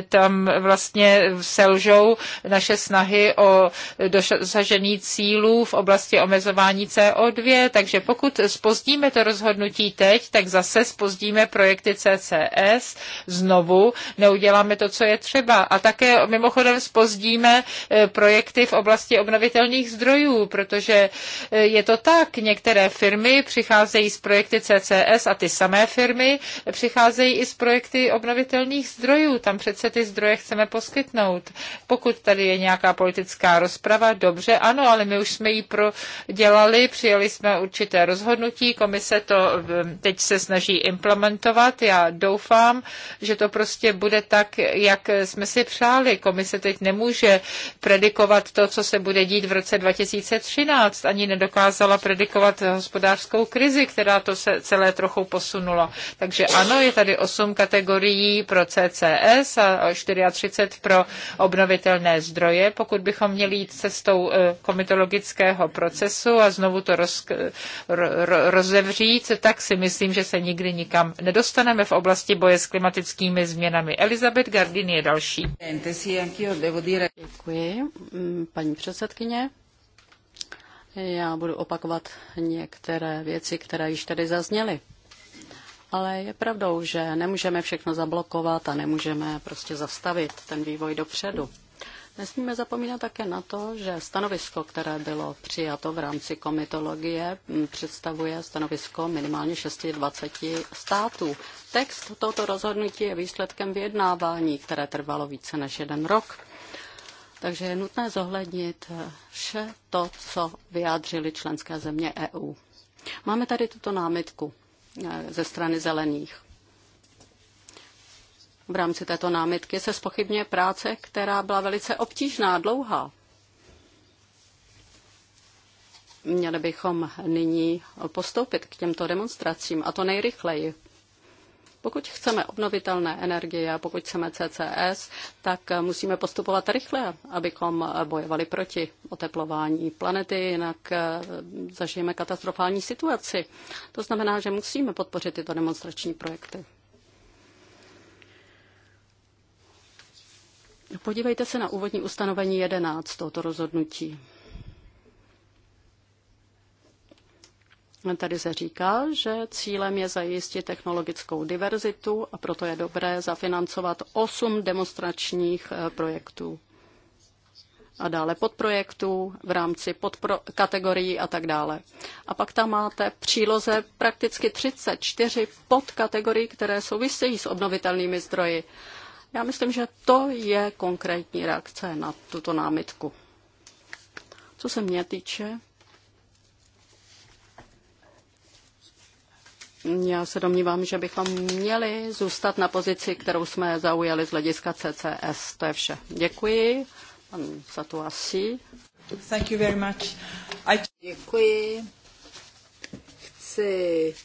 Tam vlastně selžou naše snahy o dosažení cílů v oblasti omezování CO2, takže pokud spozdíme to rozhodnutí teď, tak zase spozdíme projekty CCS znovu, neuděláme to, co je třeba. A také mimochodem spozdíme eh, projekty v oblasti obnovitelných zdrojů, protože eh, je to tak, některé firmy přicházejí z projekty CCS a ty samé firmy přicházejí i z projekty obnovitelných zdrojů. Tam přece ty zdroje chceme poskytnout. Pokud tady je nějaká politická rozprava, dobře, ano, ale my už jsme ji prodělali, přijali jsme určité rozhodnutí, komise to eh, teď se snaží implementovat. Já doufám, že to prostě nebude tak, jak jsme si přáli. Komise teď nemůže predikovat to, co se bude dít v roce 2013. Ani nedokázala predikovat hospodářskou krizi, která to se celé trochu posunula. Takže ano, je tady 8 kategorií pro CCS a 34 pro obnovitelné zdroje. Pokud bychom měli jít cestou eh, komitologického procesu a znovu to roz, ro, rozevřít, tak si myslím, že se nikdy nikam nedostaneme v oblasti boje s klimatickými změnami problémy. Elizabeth Gardin je další. Děkuji, mm, paní předsedkyně. Já budu opakovat některé věci, které již tady zazněly. Ale je pravdou, že nemůžeme všechno zablokovat a nemůžeme prostě zastavit ten vývoj dopředu. Nesmíme zapomínat také na to, že stanovisko, které bylo přijato v rámci komitologie, představuje stanovisko minimálně 620 států. Text tohoto rozhodnutí je výsledkem vyjednávání, které trvalo více než jeden rok. Takže je nutné zohlednit vše to, co vyjádřili členské země EU. Máme tady tuto námitku e, ze strany zelených v rámci této námitky se spochybně práce, která byla velice obtížná, dlouhá. Měli bychom nyní postoupit k těmto demonstracím a to nejrychleji. Pokud chceme obnovitelné energie, pokud chceme CCS, tak musíme postupovat rychle, abychom bojovali proti oteplování planety, jinak eh, zažijeme katastrofální situaci. To znamená, že musíme podpořit tyto demonstrační projekty. Podívejte se na úvodní ustanovení 11 tohoto rozhodnutí. Tady se říká, že cílem je zajistit technologickou diverzitu a proto je dobré zafinancovat osm demonstračních eh, projektů a dále podprojektů v rámci podpro- kategorií a tak dále. A pak tam máte v příloze prakticky 34 podkategorií, které souvisejí s obnovitelnými zdroji. Já myslím, že to je konkrétní reakce na tuto námitku. Co se mě týče, Já se domnívám, že bychom měli zůstat na pozici, kterou jsme zaujali z hlediska CCS. To je vše. Děkuji. Pan Satuasi. Thank you very much. I... Děkuji. Chci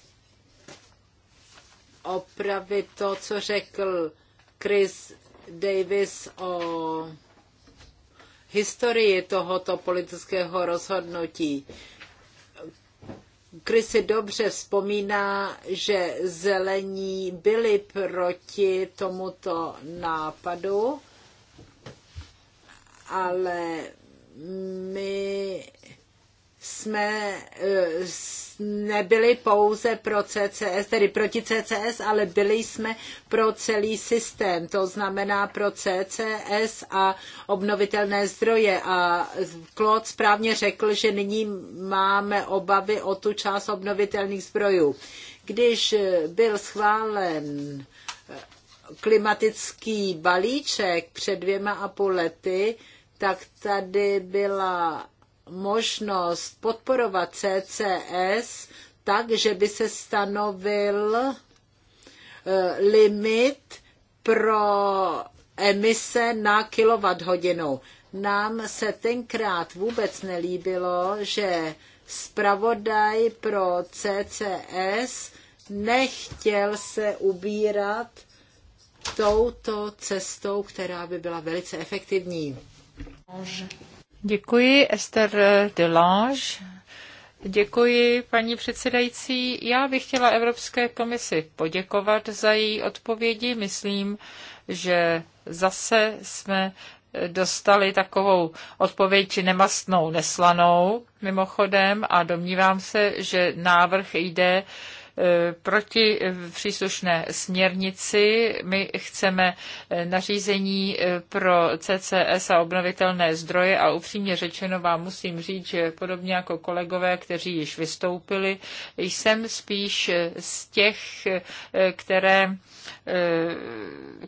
opravit to, co řekl Chris Davis o historii tohoto politického rozhodnutí. Chris si dobře vzpomíná, že zelení byli proti tomuto nápadu, ale my jsme eh, nebyli pouze pro CCS, tedy proti CCS, ale byli jsme pro celý systém, to znamená pro CCS a obnovitelné zdroje. A Claude správně řekl, že nyní máme obavy o tu část obnovitelných zdrojů. Když byl schválen eh, klimatický balíček před dvěma a půl lety, tak tady byla možnost podporovat CCS tak, že by se stanovil eh, limit pro emise na kilowatthodinu. Nám se tenkrát vůbec nelíbilo, že zpravodaj pro CCS nechtěl se ubírat touto cestou, která by byla velice efektivní. Děkuji, Esther Delange. Děkuji, paní předsedající. Já bych chtěla Evropské komisi poděkovat za její odpovědi. Myslím, že zase jsme dostali takovou odpověď nemastnou, neslanou mimochodem a domnívám se, že návrh jde proti příslušné směrnici. My chceme nařízení pro CCS a obnovitelné zdroje a upřímně řečeno vám musím říct, že podobně jako kolegové, kteří již vystoupili, jsem spíš z těch, které,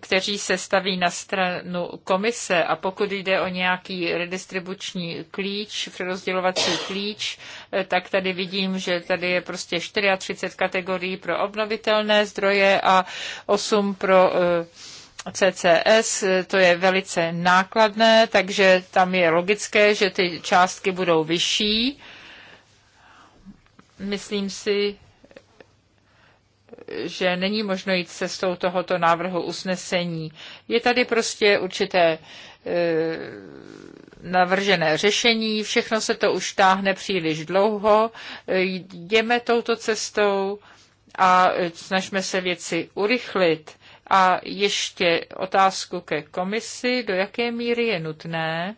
kteří se staví na stranu komise a pokud jde o nějaký redistribuční klíč, přerozdělovací klíč, Eh, tak tady vidím, že tady je prostě 34 kategorií pro obnovitelné zdroje a 8 pro eh, CCS, to je velice nákladné, takže tam je logické, že ty částky budou vyšší. Myslím si, že není možno jít cestou tohoto návrhu usnesení. Je tady prostě určité eh, navržené řešení, všechno se to už táhne příliš dlouho, jdeme touto cestou a snažme se věci urychlit. A ještě otázku ke komisi, do jaké míry je nutné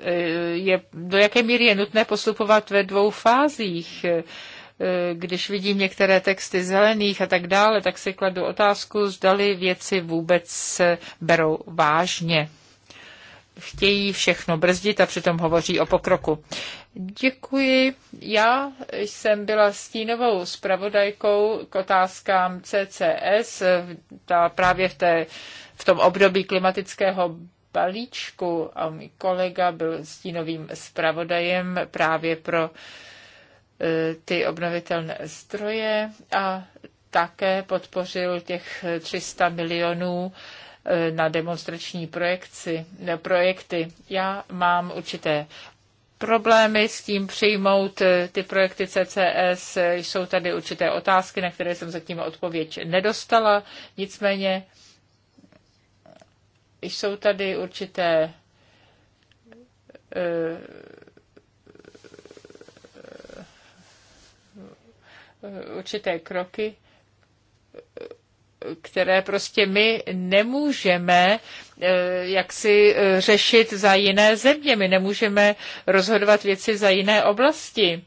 eh, je, do jaké míry je nutné postupovat ve dvou fázích. Eh, když vidím některé texty zelených a tak dále, tak si kladu otázku, zdali věci vůbec se berou vážně. Chtějí všechno brzdit a přitom hovoří o pokroku. Děkuji. Já jsem byla stínovou zpravodajkou k otázkám CCS ta, právě v, té, v tom období klimatického balíčku a můj kolega byl stínovým zpravodajem právě pro uh, E, ty obnovitelné zdroje a také podpořil těch 300 milionů e, na demonstrační projekci, projekty. Já mám určité problémy s tím přijmout e, ty projekty CCS. Jsou tady určité otázky, na které jsem zatím odpověď nedostala. Nicméně jsou tady určité určité kroky, které prostě my nemůžeme eh, jak si eh, řešit za jiné země. My nemůžeme rozhodovat věci za jiné oblasti.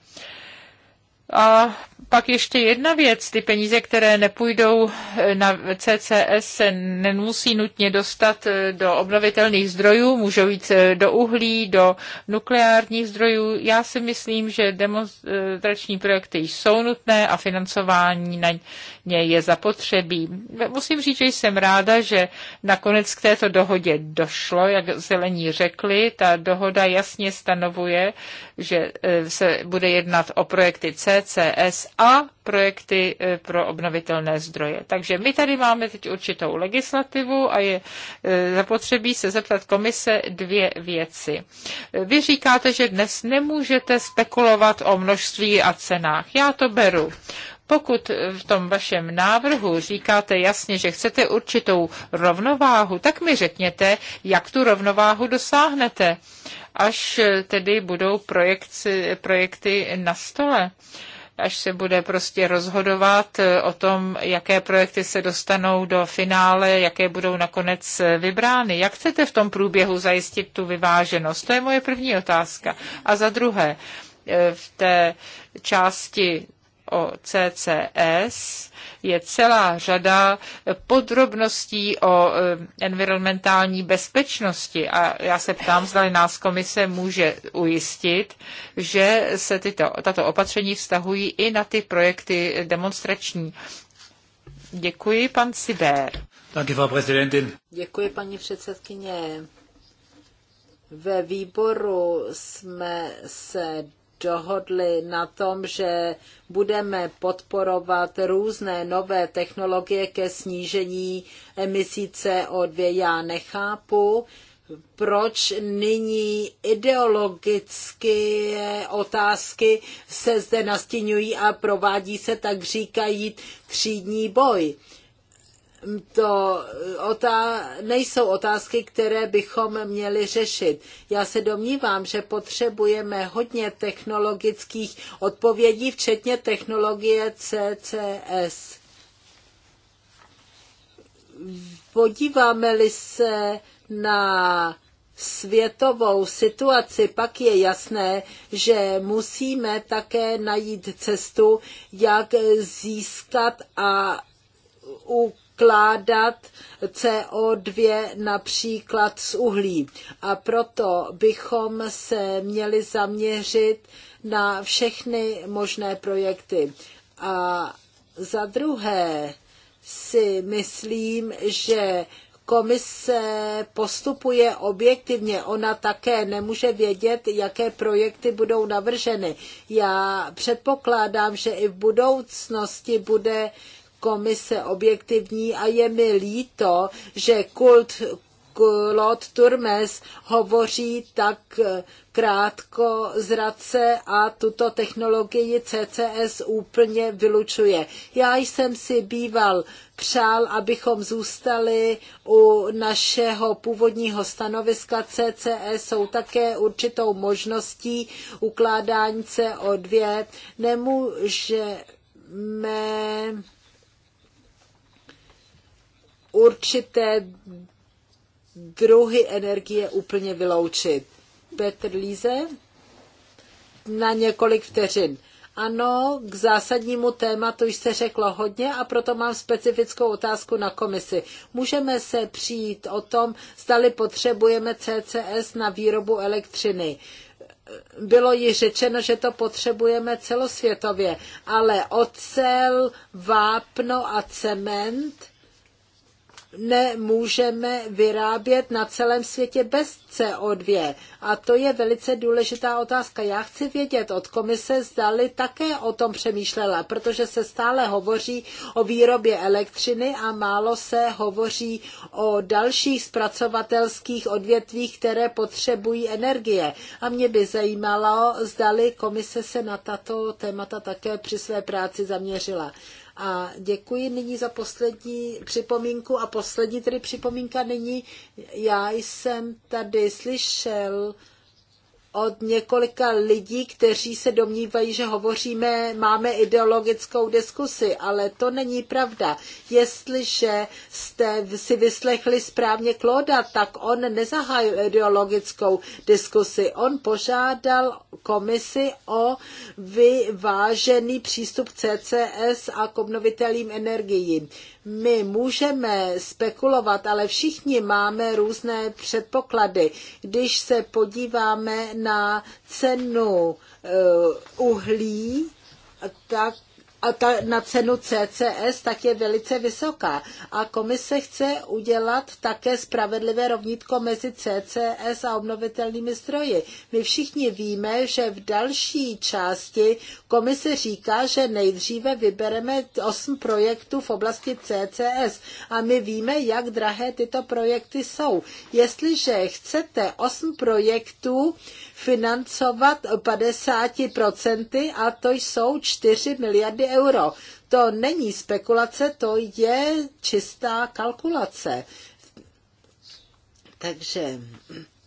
A pak ještě jedna věc, ty peníze, které nepůjdou eh, na CCS, se nemusí nutně dostat eh, do obnovitelných zdrojů, můžou jít eh, do uhlí, do nukleárních zdrojů. Já si myslím, že demonstrační projekty jsou nutné a financování na ně je zapotřebí. Musím říct, že jsem ráda, že nakonec k této dohodě došlo, jak zelení řekli. Ta dohoda jasně stanovuje, že se bude jednat o projekty CCS, CCS a projekty e, pro obnovitelné zdroje. Takže my tady máme teď určitou legislativu a je e, zapotřebí se zeptat komise dvě věci. E, vy říkáte, že dnes nemůžete spekulovat o množství a cenách. Já to beru. Pokud v tom vašem návrhu říkáte jasně, že chcete určitou rovnováhu, tak mi řekněte, jak tu rovnováhu dosáhnete až tedy budou projekci, projekty na stole až se bude prostě rozhodovat o tom, jaké projekty se dostanou do finále, jaké budou nakonec vybrány. Jak chcete v tom průběhu zajistit tu vyváženost? To je moje první otázka. A za druhé, v té části o CCS, je celá řada podrobností o eh, environmentální bezpečnosti a já se ptám, zda nás komise může ujistit, že se tyto, tato opatření vztahují i na ty projekty demonstrační. Děkuji, pan Sibér. Děkuji, paní předsedkyně. Ve výboru jsme se dohodli na tom, že budeme podporovat různé nové technologie ke snížení emisí CO2. Já nechápu, proč nyní ideologické otázky se zde nastěňují a provádí se tak říkají třídní boj to otá- nejsou otázky, které bychom měli řešit. Já se domnívám, že potřebujeme hodně technologických odpovědí, včetně technologie CCS. Podíváme-li se na světovou situaci, pak je jasné, že musíme také najít cestu, jak získat a u skládat CO2 například z uhlí. A proto bychom se měli zaměřit na všechny možné projekty. A za druhé si myslím, že komise postupuje objektivně. Ona také nemůže vědět, jaké projekty budou navrženy. Já předpokládám, že i v budoucnosti bude komise objektivní a je mi líto, že kult Claude Turmes hovoří tak eh, krátko zrace a tuto technologii CCS úplně vylučuje. Já jsem si býval přál, abychom zůstali u našeho původního stanoviska. CCS jsou také určitou možností ukládání CO2. Nemůžeme určité druhy energie úplně vyloučit. Petr Líze? Na několik vteřin. Ano, k zásadnímu tématu už se řeklo hodně a proto mám specifickou otázku na komisi. Můžeme se přijít o tom, zdali potřebujeme CCS na výrobu elektřiny bylo ji řečeno, že to potřebujeme celosvětově, ale ocel, vápno a cement nemůžeme vyrábět na celém světě bez CO2. A to je velice důležitá otázka. Já chci vědět od komise, zdali také o tom přemýšlela, protože se stále hovoří o výrobě elektřiny a málo se hovoří o dalších zpracovatelských odvětvích, které potřebují energie. A mě by zajímalo, zdali komise se na tato témata také při své práci zaměřila. A děkuji nyní za poslední připomínku a poslední tedy připomínka nyní. Já jsem tady slyšel, od několika lidí, kteří se domnívají, že hovoříme, máme ideologickou diskusi, ale to není pravda. Jestliže jste si vyslechli správně Kloda, tak on nezahájil ideologickou diskusi. On požádal komisi o vyvážený přístup CCS a k obnovitelným energiím. My můžeme spekulovat, ale všichni máme různé předpoklady. Když se podíváme na cenu eh, uhlí, tak a ta, na cenu CCS tak je velice vysoká. A komise chce udělat také spravedlivé rovnítko mezi CCS a obnovitelnými stroji. My všichni víme, že v další části komise říká, že nejdříve vybereme osm projektů v oblasti CCS. A my víme, jak drahé tyto projekty jsou. Jestliže chcete osm projektů, financovat 50% a to jsou 4 miliardy euro. To není spekulace, to je čistá kalkulace. Takže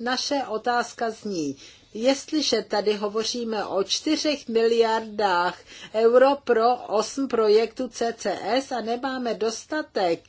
naše otázka zní, jestliže tady hovoříme o 4 miliardách euro pro 8 projektů CCS a nemáme dostatek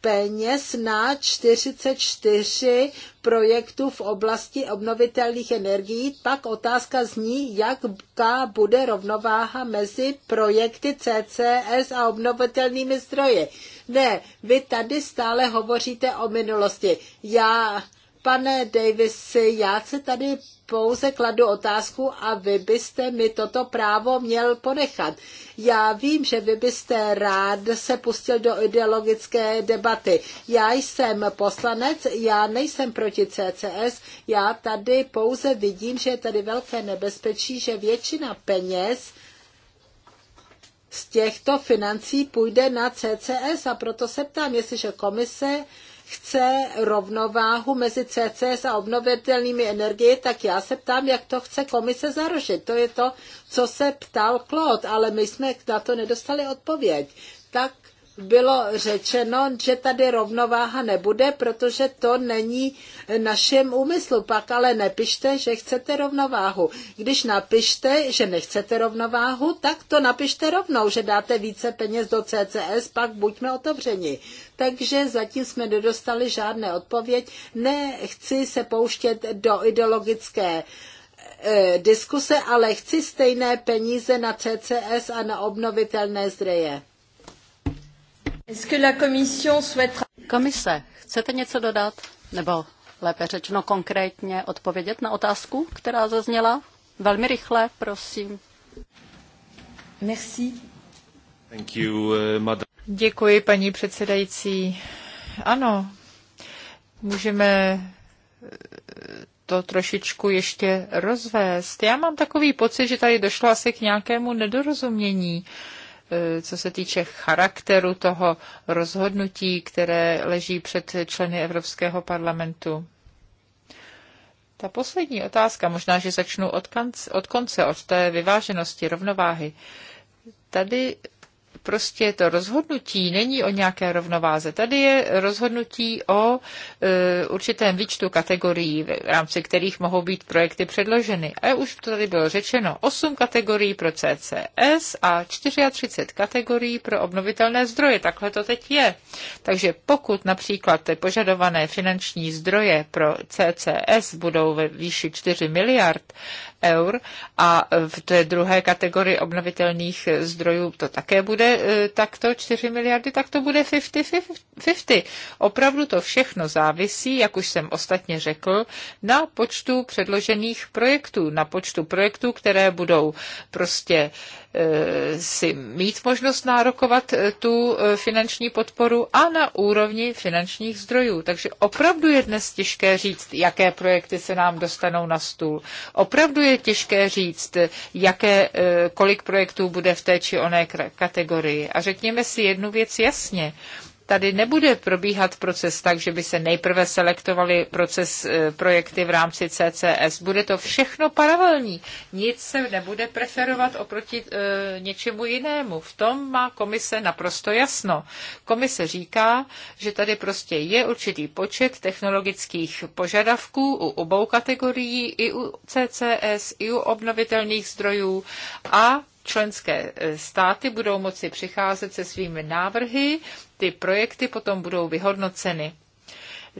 peněz na 44 projektů v oblasti obnovitelných energií. Pak otázka zní, jaká bude rovnováha mezi projekty CCS a obnovitelnými zdroje. Ne, vy tady stále hovoříte o minulosti. Já Pane Davisi, já se tady pouze kladu otázku a vy byste mi toto právo měl ponechat. Já vím, že vy byste rád se pustil do ideologické debaty. Já jsem poslanec, já nejsem proti CCS, já tady pouze vidím, že je tady velké nebezpečí, že většina peněz z těchto financí půjde na CCS a proto se ptám, jestliže komise chce rovnováhu mezi CCS a obnovitelnými energie, tak já se ptám, jak to chce komise zarušit. To je to, co se ptal Klot, ale my jsme na to nedostali odpověď. Tak bylo řečeno, že tady rovnováha nebude, protože to není našem úmyslu. Pak ale nepište, že chcete rovnováhu. Když napište, že nechcete rovnováhu, tak to napište rovnou, že dáte více peněz do CCS, pak buďme otevřeni. Takže zatím jsme nedostali žádné odpověď. Nechci se pouštět do ideologické eh, diskuse, ale chci stejné peníze na CCS a na obnovitelné zdroje. Komise, chcete něco dodat? Nebo lépe řečeno konkrétně odpovědět na otázku, která zazněla? Velmi rychle, prosím. Merci. Thank you, uh, Děkuji, paní předsedající. Ano, můžeme eh, to trošičku ještě rozvést. Já mám takový pocit, že tady došlo asi k nějakému nedorozumění. Uh, Eh, co se týče charakteru toho rozhodnutí, které leží před členy Evropského parlamentu? Ta poslední otázka, možná, že začnu od, kanc, od konce, od té vyváženosti, rovnováhy. Tady prostě to rozhodnutí není o nějaké rovnováze. Tady je rozhodnutí o e, určitém výčtu kategorií, v rámci kterých mohou být projekty předloženy. A už tady bylo řečeno 8 kategorií pro CCS a 34 kategorií pro obnovitelné zdroje. Takhle to teď je. Takže pokud například ty požadované finanční zdroje pro CCS budou ve výši 4 miliard eur a v té druhé kategorii obnovitelných zdrojů to také bude e, takto 4 miliardy, tak to bude 50-50. Opravdu to všechno závisí, jak už jsem ostatně řekl, na počtu předložených projektů, na počtu projektů, které budou prostě Eh, si mít možnost nárokovat eh, tu eh, finanční podporu a na úrovni finančních zdrojů. Takže opravdu je dnes těžké říct, jaké projekty se nám dostanou na stůl. Opravdu je těžké říct, jaké, kolik projektů bude v té či oné kategorii. A řekněme si jednu věc jasně tady nebude probíhat proces tak, že by se nejprve selektovaly proces e, projekty v rámci CCS. Bude to všechno paralelní. Nic se nebude preferovat oproti e, něčemu jinému. V tom má komise naprosto jasno. Komise říká, že tady prostě je určitý počet technologických požadavků u obou kategorií, i u CCS, i u obnovitelných zdrojů a členské e, státy budou moci přicházet se svými návrhy, ty projekty potom budou vyhodnoceny.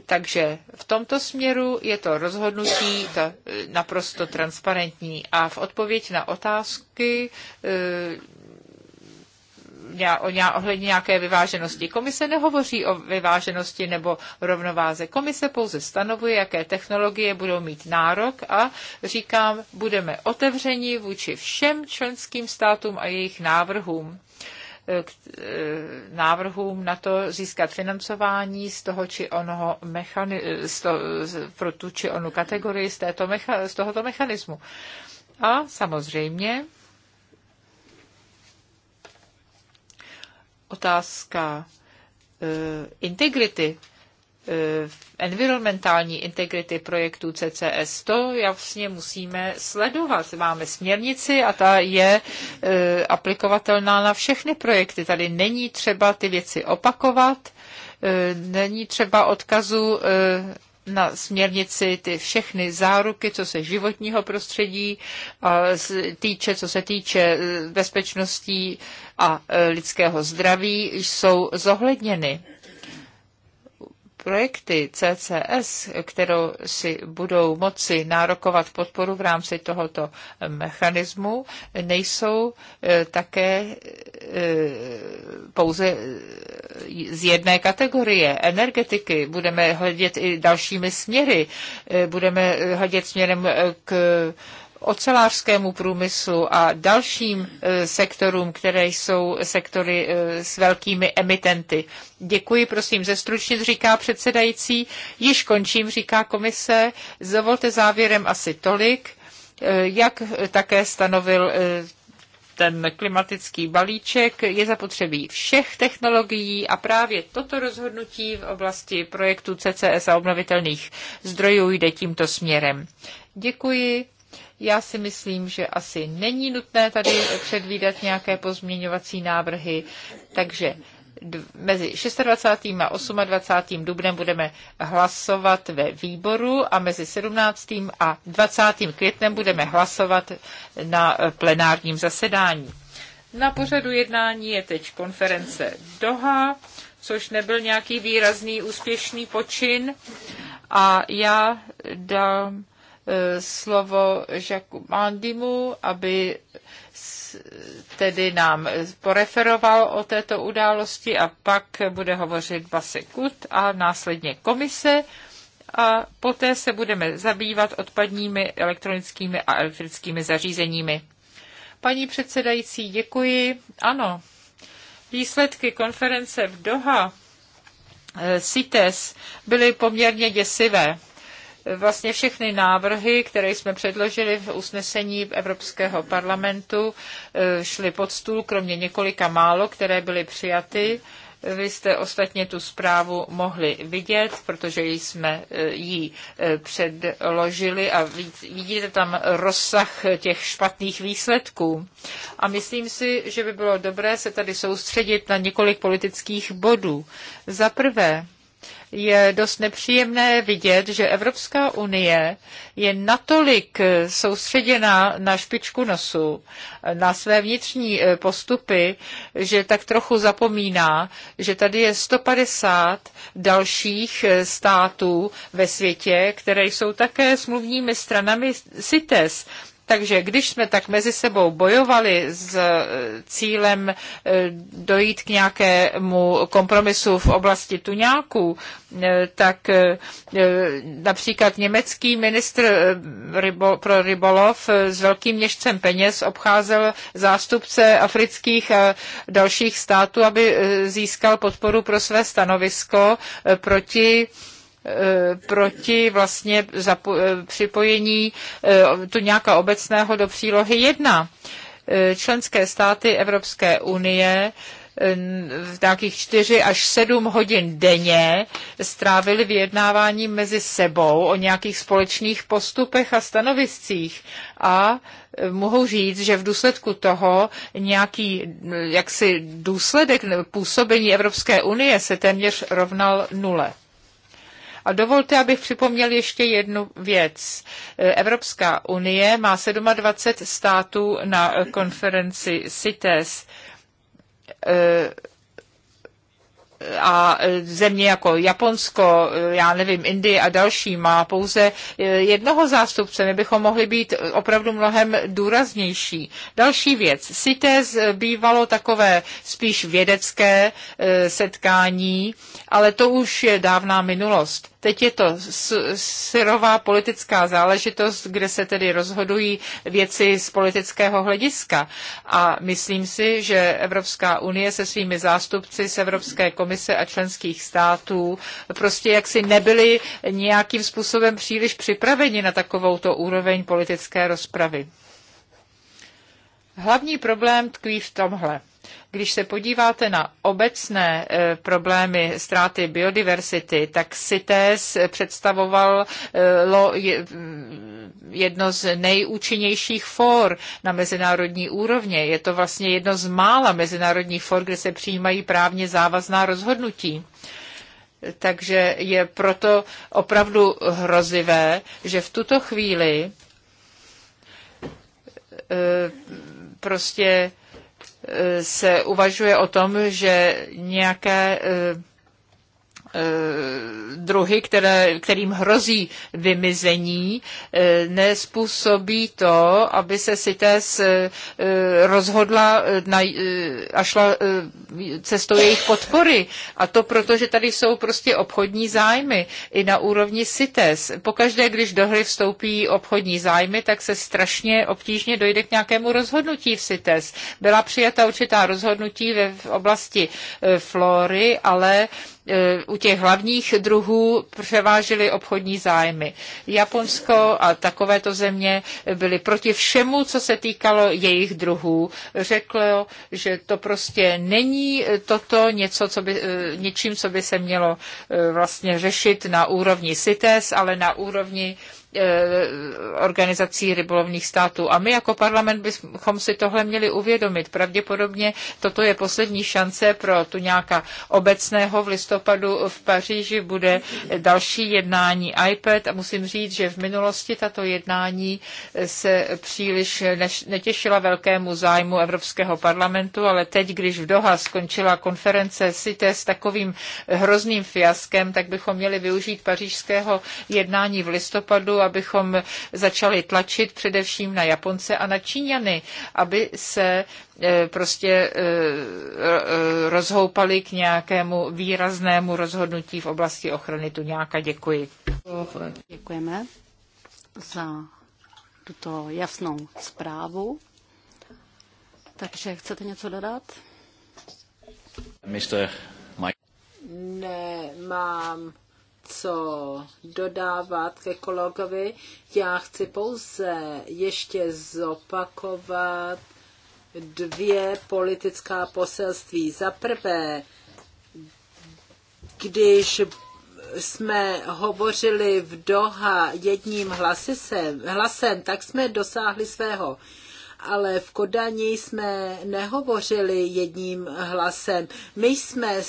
Takže v tomto směru je to rozhodnutí to e, naprosto transparentní. A v odpověď na otázky e, ohledně nějaké vyváženosti. Komise nehovoří o vyváženosti nebo rovnováze. Komise pouze stanovuje, jaké technologie budou mít nárok a říkám, budeme otevření vůči všem členským státům a jejich návrhům eh, k eh, návrhům na to získat financování z toho či onoho mechani- eh, z to, z, pro tu či onu kategorii z, této mecha- z tohoto mechanismu. A samozřejmě otázka eh, integrity, eh, environmentální integrity projektu CCS, to jasně musíme sledovat. Máme směrnici a ta je eh, aplikovatelná na všechny projekty. Tady není třeba ty věci opakovat, není třeba odkazu na směrnici ty všechny záruky, co se životního prostředí týče, co se týče e, bezpečností a e, lidského zdraví, jsou zohledněny projekty CCS, kterou si budou moci nárokovat podporu v rámci tohoto mechanismu, nejsou eh, také eh, pouze eh, z jedné kategorie energetiky. Budeme hledět i dalšími směry. Budeme hledět směrem k ocelářskému průmyslu a dalším e, sektorům, které jsou sektory e, s velkými emitenty. Děkuji, prosím, stručně říká předsedající. Již končím, říká komise. Dovolte závěrem asi tolik, e, jak také stanovil ten klimatický balíček, je zapotřebí všech technologií a právě toto rozhodnutí v oblasti projektu CCS a obnovitelných zdrojů jde tímto směrem. Děkuji. Já si myslím, že asi není nutné tady předvídat nějaké pozměňovací návrhy, takže mezi 26. a 28. dubnem budeme hlasovat ve výboru a mezi 17. a 20. květnem budeme hlasovat na plenárním zasedání. Na pořadu jednání je teď konference Doha, což nebyl nějaký výrazný úspěšný počin a já dám Eh, slovo Jacques Mandimu, aby tedy nám poreferoval o této události a pak bude hovořit Basekut a následně komise a poté se budeme zabývat odpadními elektronickými a elektrickými zařízeními. Paní předsedající, děkuji. Ano, výsledky konference v Doha eh, CITES byly poměrně děsivé. Vlastně všechny návrhy, které jsme předložili v usnesení Evropského parlamentu, eh, šly pod stůl, kromě několika málo, které byly přijaty. Vy jste ostatně tu zprávu mohli vidět, protože jsme eh, ji eh, předložili a vidíte tam rozsah těch špatných výsledků. A myslím si, že by bylo dobré se tady soustředit na několik politických bodů. Za prvé, je dost nepříjemné vidět, že Evropská unie je natolik eh, soustředěna na špičku nosu, eh, na své vnitřní eh, postupy, že tak trochu zapomíná, že tady je 150 dalších států ve světě, které jsou také smluvními stranami CITES. Takže když jsme tak mezi sebou bojovali s eh, cílem eh, dojít k nějakému kompromisu v oblasti tuňáků, eh, tak například německý ministr pro rybolov s velkým měžcem peněz obcházel zástupce afrických a dalších států, aby získal podporu pro své stanovisko proti Eh, proti vlastně eh, připojení eh, tu nějaká obecného do přílohy 1. Členské státy Evropské unie v nějakých 4 až 7 hodin denně strávili vyjednávání mezi sebou o nějakých společných postupech a stanoviscích a mohou říct, že v důsledku toho nějaký jaksi důsledek působení Evropské unie se téměř rovnal nule. A dovolte, abych připomněl ještě jednu věc. Evropská unie má 27 států na konferenci CITES e, a země jako Japonsko, e, já nevím, Indie a další má pouze e, jednoho zástupce. My bychom mohli být opravdu mnohem důraznější. Další věc. CITES bývalo takové spíš vědecké setkání, ale to už je dávná minulost. Teď je to syrová politická záležitost, kde se tedy rozhodují věci z politického hlediska. A myslím si, že Evropská unie se svými zástupci z Evropské komise a členských států prostě jaksi nebyli nějakým způsobem příliš připraveni na takovouto úroveň politické rozpravy. Hlavní problém tkví v tomhle. Když se podíváte na obecné eh, problémy ztráty biodiverzity, tak CITES představovalo mm, jedno z nejúčinnějších for na mezinárodní úrovně. Je to vlastně jedno z mála mezinárodních for, kde se přijímají právně závazná rozhodnutí. Takže je proto opravdu hrozivé, že v tuto chvíli eh, prostě se uvažuje o tom, že nějaké eh, Eh, druhy, které, kterým hrozí vymizení, eh, nespůsobí to, aby se CITES eh, rozhodla a šla cestou jejich podpory. A to proto, že tady jsou prostě obchodní zájmy i na úrovni CITES. Pokaždé, když do hry vstoupí obchodní zájmy, tak se strašně obtížně dojde k nějakému rozhodnutí v CITES. Byla přijata určitá rozhodnutí ve v oblasti flory, ale Eh, u těch hlavních druhů převážily obchodní zájmy. Japonsko a takovéto země byly proti všemu, co se týkalo jejich druhů. Řeklo, že to prostě není toto něco, co by, eh, něčím, co by se mělo eh, vlastně řešit na úrovni CITES, ale na úrovni Eh, organizací rybolovních států. A my jako parlament bychom si tohle měli uvědomit. Pravděpodobně toto je poslední šance pro tu nějaká obecného. V listopadu v Paříži bude další jednání iPad a musím říct, že v minulosti tato jednání se příliš netěšila velkému zájmu Evropského parlamentu, ale teď, když v Doha skončila konference CITES s takovým hrozným fiaskem, tak bychom měli využít pařížského jednání v listopadu abychom začali tlačit především na Japonce a na Číňany, aby se eh, prostě eh, rozhoupali k nějakému výraznému rozhodnutí v oblasti ochrany tuňáka. Děkuji. Děkujeme za tuto jasnou zprávu. Takže chcete něco dodat? Mr. Mike. Ne, mám co dodávat ke kolegovi. Já chci pouze ještě zopakovat dvě politická poselství. Za prvé, když jsme hovořili v Doha jedním hlasisem, hlasem, tak jsme dosáhli svého. Ale v Kodani jsme nehovořili jedním hlasem. My jsme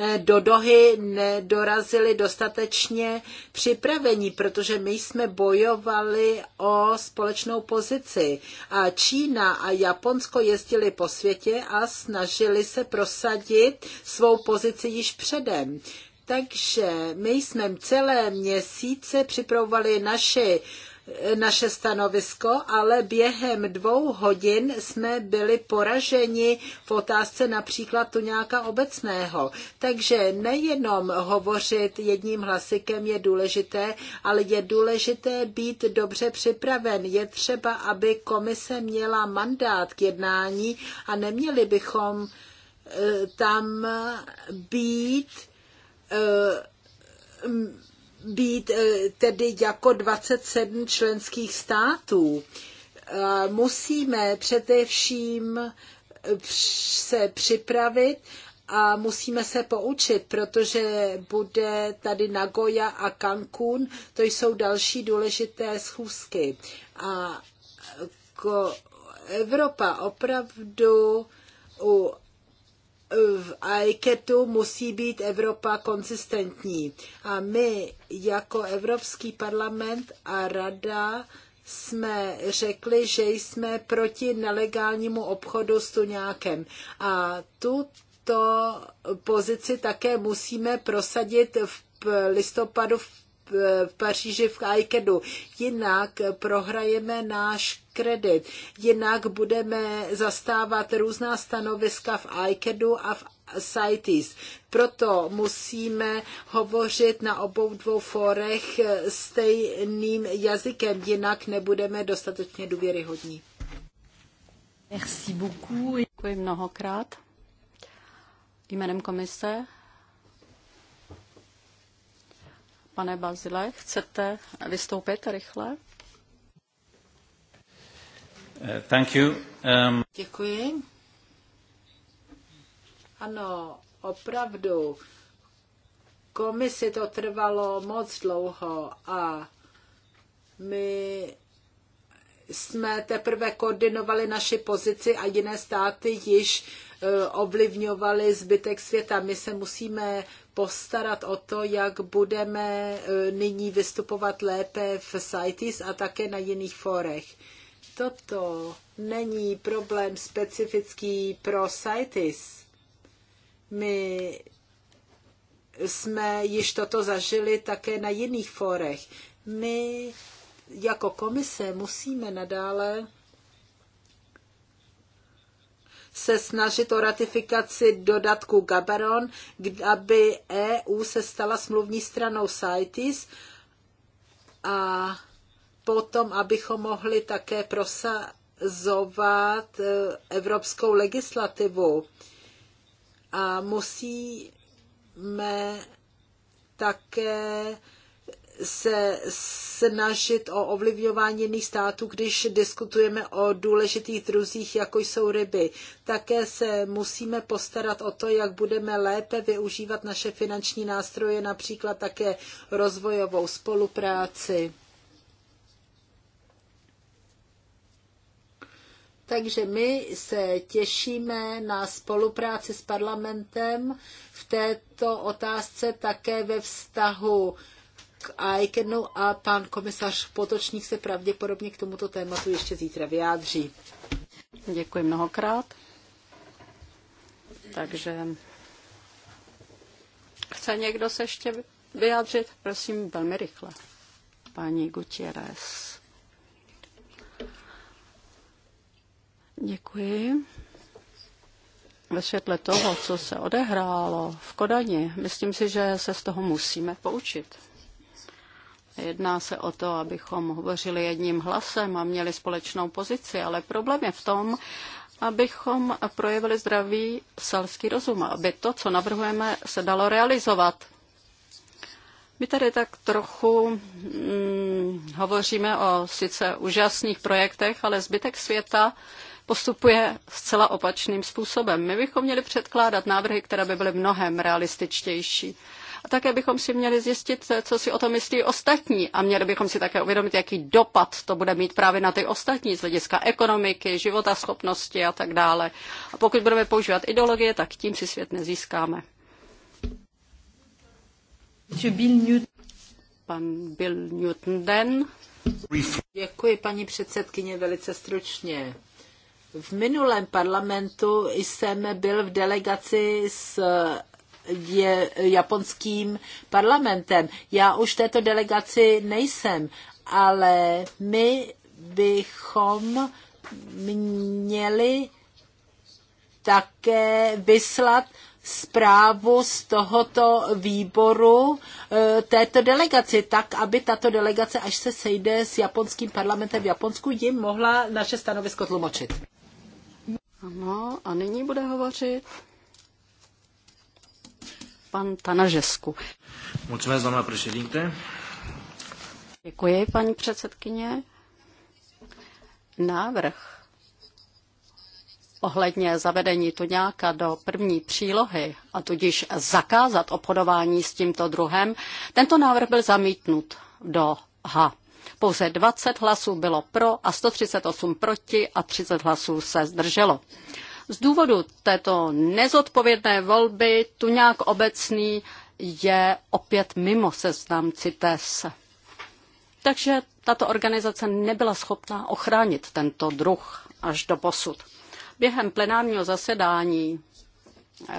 Eh, do Dohy nedorazili dostatečně připravení, protože my jsme bojovali o společnou pozici. A Čína a Japonsko jezdili po světě a snažili se prosadit svou pozici již předem. Takže my jsme celé měsíce připravovali naši naše stanovisko, ale během dvou hodin jsme byli poraženi v otázce například tu nějaká obecného. Takže nejenom hovořit jedním hlasikem je důležité, ale je důležité být dobře připraven. Je třeba, aby komise měla mandát k jednání a neměli bychom e, tam být e, být eh, tedy jako 27 členských států. Eh, musíme především eh, se připravit a musíme se poučit, protože bude tady Nagoya a Cancún, to jsou další důležité schůzky. A Evropa opravdu u v ICATu musí být Evropa konsistentní. A my jako Evropský parlament a rada jsme řekli, že jsme proti nelegálnímu obchodu s tuňákem. A tuto pozici také musíme prosadit v listopadu v v Paříži v Kajkedu. Jinak prohrajeme náš kredit. Jinak budeme zastávat různá stanoviska v ICADu a v CITES. Proto musíme hovořit na obou dvou forech stejným jazykem, jinak nebudeme dostatečně důvěryhodní. Merci beaucoup. Děkuji mnohokrát. Jménem komise Pane Bazile, chcete vystoupit rychle? Eh, thank you. Um... Děkuji. Ano, opravdu. Komisi to trvalo moc dlouho a my jsme teprve koordinovali naši pozici a jiné státy již eh, ovlivňovaly zbytek světa. My se musíme postarat o to, jak budeme e, nyní vystupovat lépe v CITES a také na jiných fórech. Toto není problém specifický pro CITES. My jsme již toto zažili také na jiných fórech. My jako komise musíme nadále se snažit o ratifikaci dodatku Gabaron, aby EU se stala smluvní stranou CITES a potom, abychom mohli také prosazovat e, evropskou legislativu. A musíme také se snažit o ovlivňování jiných států, když diskutujeme o důležitých druzích, jako jsou ryby. Také se musíme postarat o to, jak budeme lépe využívat naše finanční nástroje, například také rozvojovou spolupráci. Takže my se těšíme na spolupráci s parlamentem v této otázce také ve vztahu Aikenu a pan komisař Potočník se pravděpodobně k tomuto tématu ještě zítra vyjádří. Děkuji mnohokrát. Takže chce někdo se ještě vyjádřit? Prosím, velmi rychle. Paní Gutierrez. Děkuji. Ve světle toho, co se odehrálo v Kodani, myslím si, že se z toho musíme poučit. Jedná se o to, abychom hovořili jedním hlasem a měli společnou pozici, ale problém je v tom, abychom projevili zdravý selský rozum, aby to, co navrhujeme, se dalo realizovat. My tady tak trochu hmm, hovoříme o sice úžasných projektech, ale zbytek světa postupuje zcela opačným způsobem. My bychom měli předkládat návrhy, které by byly mnohem realističtější. A také bychom si měli zjistit, co si o tom myslí ostatní. A měli bychom si také uvědomit, jaký dopad to bude mít právě na ty ostatní z hlediska ekonomiky, života, schopnosti a tak dále. A pokud budeme používat ideologie, tak tím si svět nezískáme. Pan Bill Newton Den. Děkuji, paní předsedkyně, velice stručně. V minulém parlamentu jsem byl v delegaci s je, japonským parlamentem. Já už této delegaci nejsem, ale my bychom měli také vyslat zprávu z tohoto výboru e, této delegaci, tak aby tato delegace, až se sejde s japonským parlamentem v Japonsku, jim mohla naše stanovisko tlumočit. Ano, a nyní bude hovořit pan Tanažesku. Mulțumesc, doamna președinte. Děkuji, paní předsedkyně. Návrh ohledně zavedení tuňáka do první přílohy a tudíž zakázat obchodování s tímto druhem, tento návrh byl zamítnut do H. Pouze 20 hlasů bylo pro a 138 proti a 30 hlasů se zdrželo. Z důvodu této nezodpovědné volby tu nějak obecný je opět mimo seznam CITES. Takže tato organizace nebyla schopná ochránit tento druh až do posud. Během plenárního zasedání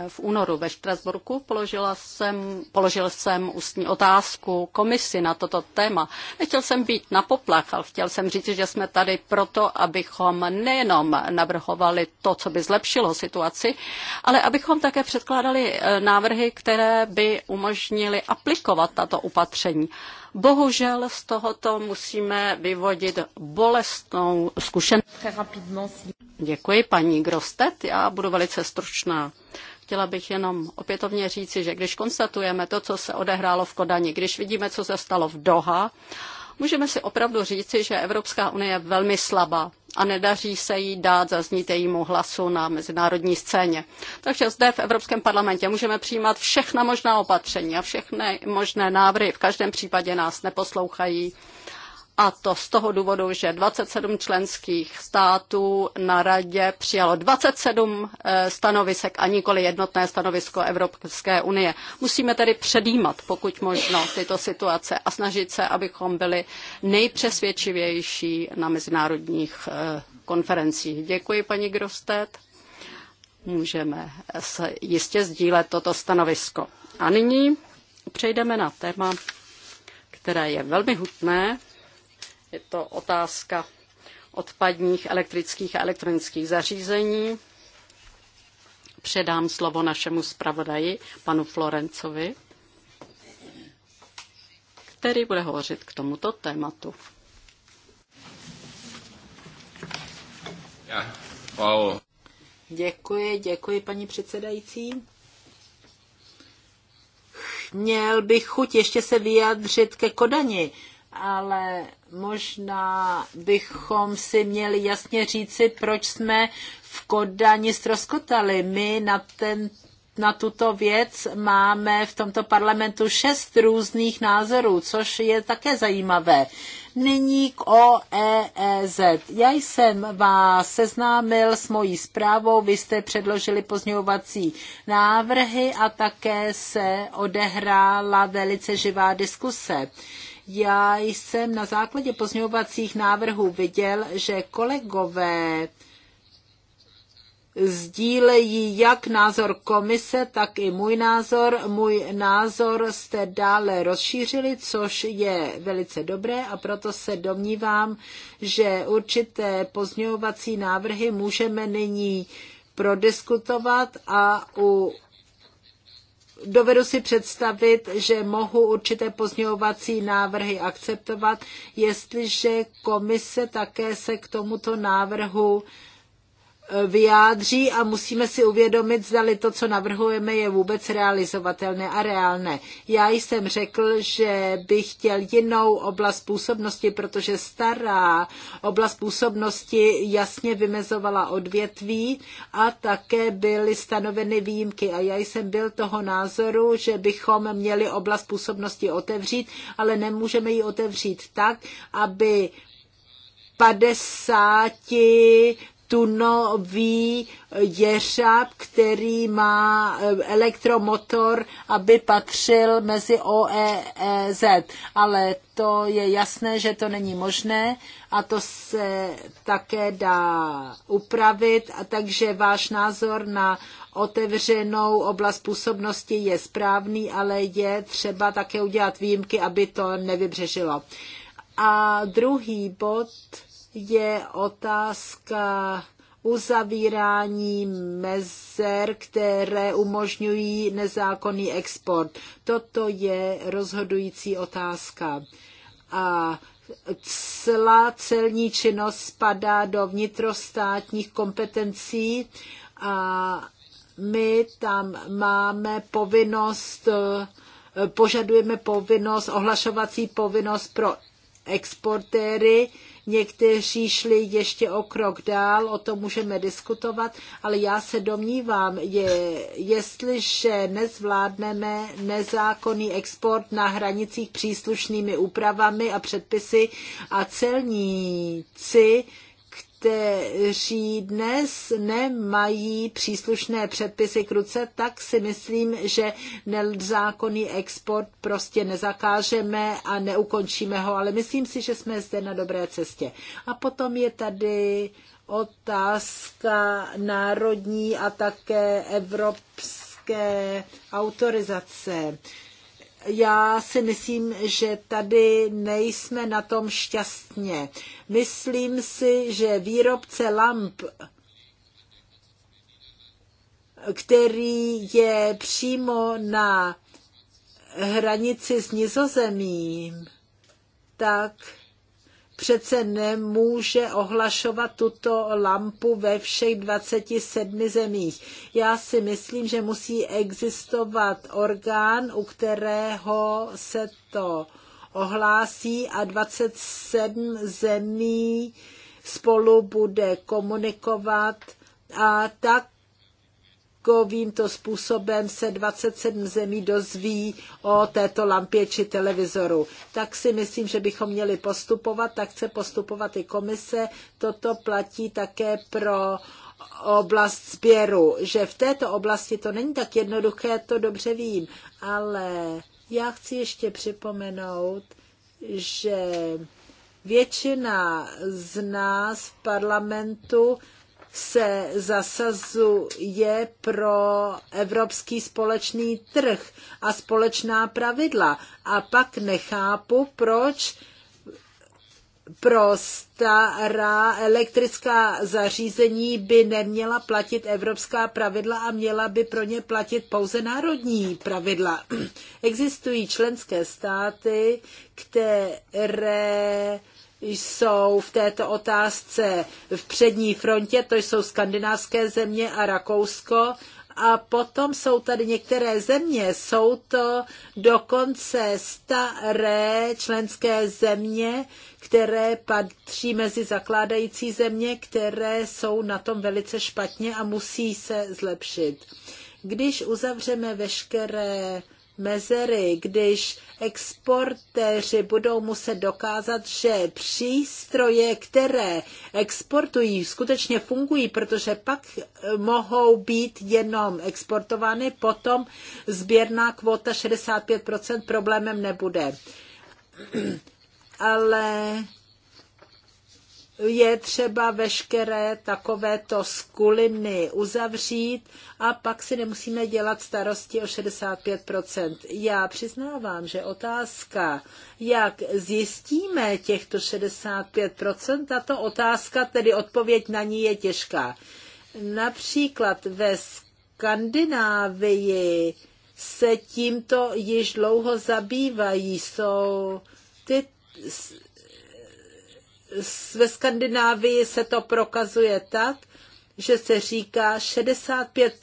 v únoru ve Štrasburku. Položila jsem, položil jsem ústní otázku komisi na toto téma. Nechtěl jsem být na poplach, ale chtěl jsem říct, že jsme tady proto, abychom nejenom navrhovali to, co by zlepšilo situaci, ale abychom také předkládali eh, návrhy, které by umožnily aplikovat tato upatření. Bohužel z tohoto musíme vyvodit bolestnou zkušenost. Děkuji paní Grostet, já budu velice stručná. Chtěla bych jenom opětovně říci, že když konstatujeme to, co se odehrálo v Kodani, když vidíme, co se stalo v Doha, můžeme si opravdu říci, že Evropská unie je velmi slabá a nedaří se jí dát zaznít jejímu hlasu na mezinárodní scéně. Takže zde v Evropském parlamentě můžeme přijímat všechna možná opatření a všechny možné návrhy. V každém případě nás neposlouchají a to z toho důvodu, že 27 členských států na radě přijalo 27 eh, stanovisek a nikoli jednotné stanovisko Evropské unie. Musíme tedy předjímat, pokud možno, tyto situace a snažit se, abychom byli nejpřesvědčivější na mezinárodních eh, konferencích. Děkuji, paní Grostet. Můžeme se jistě sdílet toto stanovisko. A nyní přejdeme na téma, které je velmi hutné, je to otázka odpadních elektrických a elektronických zařízení. Předám slovo našemu zpravodaji, panu Florencovi, který bude hovořit k tomuto tématu. Yeah. Wow. Děkuji, děkuji, paní předsedající. Měl bych chuť ještě se vyjádřit ke Kodani, ale Možná bychom si měli jasně říci, proč jsme v Kodani ztroskotali. My na ten na tuto věc máme v tomto parlamentu šest různých názorů, což je také zajímavé. Nyní k OEZ. E Já jsem vás seznámil s mojí zprávou, vy jste předložili pozňovací návrhy a také se odehrála velice živá diskuse. Já jsem na základě pozměňovacích návrhů viděl, že kolegové sdílejí jak názor komise, tak i můj názor. Můj názor jste dále rozšířili, což je velice dobré a proto se domnívám, že určité pozměňovací návrhy můžeme nyní prodiskutovat a u dovedu si představit, že mohu určité pozměňovací návrhy akceptovat, jestliže komise také se k tomuto návrhu vyjádří a musíme si uvědomit, zdali to, co navrhujeme, je vůbec realizovatelné a reálné. Já jsem řekl, že bych chtěl jinou oblast působnosti, protože stará oblast působnosti jasně vymezovala odvětví a také byly stanoveny výjimky. A já jsem byl toho názoru, že bychom měli oblast působnosti otevřít, ale nemůžeme ji otevřít tak, aby 50 tunový jeřáb, který má eh, elektromotor, aby patřil mezi OEZ. E ale to je jasné, že to není možné a to se také dá upravit. A takže váš názor na otevřenou oblast působnosti je správný, ale je třeba také udělat výjimky, aby to nevybřežilo. A druhý bod je otázka uzavírání mezer, které umožňují nezákonný export. Toto je rozhodující otázka. A celá celní činnost spadá do vnitrostátních kompetencí a my tam máme povinnost, požadujeme povinnost, ohlašovací povinnost pro exportéry, Někteří šli ještě o krok dál, o tom můžeme diskutovat, ale já se domnívám, je, jestliže nezvládneme nezákonný export na hranicích příslušnými úpravami a předpisy a celníci, kteří dnes nemají příslušné předpisy k ruce, tak si myslím, že nezákonný export prostě nezakážeme a neukončíme ho, ale myslím si, že jsme zde na dobré cestě. A potom je tady otázka národní a také evropské autorizace já si myslím, že tady nejsme na tom šťastně. Myslím si, že výrobce lamp, který je přímo na hranici s Nizozemím, tak přece nemůže ohlašovat tuto lampu ve všech 27 zemích. Já si myslím, že musí existovat orgán, u kterého se to ohlásí a 27 zemí spolu bude komunikovat a tak takovýmto způsobem se 27 zemí dozví o této lampě či televizoru. Tak si myslím, že bychom měli postupovat, tak chce postupovat i komise. Toto platí také pro oblast sběru, že v této oblasti to není tak jednoduché, to dobře vím, ale já chci ještě připomenout, že většina z nás v parlamentu se zasazuje pro evropský společný trh a společná pravidla. A pak nechápu, proč pro stará elektrická zařízení by neměla platit evropská pravidla a měla by pro ně platit pouze národní pravidla. Existují členské státy, které jsou v této otázce v přední frontě, to jsou skandinávské země a Rakousko. A potom jsou tady některé země, jsou to dokonce staré členské země, které patří mezi zakládající země, které jsou na tom velice špatně a musí se zlepšit. Když uzavřeme veškeré mezery, když exportéři budou muset dokázat, že přístroje, které exportují, skutečně fungují, protože pak eh, mohou být jenom exportovány, potom sběrná kvota 65% problémem nebude. Ale je třeba veškeré takovéto skuliny uzavřít a pak si nemusíme dělat starosti o 65%. Já přiznávám, že otázka, jak zjistíme těchto 65%, tato otázka, tedy odpověď na ní je těžká. Například ve Skandinávii se tímto již dlouho zabývají, jsou ty ve Skandinávii se to prokazuje tak, že se říká 65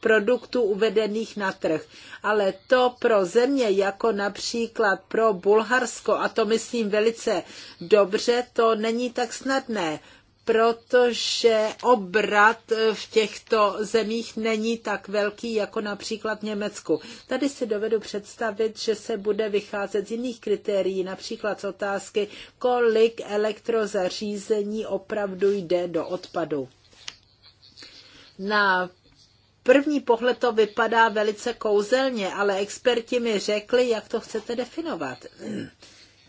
produktů uvedených na trh. Ale to pro země jako například pro Bulharsko, a to myslím velice dobře, to není tak snadné, protože obrat v těchto zemích není tak velký jako například v Německu. Tady si dovedu představit, že se bude vycházet z jiných kritérií, například z otázky, kolik elektrozařízení opravdu jde do odpadu. Na první pohled to vypadá velice kouzelně, ale experti mi řekli, jak to chcete definovat.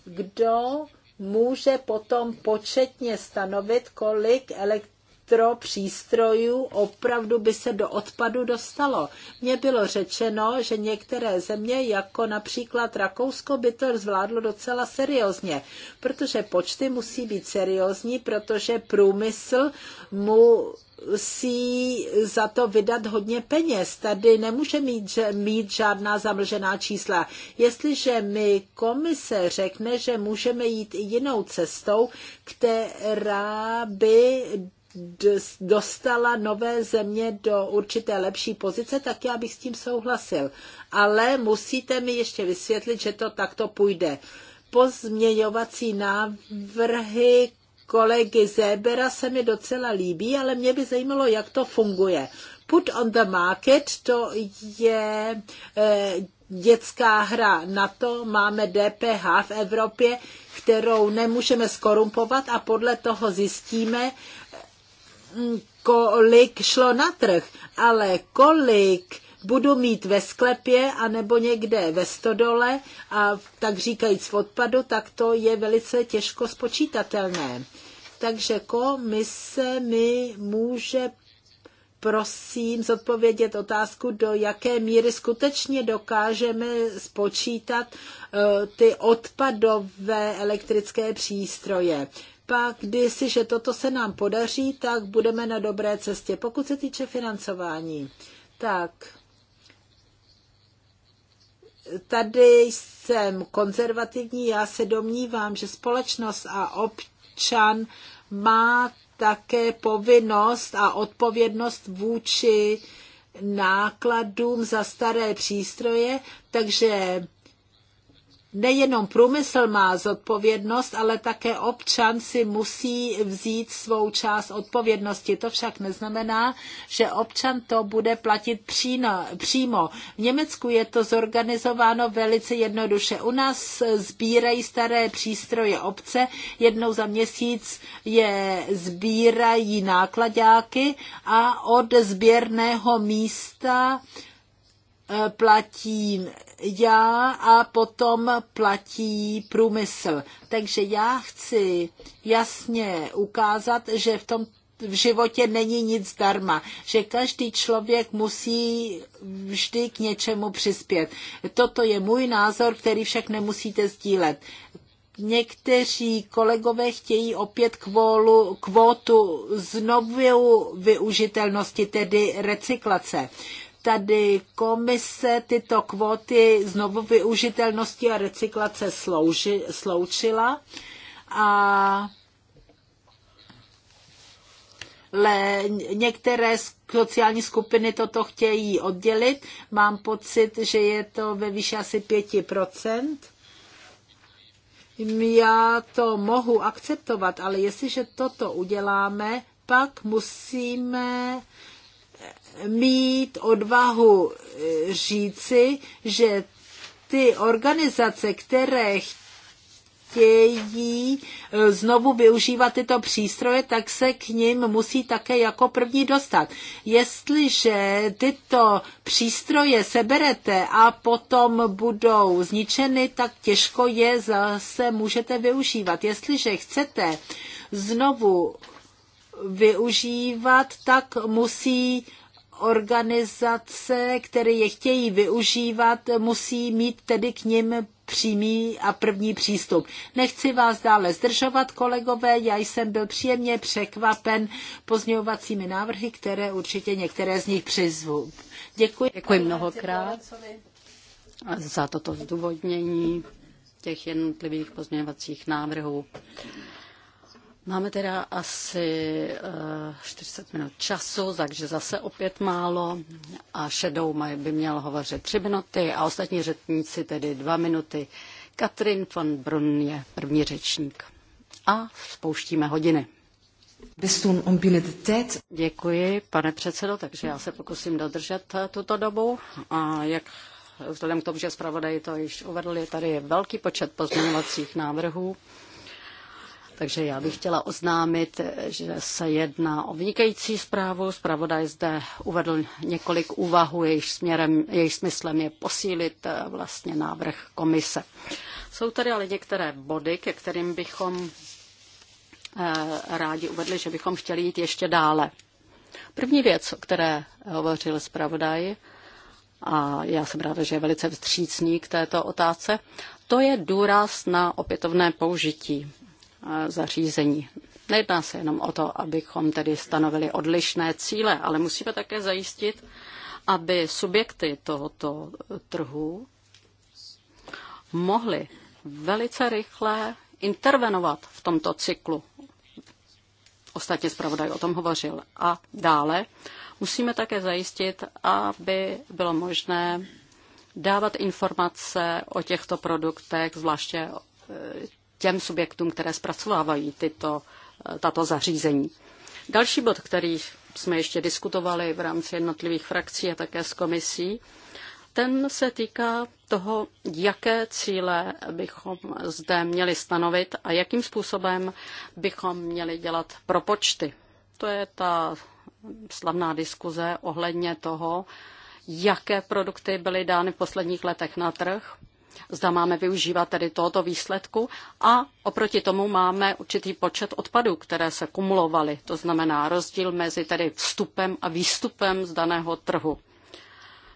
Kdo může potom početně stanovit, kolik elektřiny elektro přístrojů opravdu by se do odpadu dostalo. Mně bylo řečeno, že některé země, jako například Rakousko, by to zvládlo docela seriózně, protože počty musí být seriózní, protože průmysl mu musí za to vydat hodně peněz. Tady nemůže mít, mít žádná zamlžená čísla. Jestliže mi komise řekne, že můžeme jít i jinou cestou, která by dostala nové země do určité lepší pozice, tak já bych s tím souhlasil. Ale musíte mi ještě vysvětlit, že to takto půjde. Pozměňovací návrhy kolegy Zébera se mi docela líbí, ale mě by zajímalo, jak to funguje. Put on the market, to je e, dětská hra. Na to máme DPH v Evropě, kterou nemůžeme skorumpovat a podle toho zjistíme, kolik šlo na trh, ale kolik budu mít ve sklepě a nebo někde ve stodole a tak říkajíc v odpadu, tak to je velice těžko spočítatelné. Takže komise mi může prosím zodpovědět otázku, do jaké míry skutečně dokážeme spočítat eh, ty odpadové elektrické přístroje pak, si, že toto se nám podaří, tak budeme na dobré cestě. Pokud se týče financování, tak tady jsem konzervativní, já se domnívám, že společnost a občan má také povinnost a odpovědnost vůči nákladům za staré přístroje, takže nejenom průmysl má zodpovědnost, ale také občan si musí vzít svou část odpovědnosti. To však neznamená, že občan to bude platit příno, přímo. V Německu je to zorganizováno velice jednoduše. U nás sbírají staré přístroje obce, jednou za měsíc je sbírají nákladáky a od sběrného místa Eh, platím já a potom platí průmysl. Takže já chci jasně ukázat, že v tom v životě není nic zdarma, že každý člověk musí vždy k něčemu přispět. Toto je můj názor, který však nemusíte sdílet. Někteří kolegové chtějí opět kvólu, kvótu znovu využitelnosti, tedy recyklace tady komise tyto kvóty znovu využitelnosti a recyklace slouži, sloučila a le, některé sociální skupiny toto chtějí oddělit. Mám pocit, že je to ve výši asi 5%. Já to mohu akceptovat, ale jestliže toto uděláme, pak musíme mít odvahu eh, říci, že ty organizace, které chtějí eh, znovu využívat tyto přístroje, tak se k ním musí také jako první dostat. Jestliže tyto přístroje seberete a potom budou zničeny, tak těžko je zase můžete využívat. Jestliže chcete znovu využívat, tak musí organizace, které je chtějí využívat, musí mít tedy k ním přímý a první přístup. Nechci vás dále zdržovat, kolegové, já jsem byl příjemně překvapen pozměňovacími návrhy, které určitě některé z nich přizvu. Děkuji. Děkuji mnohokrát za toto zdůvodnění těch jednotlivých pozměňovacích návrhů. Máme teda asi 40 eh, minut času, takže zase opět málo. A Shadow by měl hovořit 3 minuty a ostatní řečníci tedy 2 minuty. Katrin von Brun je první řečník. A spouštíme hodiny. Děkuji, pane předsedo, takže já se pokusím dodržet tuto dobu. A jak vzhledem k tomu, že zpravodaj to již uvedl, je tady velký počet pozměňovacích návrhů. Takže já bych chtěla oznámit, že se jedná o vynikající zprávu. Zpravodaj zde uvedl několik úvahů, jejich, směrem, jejich smyslem je posílit eh, vlastně návrh komise. Jsou tady ale některé body, ke kterým bychom eh, rádi uvedli, že bychom chtěli jít ještě dále. První věc, o které hovořil zpravodaj, a já jsem ráda, že je velice vstřícný k této otázce, to je důraz na opětovné použití zařízení. Nejedná se jenom o to, abychom tedy stanovili odlišné cíle, ale musíme také zajistit, aby subjekty tohoto trhu mohly velice rychle intervenovat v tomto cyklu. Ostatně zpravodaj o tom hovořil. A dále musíme také zajistit, aby bylo možné dávat informace o těchto produktech, zvláště eh, těm subjektům, které zpracovávají tyto, eh, tato zařízení. Další bod, který jsme ještě diskutovali v rámci jednotlivých frakcí a také s komisí, ten se týká toho, jaké cíle bychom zde měli stanovit a jakým způsobem bychom měli dělat propočty. To je ta slavná diskuze ohledně toho, jaké produkty byly dány v posledních letech na trh Zda máme využívat tedy tohoto výsledku a oproti tomu máme určitý počet odpadů, které se kumulovaly. To znamená rozdíl mezi tedy vstupem a výstupem z daného trhu.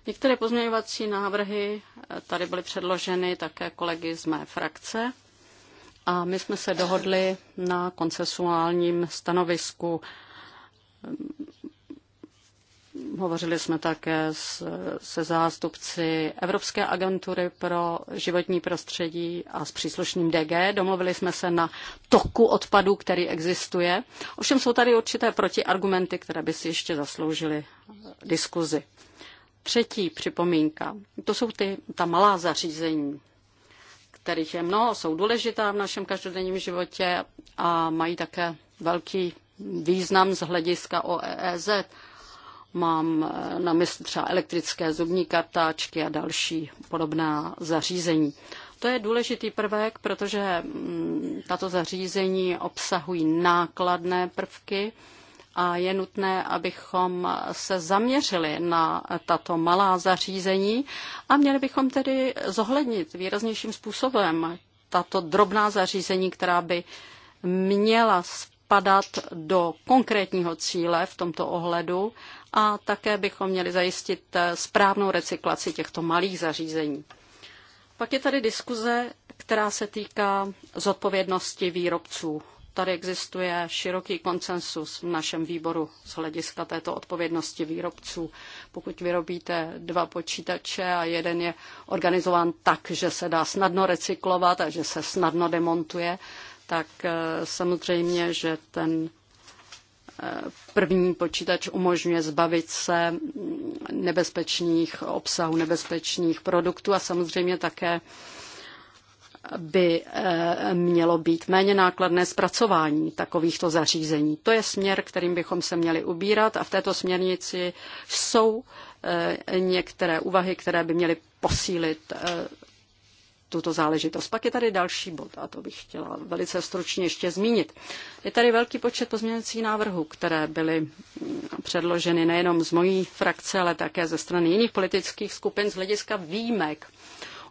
Některé pozměňovací návrhy eh, tady byly předloženy také kolegy z mé frakce a my jsme se dohodli na koncesuálním stanovisku Hovořili jsme také s, se zástupci Evropské agentury pro životní prostředí a s příslušným DG. Domluvili jsme se na toku odpadů, který existuje. Ovšem jsou tady určité protiargumenty, které by si ještě zasloužily diskuzi. Třetí připomínka, to jsou ty, ta malá zařízení, kterých je mnoho, jsou důležitá v našem každodenním životě a mají také velký význam z hlediska OEZ. E Mám eh, na mysli třeba elektrické zubní kartáčky a další podobná zařízení. To je důležitý prvek, protože mm, tato zařízení obsahují nákladné prvky a je nutné, abychom se zaměřili na tato malá zařízení a měli bychom tedy zohlednit výraznějším způsobem tato drobná zařízení, která by měla spadat do konkrétního cíle v tomto ohledu a také bychom měli zajistit eh, správnou recyklaci těchto malých zařízení. Pak je tady diskuze, která se týká zodpovědnosti výrobců. Tady existuje široký konsensus v našem výboru z hlediska této odpovědnosti výrobců. Pokud vyrobíte dva počítače a jeden je organizován tak, že se dá snadno recyklovat a že se snadno demontuje, tak eh, samozřejmě, že ten První počítač umožňuje zbavit se nebezpečných obsahů, nebezpečných produktů a samozřejmě také by eh, mělo být méně nákladné zpracování takovýchto zařízení. To je směr, kterým bychom se měli ubírat a v této směrnici jsou eh, některé úvahy, které by měly posílit eh, tuto záležitost. Pak je tady další bod a to bych chtěla velice stručně ještě zmínit. Je tady velký počet pozměňovacích návrhů, které byly předloženy nejenom z mojí frakce, ale také ze strany jiných politických skupin z hlediska výjimek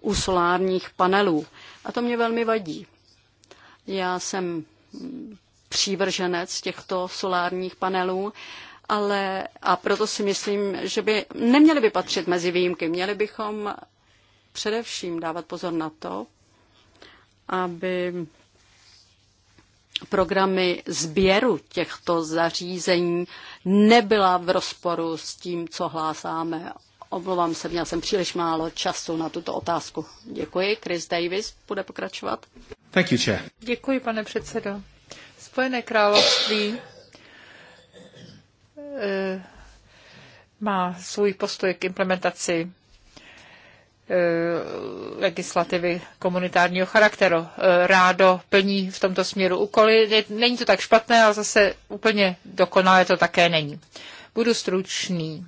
u solárních panelů. A to mě velmi vadí. Já jsem přívrženec těchto solárních panelů, ale a proto si myslím, že by neměly by patřit mezi výjimky. Měli bychom především dávat pozor na to, aby programy sběru těchto zařízení nebyla v rozporu s tím, co hlásáme. Omlouvám se, měl jsem příliš málo času na tuto otázku. Děkuji. Chris Davis bude pokračovat. Thank you, chair. Děkuji, pane předsedo. Spojené království eh, má svůj postoj k implementaci Eh, legislativy komunitárního charakteru. Eh, rádo plní v tomto směru úkoly. Není to tak špatné, ale zase úplně dokonalé to také není. Budu stručný.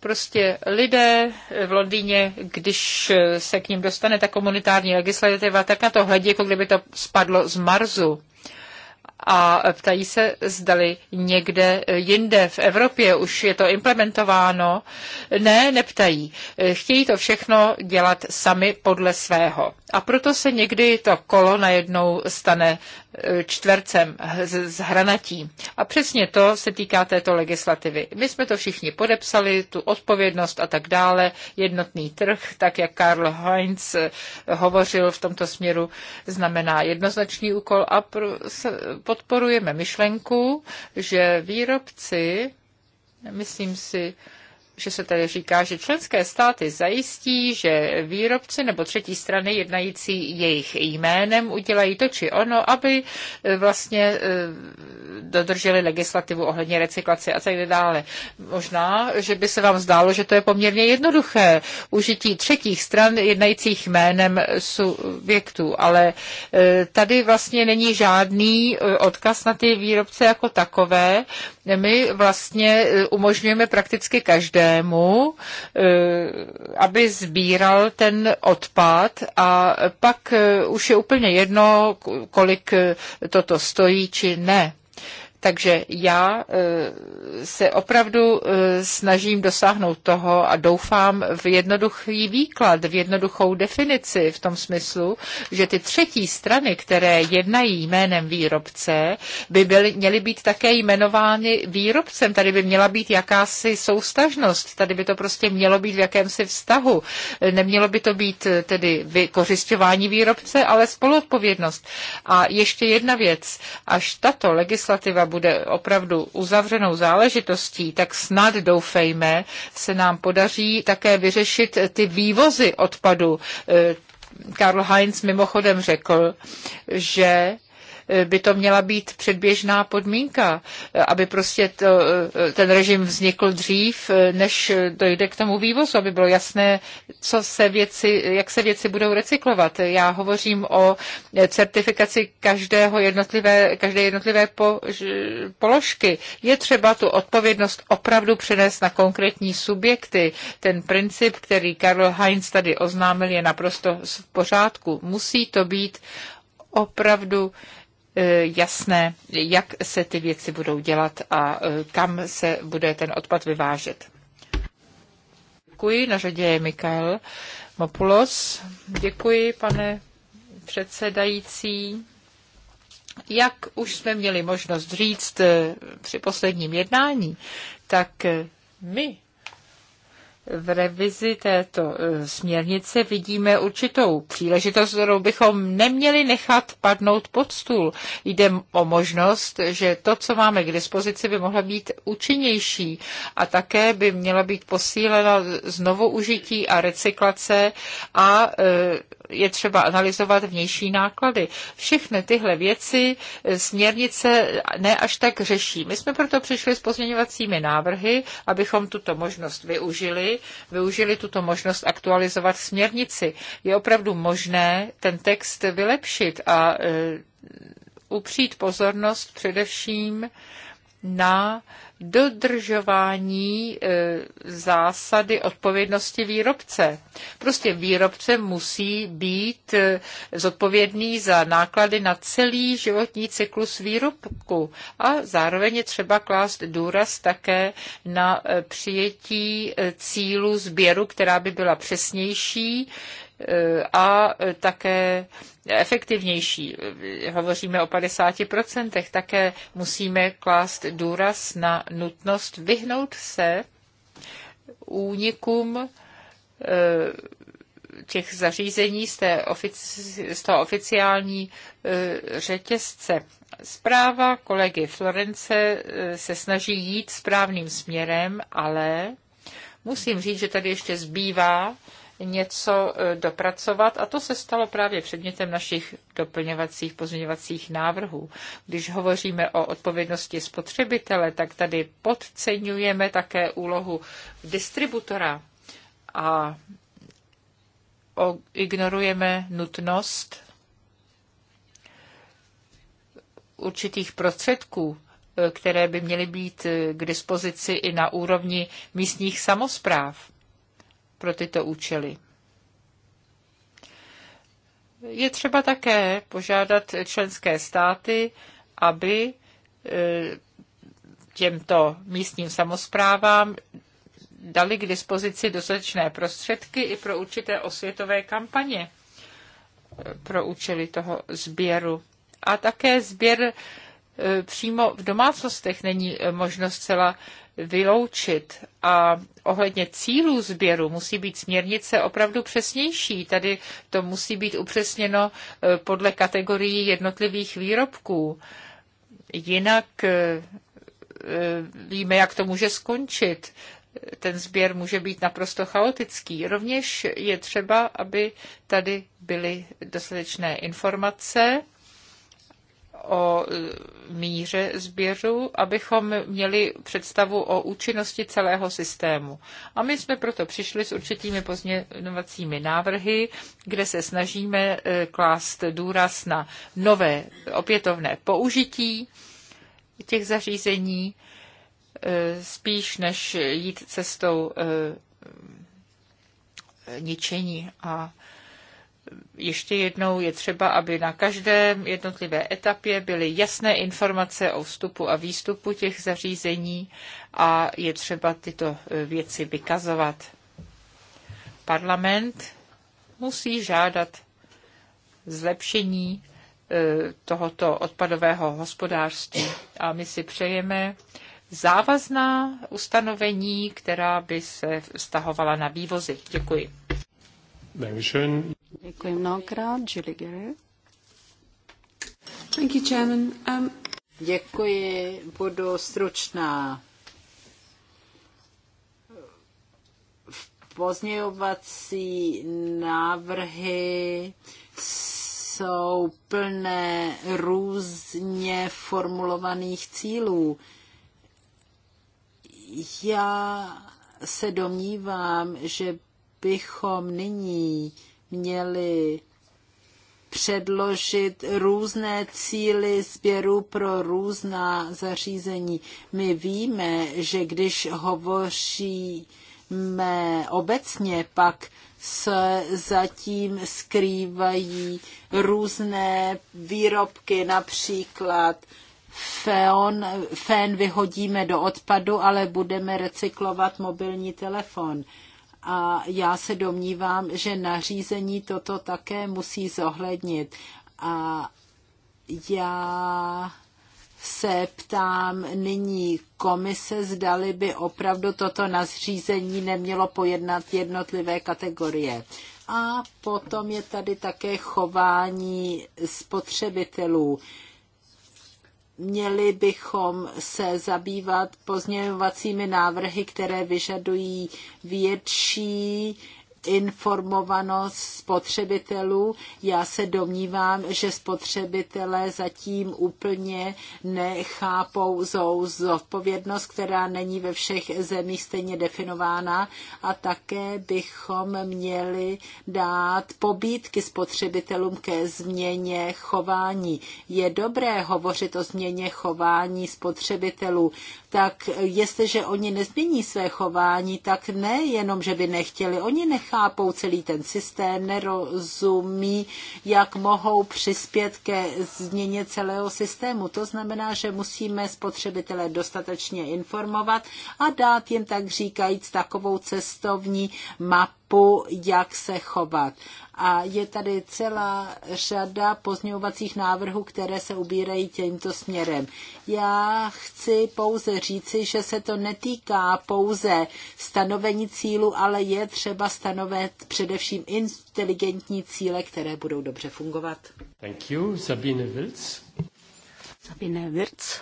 Prostě lidé v Londýně, když se k ním dostane ta komunitární legislativa, tak na to hledí, jako kdyby to spadlo z Marzu a ptají se, zdali někde jinde v Evropě už je to implementováno. Ne, neptají. Chtějí to všechno dělat sami podle svého. A proto se někdy to kolo najednou stane e, čtvercem z hranatí. A přesně to se týká této legislativy. My jsme to všichni podepsali, tu odpovědnost a tak dále, jednotný trh, tak jak Karl Heinz e, hovořil v tomto směru, znamená jednoznačný úkol a pro, se, podporujeme myšlenku, že výrobci, myslím si, že se tady říká, že členské státy zajistí, že výrobci nebo třetí strany jednající jejich jménem udělají to či ono, aby e, vlastně e, dodrželi legislativu ohledně recyklace a tak dále. Možná, že by se vám zdálo, že to je poměrně jednoduché užití třetích stran jednajících jménem subjektů, ale e, tady vlastně není žádný odkaz na ty výrobce jako takové. My vlastně umožňujeme prakticky každé systému, eh, aby sbíral ten odpad a pak eh, už je úplně jedno, kolik eh, toto stojí či ne. Takže já eh, se opravdu eh, snažím dosáhnout toho a doufám v jednoduchý výklad, v jednoduchou definici v tom smyslu, že ty třetí strany, které jednají jménem výrobce, by byly, měly být také jmenovány výrobcem. Tady by měla být jakási soustažnost, tady by to prostě mělo být v jakémsi vztahu. Nemělo by to být eh, tedy vykořišťování výrobce, ale spoluodpovědnost. A ještě jedna věc, až tato legislativa bude opravdu uzavřenou záležitostí, tak snad doufejme, se nám podaří také vyřešit ty vývozy odpadu. Eh, Karl Heinz mimochodem řekl, že by to měla být předběžná podmínka, aby prostě to, ten režim vznikl dřív, než dojde k tomu vývozu, aby bylo jasné, co se věci, jak se věci budou recyklovat. Já hovořím o certifikaci každého jednotlivé, každé jednotlivé po, položky. Je třeba tu odpovědnost opravdu přenést na konkrétní subjekty. Ten princip, který Karl Heinz tady oznámil, je naprosto v pořádku. Musí to být opravdu E, jasné, jak se ty věci budou dělat a e, kam se bude ten odpad vyvážet. Děkuji, na řadě je Mikael Mopulos. Děkuji, pane předsedající. Jak už jsme měli možnost říct e, při posledním jednání, tak my v revizi této e, směrnice vidíme určitou příležitost, kterou bychom neměli nechat padnout pod stůl. Jde o možnost, že to, co máme k dispozici, by mohla být účinnější a také by měla být posílena znovu užití a recyklace a e, je třeba analyzovat vnější náklady. Všechny tyhle věci e, směrnice ne až tak řeší. My jsme proto přišli s pozměňovacími návrhy, abychom tuto možnost využili, využili tuto možnost aktualizovat směrnici. Je opravdu možné ten text vylepšit a e, upřít pozornost především na dodržování e, zásady odpovědnosti výrobce. Prostě výrobce musí být e, zodpovědný za náklady na celý životní cyklus výrobku a zároveň je třeba klást důraz také na e, přijetí cílu sběru, která by byla přesnější, a také efektivnější. Hovoříme o 50%. Také musíme klást důraz na nutnost vyhnout se únikům e, těch zařízení z, té ofici, z toho oficiální e, řetězce. Zpráva kolegy Florence e, se snaží jít správným směrem, ale musím říct, že tady ještě zbývá něco e, dopracovat a to se stalo právě předmětem našich doplňovacích pozměňovacích návrhů. Když hovoříme o odpovědnosti spotřebitele, tak tady podceňujeme také úlohu distributora a ignorujeme nutnost určitých prostředků, e, které by měly být e, k dispozici i na úrovni místních samozpráv pro tyto účely. Je třeba také požádat členské státy, aby e, těmto místním samozprávám dali k dispozici dostatečné prostředky i pro určité osvětové kampaně e, pro účely toho sběru. A také sběr e, přímo v domácnostech není možnost zcela vyloučit. A ohledně cílů sběru musí být směrnice opravdu přesnější. Tady to musí být upřesněno eh, podle kategorií jednotlivých výrobků. Jinak eh, eh, víme, jak to může skončit. Ten sběr může být naprosto chaotický. Rovněž je třeba, aby tady byly dostatečné informace o e, míře sběru, abychom měli představu o účinnosti celého systému. A my jsme proto přišli s určitými pozměňovacími návrhy, kde se snažíme e, klást důraz na nové opětovné použití těch zařízení, e, spíš než jít cestou ničení a ještě jednou je třeba, aby na každé jednotlivé etapě byly jasné informace o vstupu a výstupu těch zařízení a je třeba tyto e, věci vykazovat. Parlament musí žádat zlepšení e, tohoto odpadového hospodářství a my si přejeme závazná ustanovení, která by se vztahovala na vývozy. Děkuji. Dankeschön. Děkuji mnohokrát. Julie Gary. Thank you, Chairman. Um... Děkuji, budu stručná. Pozměňovací návrhy jsou plné různě formulovaných cílů. Já se domnívám, že bychom nyní měli předložit různé cíly sběru pro různá zařízení. My víme, že když hovoříme obecně, pak se zatím skrývají různé výrobky, například Fén, fén vyhodíme do odpadu, ale budeme recyklovat mobilní telefon a já se domnívám, že nařízení toto také musí zohlednit. A já se ptám nyní komise, zdali by opravdu toto nařízení nemělo pojednat jednotlivé kategorie. A potom je tady také chování spotřebitelů. Uh, měli bychom se zabývat pozměňovacími návrhy, které vyžadují větší informovanost spotřebitelů. Já se domnívám, že spotřebitelé zatím úplně nechápou zodpovědnost, která není ve všech zemích stejně definována a také bychom měli dát pobídky spotřebitelům ke změně chování. Je dobré hovořit o změně chování spotřebitelů, tak jestliže oni nezmění své chování, tak ne jenom, že by nechtěli, oni nechápou celý ten systém, nerozumí, jak mohou přispět ke změně celého systému. To znamená, že musíme spotřebitele dostatečně informovat a dát jim tak říkajíc takovou cestovní mapu, jak se chovat. A je tady celá řada pozměňovacích návrhů, které se ubírají tímto směrem. Já chci pouze říci, že se to netýká pouze stanovení cílu, ale je třeba stanovit především inteligentní cíle, které budou dobře fungovat. Thank you, Sabine Wilz. Sabine Wirtz.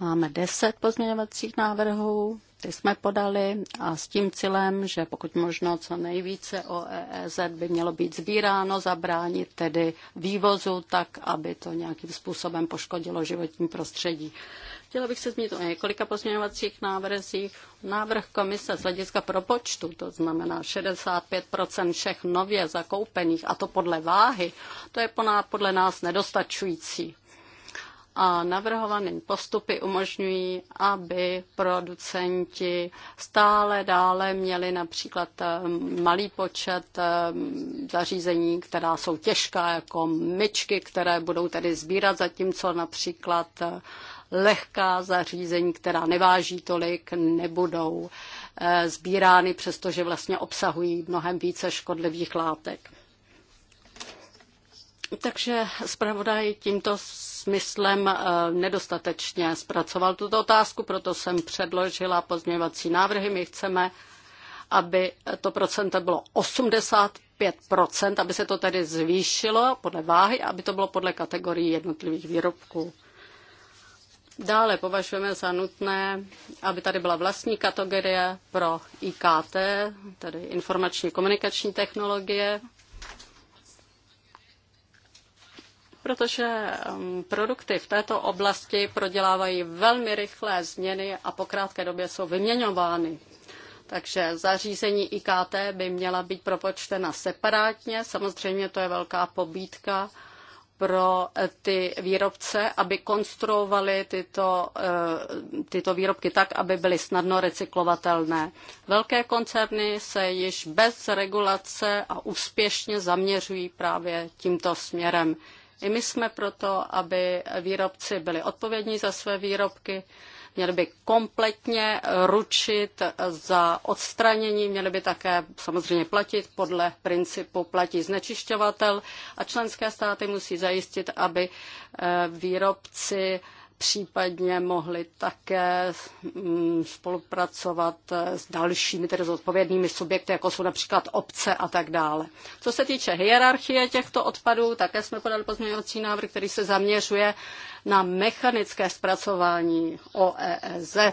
Máme deset pozměňovacích návrhů ty jsme podali a s tím cílem, že pokud možno co nejvíce o EEZ by mělo být sbíráno, zabránit tedy vývozu tak, aby to nějakým způsobem poškodilo životní prostředí. Chtěla bych se zmínit o několika pozměňovacích návrzích. Návrh komise z hlediska propočtu, to znamená 65 všech nově zakoupených, a to podle váhy, to je podle nás nedostačující a navrhované postupy umožňují, aby producenti stále dále měli například eh, malý počet eh, zařízení, která jsou těžká, jako myčky, které budou tedy sbírat, zatímco například eh, lehká zařízení, která neváží tolik, nebudou sbírány, přestože vlastně obsahují mnohem více škodlivých látek. Takže zpravodaj tímto smyslem eh, nedostatečně zpracoval tuto otázku, proto jsem předložila pozměňovací návrhy. My chceme, aby to procento bylo 85 aby se to tedy zvýšilo podle váhy, aby to bylo podle kategorií jednotlivých výrobků. Dále považujeme za nutné, aby tady byla vlastní kategorie pro IKT, tedy informační komunikační technologie, protože produkty v této oblasti prodělávají velmi rychlé změny a po krátké době jsou vyměňovány. Takže zařízení IKT by měla být propočtena separátně. Samozřejmě to je velká pobídka pro eh, ty výrobce, aby konstruovali tyto, eh, tyto výrobky tak, aby byly snadno recyklovatelné. Velké koncerny se již bez regulace a úspěšně zaměřují právě tímto směrem. I my jsme proto, aby výrobci byli odpovědní za své výrobky, měli by kompletně ručit za odstranění, měli by také samozřejmě platit podle principu platí znečišťovatel a členské státy musí zajistit, aby eh, výrobci případně mohli také mm, spolupracovat s dalšími, tedy s odpovědnými subjekty, jako jsou například obce a tak dále. Co se týče hierarchie těchto odpadů, také jsme podali pozměňovací návrh, který se zaměřuje na mechanické zpracování OEZ. E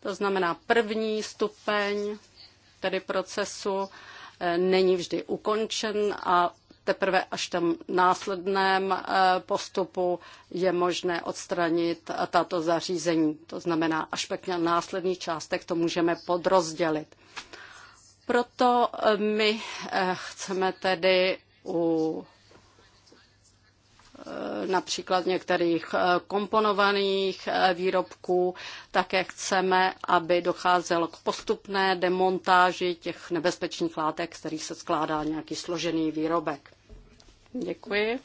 to znamená první stupeň tedy procesu e, není vždy ukončen a teprve až tam následném eh, postupu je možné odstranit tato zařízení. To znamená, až pak na následný částek to můžeme podrozdělit. Proto eh, my eh, chceme tedy u například některých komponovaných výrobků. Také chceme, aby docházelo k postupné demontáži těch nebezpečných látek, z kterých se skládá nějaký složený výrobek. Děkuji.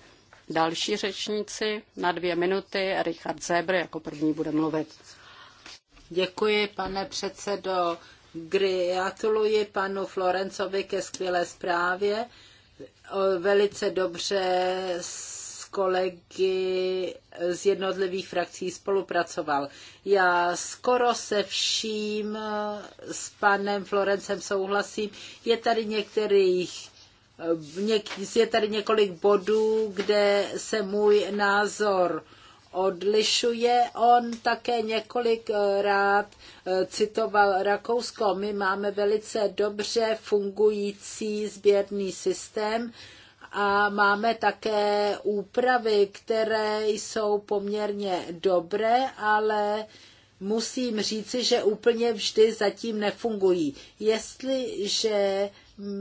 Další řečníci na dvě minuty. Richard Zebr jako první bude mluvit. Děkuji, pane předsedo. Gratuluji panu Florencovi ke skvělé zprávě. Velice dobře s kolegy z jednotlivých frakcí spolupracoval. Já skoro se vším s panem Florencem souhlasím. Je tady některých Eh, je tady několik bodů, kde se můj názor odlišuje. On také několikrát eh, eh, citoval Rakousko. My máme velice dobře fungující sběrný systém a máme také úpravy, které jsou poměrně dobré, ale musím říci, že úplně vždy zatím nefungují. Jestliže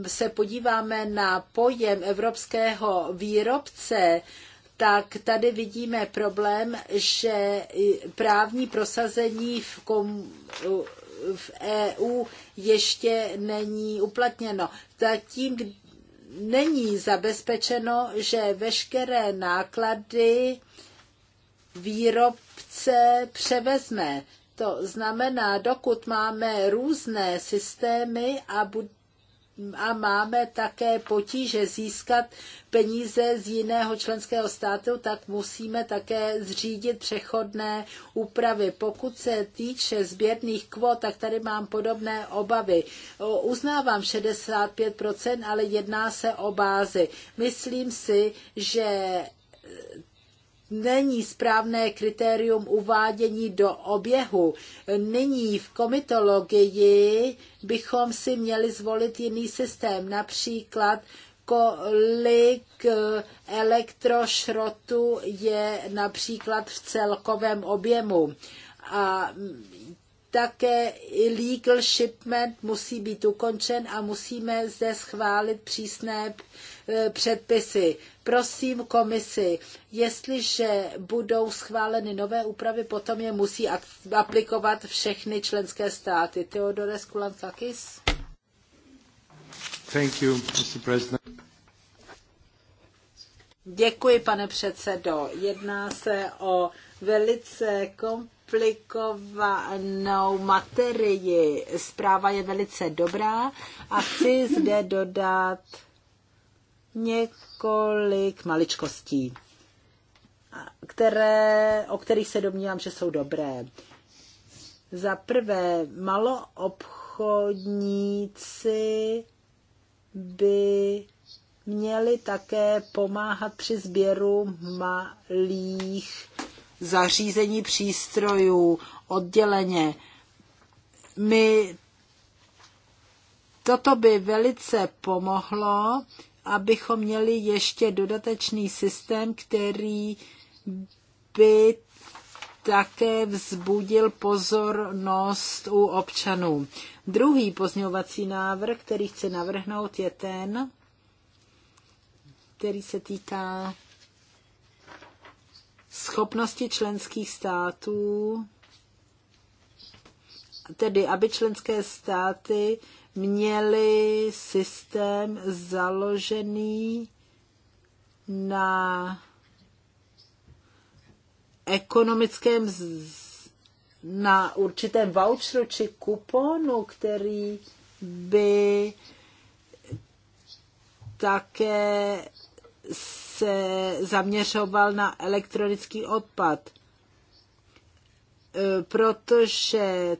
se podíváme na pojem evropského výrobce, tak tady vidíme problém, že právní prosazení v, kom, v EU ještě není uplatněno. Zatím není zabezpečeno, že veškeré náklady výrobce převezme. To znamená, dokud máme různé systémy a budou a máme také potíže získat peníze z jiného členského státu, tak musíme také zřídit přechodné úpravy. Pokud se týče sběrných kvot, tak tady mám podobné obavy. Uznávám 65%, ale jedná se o bázi. Myslím si, že není správné kritérium uvádění do oběhu. Nyní v komitologii bychom si měli zvolit jiný systém, například kolik eh, elektrošrotu je například v celkovém objemu. A také illegal shipment musí být ukončen a musíme zde schválit přísné eh, předpisy. Prosím komisi, jestliže budou schváleny nové úpravy, potom je musí aplikovat všechny členské státy. Theodores Kulantakis. Thank you, Mr. President. Děkuji, pane předsedo. Jedná se o velice komplexní publikovanou materii zpráva je velice dobrá a chci zde dodat několik maličkostí, které, o kterých se domnívám, že jsou dobré. Za prvé, maloobchodníci by měli také pomáhat při sběru malých zařízení přístrojů odděleně. My toto by velice pomohlo, abychom měli ještě dodatečný systém, který by také vzbudil pozornost u občanů. Druhý pozňovací návrh, který chci navrhnout, je ten, který se týká schopnosti členských států, tedy aby členské státy měly systém založený na ekonomickém na určitém voucheru či kuponu, který by také se zaměřoval na elektronický odpad, e, protože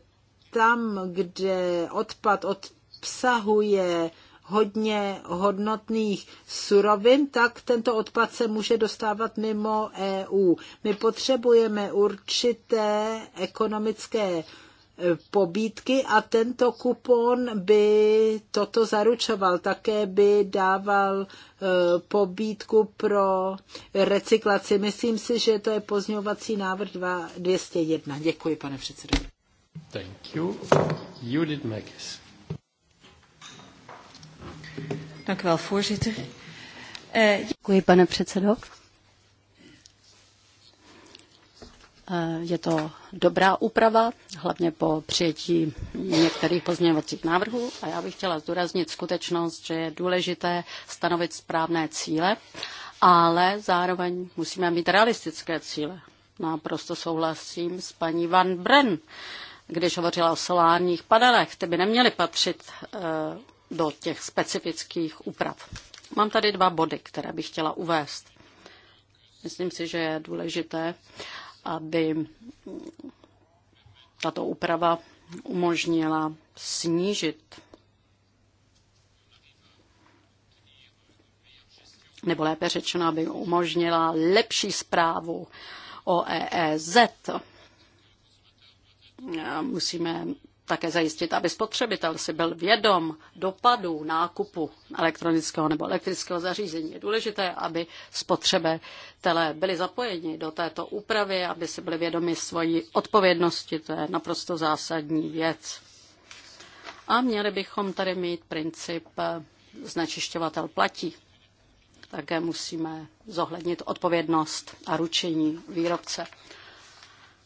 tam, kde odpad obsahuje hodně hodnotných surovin, tak tento odpad se může dostávat mimo EU. My potřebujeme určité ekonomické pobídky a tento kupon by toto zaručoval. Také by dával eh, pobídku pro recyklaci. Myslím si, že to je pozňovací návrh 201. Děkuji, pane předsedo. Thank you. Judith Magis. Dank u wel, voorzitter. Eh, Děkuji, pane předsedo. Eh, je to dobrá úprava, hlavně po přijetí některých pozměňovacích návrhů a já bych chtěla zdůraznit skutečnost, že je důležité stanovit správné cíle, ale zároveň musíme mít realistické cíle. Naprosto souhlasím s paní Van Bren, když hovořila o solárních panelech, ty by neměly patřit eh, do těch specifických úprav. Mám tady dva body, které bych chtěla uvést. Myslím si, že je důležité, aby tato úprava umožnila snížit nebo lépe řečeno, aby umožnila lepší zprávu o EEZ. Musíme také zajistit, aby spotřebitel si byl vědom dopadů nákupu elektronického nebo elektrického zařízení. Je důležité, aby spotřebitelé byli zapojeni do této úpravy, aby si byli vědomi svojí odpovědnosti. To je naprosto zásadní věc. A měli bychom tady mít princip eh, znečišťovatel platí. Také musíme zohlednit odpovědnost a ručení výrobce.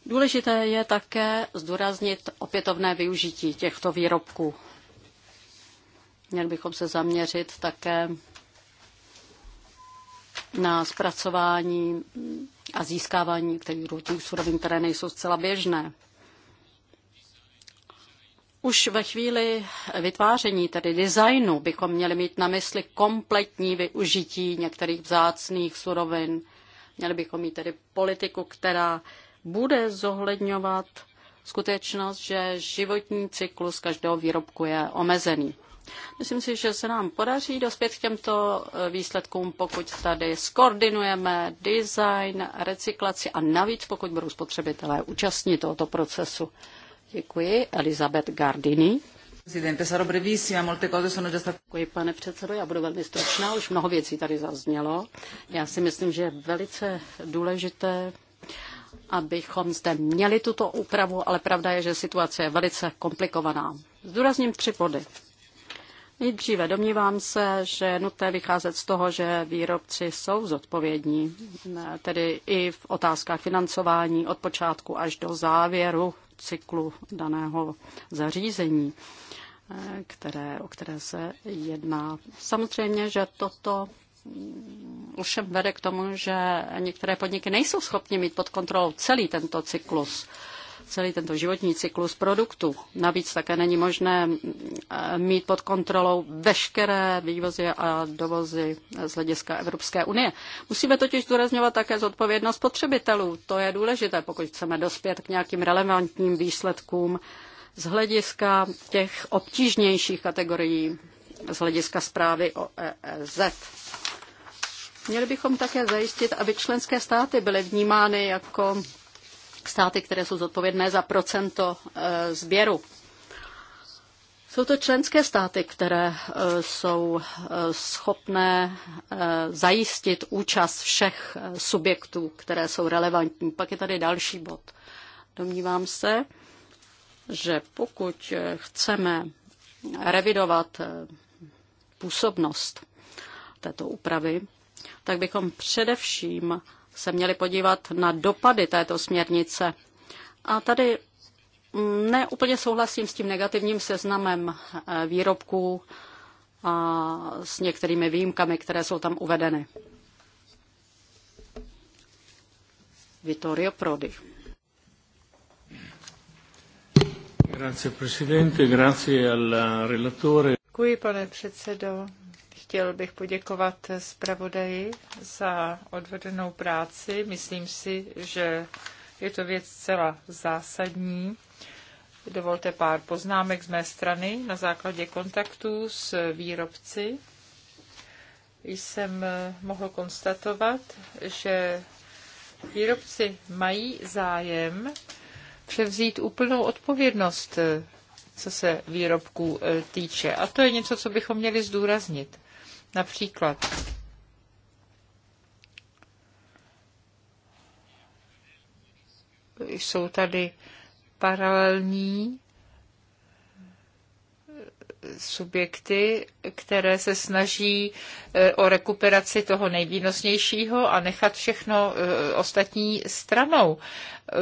Důležité je také zdůraznit opětovné využití těchto výrobků. Měli bychom se zaměřit také na zpracování a získávání některých surovin, které nejsou zcela běžné. Už ve chvíli vytváření, tedy designu, bychom měli mít na mysli kompletní využití některých vzácných surovin. Měli bychom mít tedy politiku, která bude zohledňovat skutečnost, že životní cyklus každého výrobku je omezený. Myslím si, že se nám podaří dospět k těmto eh, výsledkům, pokud tady skoordinujeme design, recyklaci a navíc pokud budou spotřebitelé účastní tohoto procesu. Děkuji. Elizabeth Gardini. Děkuji, pane předsedo, já budu velmi stručná, už mnoho věcí tady zaznělo. Já si myslím, že je velice důležité abychom zde měli tuto úpravu, ale pravda je, že situace je velice komplikovaná. Zdůrazním tři body. Nejdříve domnívám se, že je nutné vycházet z toho, že výrobci jsou zodpovědní, tedy i v otázkách financování od počátku až do závěru cyklu daného zařízení, které, o které se jedná. Samozřejmě, že toto ovšem vede k tomu, že některé podniky nejsou schopni mít pod kontrolou celý tento cyklus celý tento životní cyklus produktu. Navíc také není možné eh, mít pod kontrolou veškeré vývozy a dovozy z hlediska Evropské unie. Musíme totiž zdůrazňovat také zodpovědnost spotřebitelů. To je důležité, pokud chceme dospět k nějakým relevantním výsledkům z hlediska těch obtížnějších kategorií z hlediska zprávy o EEZ. Měli bychom také zajistit, aby členské státy byly vnímány jako státy, které jsou zodpovědné za procento e, sběru. Jsou to členské státy, které e, jsou e, schopné zajistit účast všech subjektů, které jsou relevantní. Pak je tady další bod. Domnívám se, že pokud chceme revidovat působnost této úpravy, tak bychom především se měli podívat na dopady této směrnice. A tady neúplně souhlasím s tím negativním seznamem eh, výrobků a s některými výjimkami, které jsou tam uvedeny. Vittorio Prodi. Grazie Presidente, grazie al relatore. Děkuji, pane předsedo. Chtěl bych poděkovat zpravodaji za odvedenou práci. Myslím si, že je to věc zcela zásadní. Dovolte pár poznámek z mé strany na základě kontaktů s výrobci. Jsem mohl konstatovat, že výrobci mají zájem převzít úplnou odpovědnost, co se výrobků e, týče. A to je něco, co bychom měli zdůraznit. Například jsou tady paralelní subjekty, které se snaží e, o rekuperaci toho nejvýnosnějšího a nechat všechno e, ostatní stranou.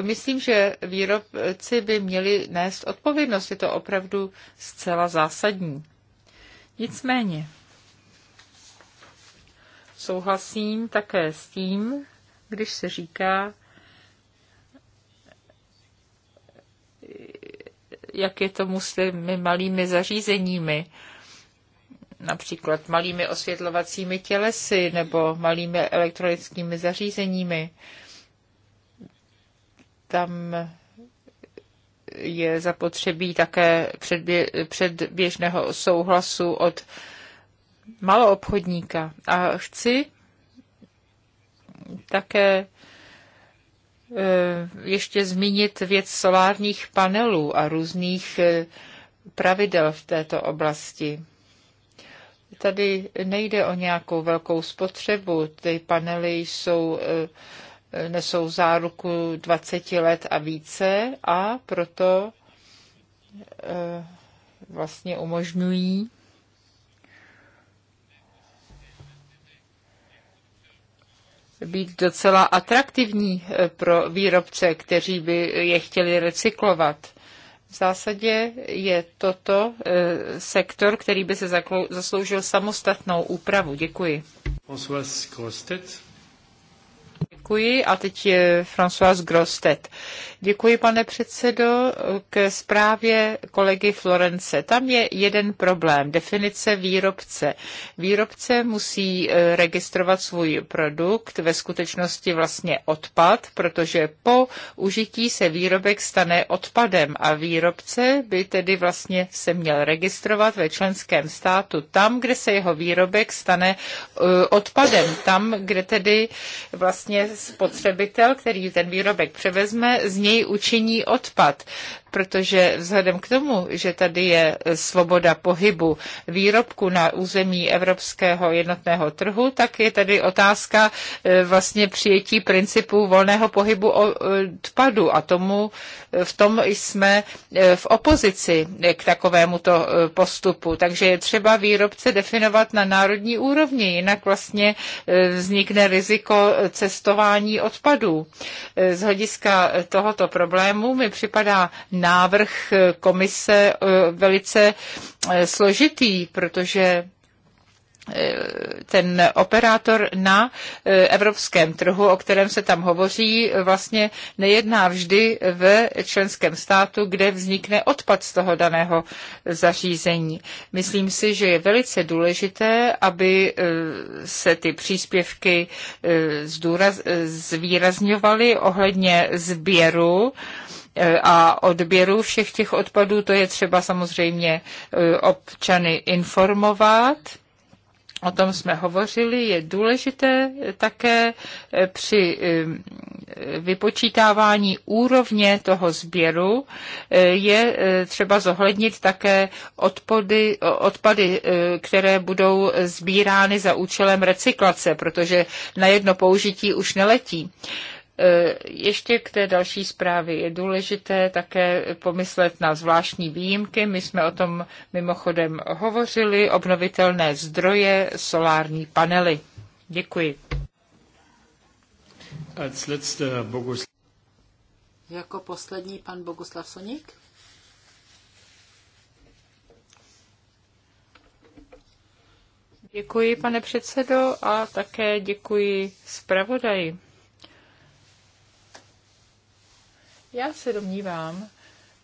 Myslím, že výrobci by měli nést odpovědnost. Je to opravdu zcela zásadní. Nicméně, Souhlasím také s tím, když se říká, jak je to s těmi malými zařízeními, například malými osvětlovacími tělesy nebo malými elektronickými zařízeními. Tam je zapotřebí také předběžného souhlasu od obchodníka A chci také e, ještě zmínit věc solárních panelů a různých e, pravidel v této oblasti. Tady nejde o nějakou velkou spotřebu. Ty panely jsou, e, nesou záruku 20 let a více a proto vlastně umožňují být docela atraktivní eh, pro výrobce, kteří by je chtěli recyklovat. V zásadě je toto eh, sektor, který by se zasloužil samostatnou úpravu. Děkuji. François Děkuji a teď je François Grostet. Děkuji, pane předsedo, k zprávě kolegy Florence. Tam je jeden problém, definice výrobce. Výrobce musí e, registrovat svůj produkt, ve skutečnosti vlastně odpad, protože po užití se výrobek stane odpadem a výrobce by tedy vlastně se měl registrovat ve členském státu tam, kde se jeho výrobek stane e, odpadem, tam, kde tedy vlastně spotřebitel, který ten výrobek převezme, z něj učiní odpad protože vzhledem k tomu, že tady je svoboda pohybu výrobku na území evropského jednotného trhu, tak je tady otázka e, vlastně přijetí principu volného pohybu odpadu a tomu e, v tom jsme e, v opozici k takovémuto postupu. Takže je třeba výrobce definovat na národní úrovni, jinak vlastně vznikne riziko cestování spalování odpadů. Z hlediska tohoto problému mi připadá návrh komise eh, velice eh, složitý, protože ten operátor na e, evropském trhu, o kterém se tam hovoří, vlastně nejedná vždy ve členském státu, kde vznikne odpad z toho daného zařízení. Myslím si, že je velice důležité, aby e, se ty příspěvky e, zvýrazňovaly ohledně sběru a odběru všech těch odpadů. To je třeba samozřejmě občany informovat o tom jsme hovořili, je důležité také eh, při eh, vypočítávání úrovně toho sběru eh, je třeba zohlednit také odpady, odpady, které budou sbírány za účelem recyklace, protože na jedno použití už neletí. Eh, ještě k té další zprávě je důležité také pomyslet na zvláštní výjimky. My jsme o tom mimochodem hovořili, obnovitelné zdroje, solární panely. Děkuji. Jako poslední pan Boguslav Soník. Děkuji, pane předsedo, a také děkuji zpravodaji. Já se domnívám,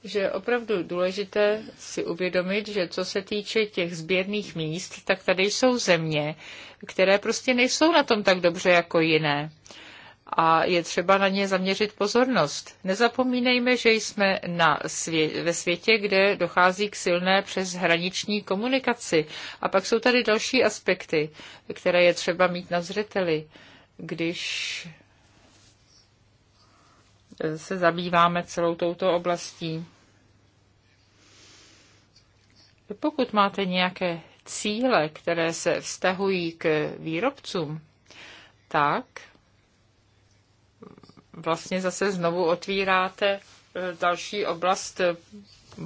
že je opravdu důležité si uvědomit, že co se týče těch sběrných míst, tak tady jsou země, které prostě nejsou na tom tak dobře jako jiné. A je třeba na ně zaměřit pozornost. Nezapomínejme, že jsme na svě- ve světě, kde dochází k silné přeshraniční komunikaci. A pak jsou tady další aspekty, které je třeba mít na zřeteli, když se zabýváme celou touto oblastí. Pokud máte nějaké cíle, které se vztahují k výrobcům, tak vlastně zase znovu otvíráte eh, další oblast eh,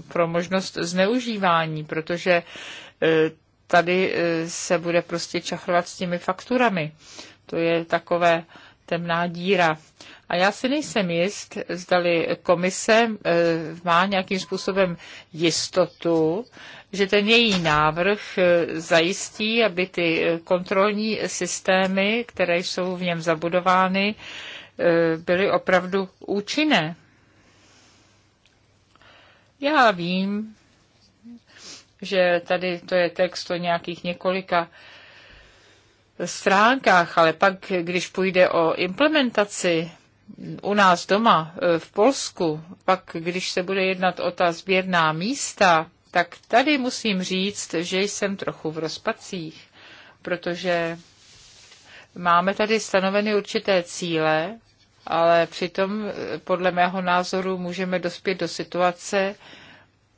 pro možnost zneužívání, protože eh, tady se bude prostě čachrovat s těmi fakturami. To je takové temná díra. A já si nejsem jist, zdali komise eh, má nějakým způsobem jistotu, že ten její návrh eh, zajistí, aby ty eh, kontrolní systémy, které jsou v něm zabudovány, byly opravdu účinné. Já vím, že tady to je text o nějakých několika stránkách, ale pak, když půjde o implementaci, u nás doma e, v Polsku, pak když se bude jednat o ta sběrná místa, tak tady musím říct, že jsem trochu v rozpacích, protože máme tady stanoveny určité cíle, ale přitom e, podle mého názoru můžeme dospět do situace,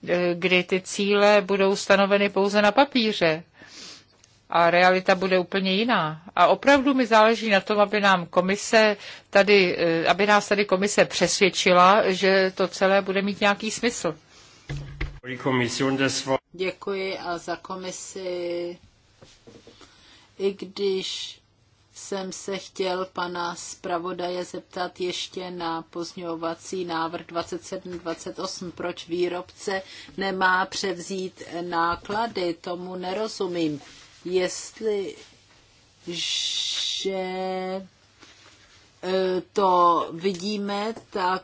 e, kdy ty cíle budou stanoveny pouze na papíře a realita bude úplně jiná. A opravdu mi záleží na tom, aby nám komise tady, eh, aby nás tady komise přesvědčila, že to celé bude mít nějaký smysl. Děkuji a za komisi, i když jsem se chtěl pana zpravodaje zeptat ještě na pozňovací návrh 2728, proč výrobce nemá převzít náklady, tomu nerozumím jestli že eh, to vidíme, tak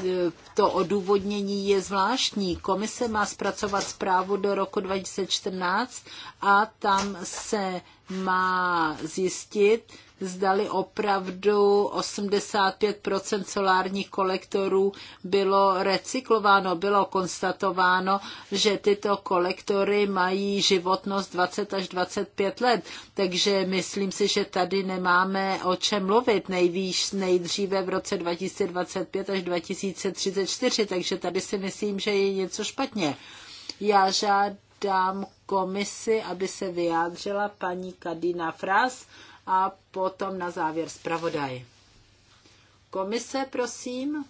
eh, to odůvodnění je zvláštní. Komise má zpracovat zprávu do roku 2014 a tam se má zjistit, zdali opravdu 85% solárních kolektorů bylo recyklováno. Bylo konstatováno, že tyto kolektory mají životnost 20 až 25 let, takže myslím si, že tady nemáme o čem mluvit nejvýš, nejdříve v roce 2025 až 2034, takže tady si myslím, že je něco špatně. Já žádám komisi, aby se vyjádřila paní Kadina Fras a potom na závěr zpravodaj. Komise, prosím.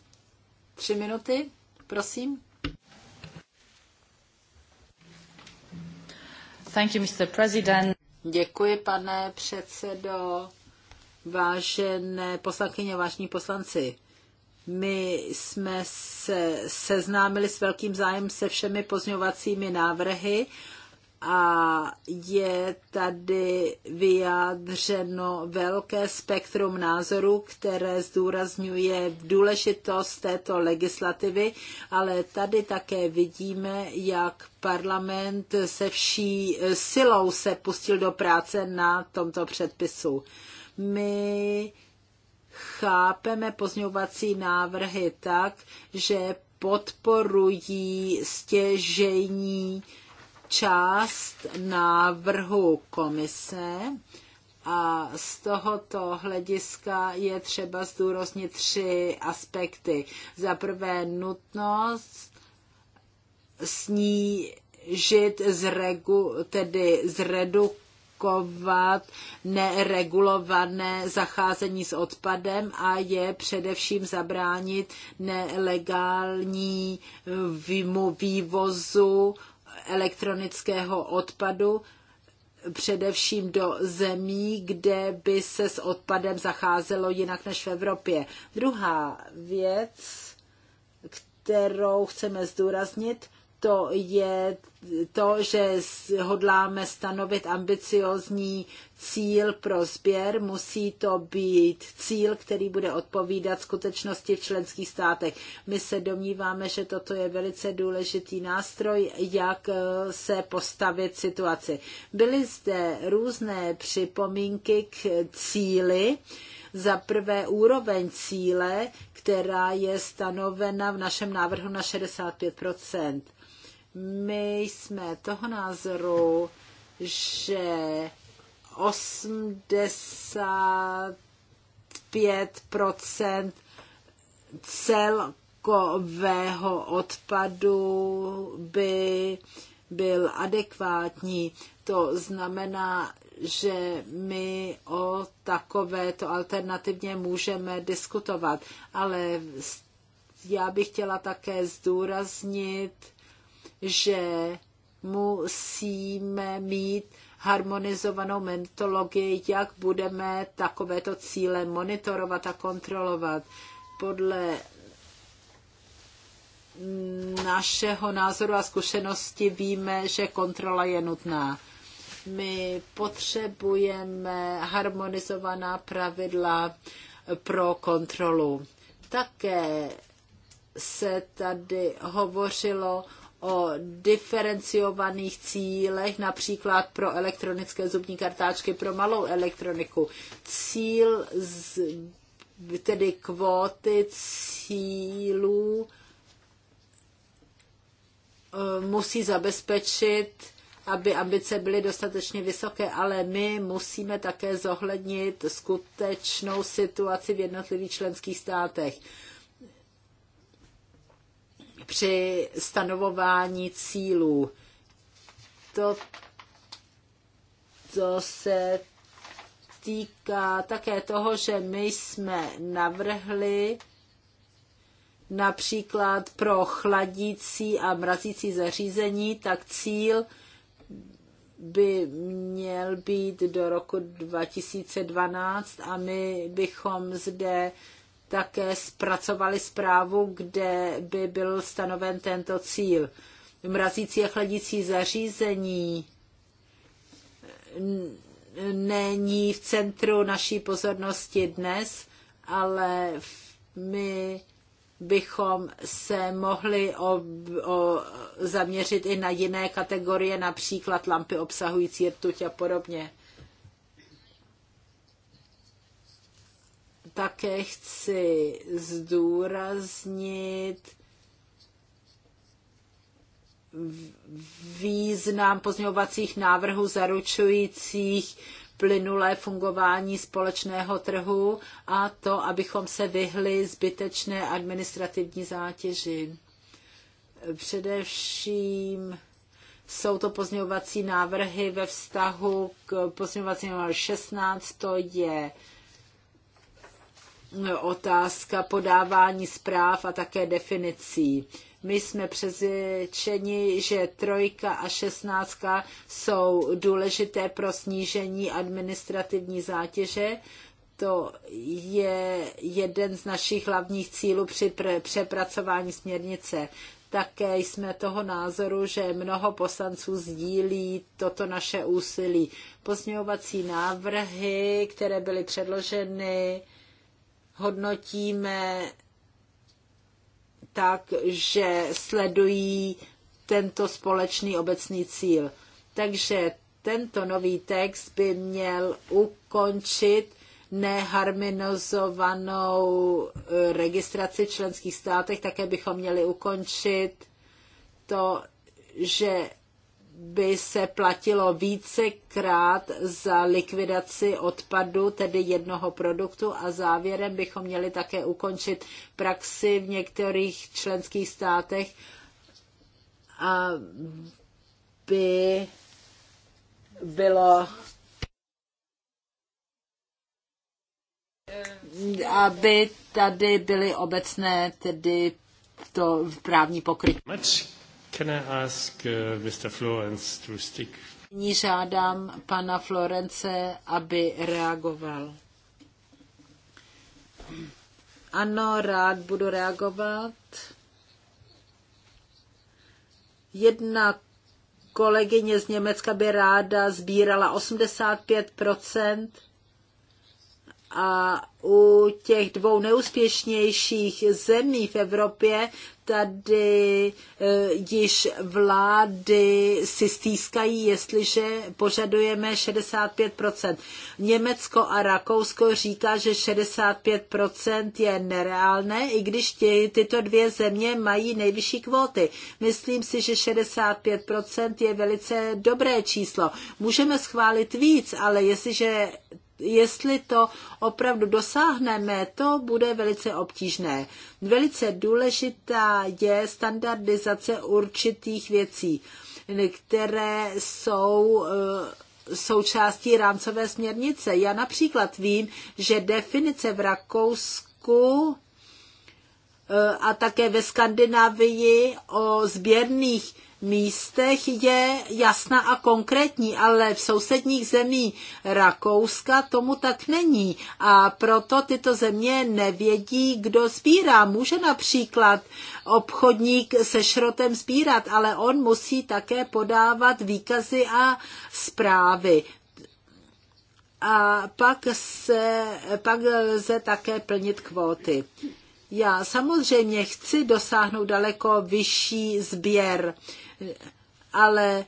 Tři minuty, prosím. Thank you, Mr. President. Děkuji, pane předsedo. Vážené poslankyně, vážní poslanci, my jsme se seznámili s velkým zájem se všemi pozňovacími návrhy a je tady vyjádřeno velké spektrum názorů, které zdůrazňuje důležitost této legislativy, ale tady také vidíme, jak parlament se vší silou se pustil do práce na tomto předpisu. My chápeme pozňovací návrhy tak, že podporují stěžení část návrhu komise a z tohoto hlediska je třeba zdůraznit tři aspekty. Za prvé nutnost snížit, zregu, tedy zredukovat neregulované zacházení s odpadem a je především zabránit nelegální vývozu elektronického odpadu, především do zemí, kde by se s odpadem zacházelo jinak než v Evropě. Druhá věc, kterou chceme zdůraznit, to je to, že hodláme stanovit ambiciozní cíl pro sběr. Musí to být cíl, který bude odpovídat skutečnosti v členských státech. My se domníváme, že toto je velice důležitý nástroj, jak eh, se postavit situaci. Byly zde různé připomínky k cíli. Za prvé úroveň cíle, která je stanovena v našem návrhu na 65 my jsme toho názoru, že 85 celkového odpadu by byl adekvátní. To znamená, že my o takovéto alternativně můžeme diskutovat. Ale já bych chtěla také zdůraznit, že musíme mít harmonizovanou metodologii, jak budeme takovéto cíle monitorovat a kontrolovat. Podle našeho názoru a zkušenosti víme, že kontrola je nutná. My potřebujeme harmonizovaná pravidla pro kontrolu. Také se tady hovořilo o diferenciovaných cílech, například pro elektronické zubní kartáčky, pro malou elektroniku. Cíl, z, tedy kvóty cílů eh, musí zabezpečit, aby ambice byly dostatečně vysoké, ale my musíme také zohlednit skutečnou situaci v jednotlivých členských státech při stanovování cílů. To, to se týká také toho, že my jsme navrhli například pro chladící a mrazící zařízení, tak cíl by měl být do roku 2012 a my bychom zde také zpracovali zprávu, kde by byl stanoven tento cíl. Mrazící a chladící zařízení není v centru naší pozornosti dnes, ale my bychom se mohli o, o, zaměřit i na jiné kategorie, například lampy obsahující rtuť a podobně. Také chci zdůraznit význam pozměňovacích návrhů zaručujících plynulé fungování společného trhu a to, abychom se vyhli zbytečné administrativní zátěži. Především jsou to pozměňovací návrhy ve vztahu k pozměňovacímu 16, to je otázka podávání zpráv a také definicí. My jsme přesvědčeni, že trojka a šestnáctka jsou důležité pro snížení administrativní zátěže. To je jeden z našich hlavních cílů při přepracování směrnice. Také jsme toho názoru, že mnoho poslanců sdílí toto naše úsilí. Pozměňovací návrhy, které byly předloženy, hodnotíme tak, že sledují tento společný obecný cíl. Takže tento nový text by měl ukončit neharmonizovanou eh, registraci v členských státech. Také bychom měli ukončit to, že by se platilo vícekrát za likvidaci odpadu, tedy jednoho produktu a závěrem bychom měli také ukončit praxi v některých členských státech, aby bylo aby tady byly obecné tedy to právní pokrytí. Can I ask uh, Mr. Florence to stick? Nyní žádám pana Florence, aby reagoval. Ano, rád budu reagovat. Jedna kolegyně z Německa by ráda sbírala 85 a u těch dvou neúspěšnějších zemí v Evropě tady e, již vlády si stýskají, jestliže požadujeme 65%. Německo a Rakousko říká, že 65% je nereálné, i když tě, tyto dvě země mají nejvyšší kvóty. Myslím si, že 65% je velice dobré číslo. Můžeme schválit víc, ale jestliže jestli to opravdu dosáhneme, to bude velice obtížné. Velice důležitá je standardizace určitých věcí, které jsou eh, součástí rámcové směrnice. Já například vím, že definice v Rakousku eh, a také ve Skandinávii o sběrných místech je jasná a konkrétní, ale v sousedních zemí Rakouska tomu tak není. A proto tyto země nevědí, kdo sbírá. Může například obchodník se šrotem sbírat, ale on musí také podávat výkazy a zprávy. A pak, se, pak lze také plnit kvóty. Já samozřejmě chci dosáhnout daleko vyšší sběr ale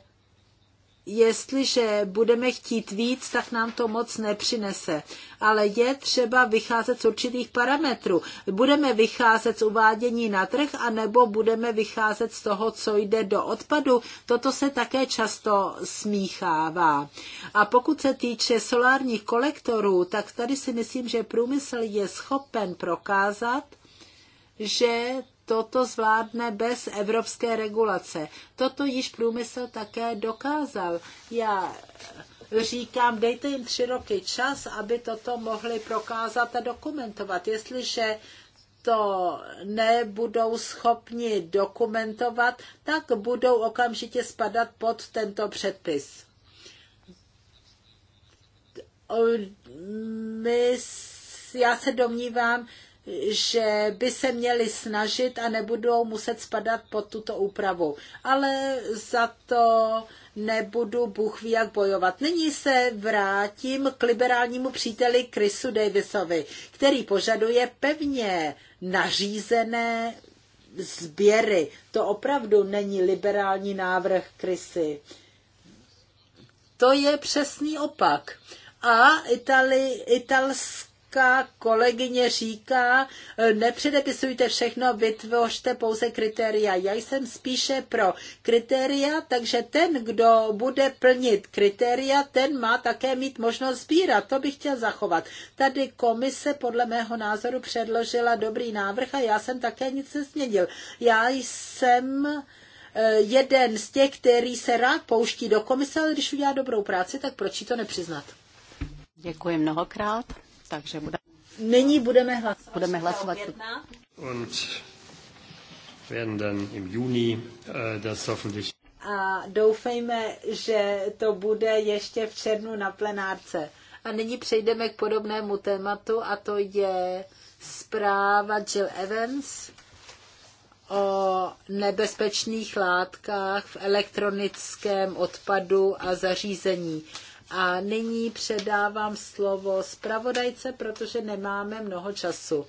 jestliže budeme chtít víc, tak nám to moc nepřinese. Ale je třeba vycházet z určitých parametrů. Budeme vycházet z uvádění na trh, anebo budeme vycházet z toho, co jde do odpadu. Toto se také často smíchává. A pokud se týče solárních kolektorů, tak tady si myslím, že průmysl je schopen prokázat, že toto zvládne bez evropské regulace. Toto již průmysl také dokázal. Já říkám, dejte jim tři roky čas, aby toto mohli prokázat a dokumentovat. Jestliže to nebudou schopni dokumentovat, tak budou okamžitě spadat pod tento předpis. My, já se domnívám, že by se měli snažit a nebudou muset spadat pod tuto úpravu. Ale za to nebudu Bůh ví, jak bojovat. Nyní se vrátím k liberálnímu příteli Chrisu Davisovi, který požaduje pevně nařízené sběry. To opravdu není liberální návrh Chrisy. To je přesný opak. A Itali, italský řecká kolegyně říká, e, nepředepisujte všechno, vytvořte pouze kritéria. Já jsem spíše pro kritéria, takže ten, kdo bude plnit kritéria, ten má také mít možnost sbírat. To bych chtěl zachovat. Tady komise podle mého názoru předložila dobrý návrh a já jsem také nic nezměnil. Já jsem e, jeden z těch, který se rád pouští do komise, ale když udělá dobrou práci, tak proč to nepřiznat? Děkuji mnohokrát. Takže budeme... Nyní budeme hlasovat. Budeme hlasovat. Und werden dann im Juni äh, das hoffentlich... A doufejme, že to bude ještě v černu na plenárce. A nyní přejdeme k podobnému tématu a to je zpráva Jill Evans o nebezpečných látkách v elektronickém odpadu a zařízení. A nyní předávám slovo zpravodajce, protože nemáme mnoho času.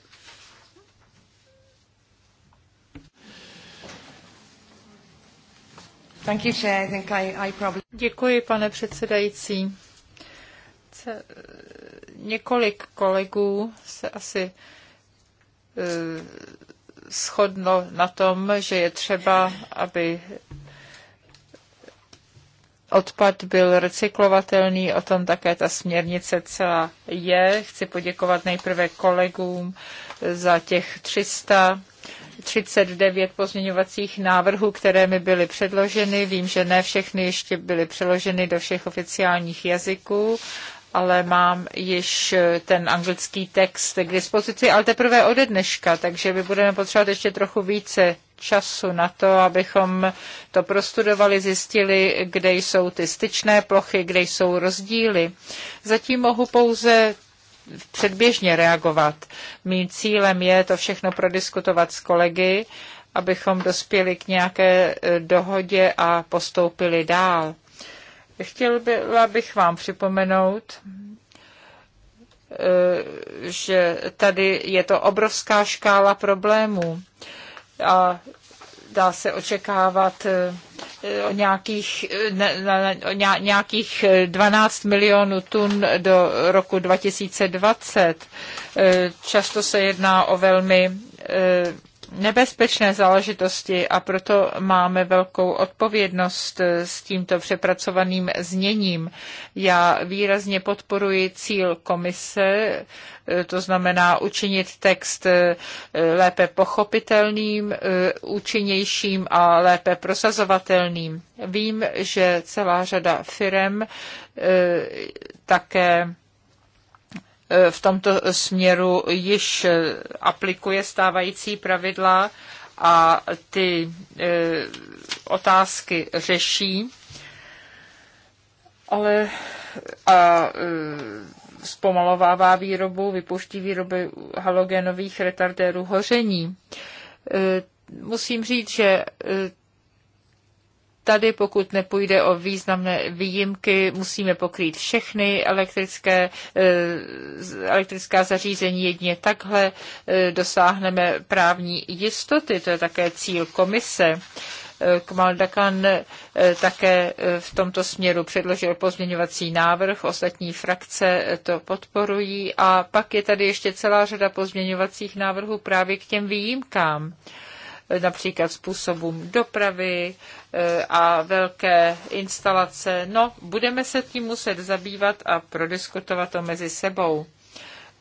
Děkuji, pane předsedající. Eh, několik kolegů se asi eh, shodlo na tom, že je třeba, aby odpad byl recyklovatelný, o tom také ta směrnice celá je. Chci poděkovat nejprve kolegům za těch 300 39 pozměňovacích návrhů, které mi byly předloženy. Vím, že ne všechny ještě byly přeloženy do všech oficiálních jazyků, ale mám již eh, ten anglický text k dispozici, ale teprve ode dneška, takže my budeme potřebovat ještě trochu více času na to, abychom to prostudovali, zjistili, kde jsou ty styčné plochy, kde jsou rozdíly. Zatím mohu pouze předběžně reagovat. Mým cílem je to všechno prodiskutovat s kolegy, abychom dospěli k nějaké eh, dohodě a postoupili dál. Chtěla bych vám připomenout, eh, že tady je to obrovská škála problémů a dá se očekávat eh, o nějakých, eh, o nějakých 12 milionů tun do roku 2020. Často se jedná o velmi nebezpečné záležitosti a proto máme velkou odpovědnost s tímto přepracovaným zněním. Já výrazně podporuji cíl komise, to znamená učinit text eh, lépe pochopitelným, eh, účinnějším a lépe prosazovatelným. Vím, že celá řada firem eh, také Eh, v tomto směru již eh, aplikuje stávající pravidla a ty eh, otázky řeší. Ale a zpomalovává výrobu, vypouští výroby halogenových retardérů hoření. Musím říct, že Tady, pokud nepůjde o významné výjimky, musíme pokrýt všechny elektrické, eh, elektrická zařízení. Jedně takhle eh, dosáhneme právní jistoty. To je také cíl komise. Eh, Kmaldakan také v tomto směru předložil pozměňovací návrh, ostatní frakce to podporují a pak je tady ještě celá řada pozměňovacích návrhů právě k těm výjimkám například způsobům dopravy eh, a velké instalace. No, budeme se tím muset zabývat a prodiskutovat to mezi sebou.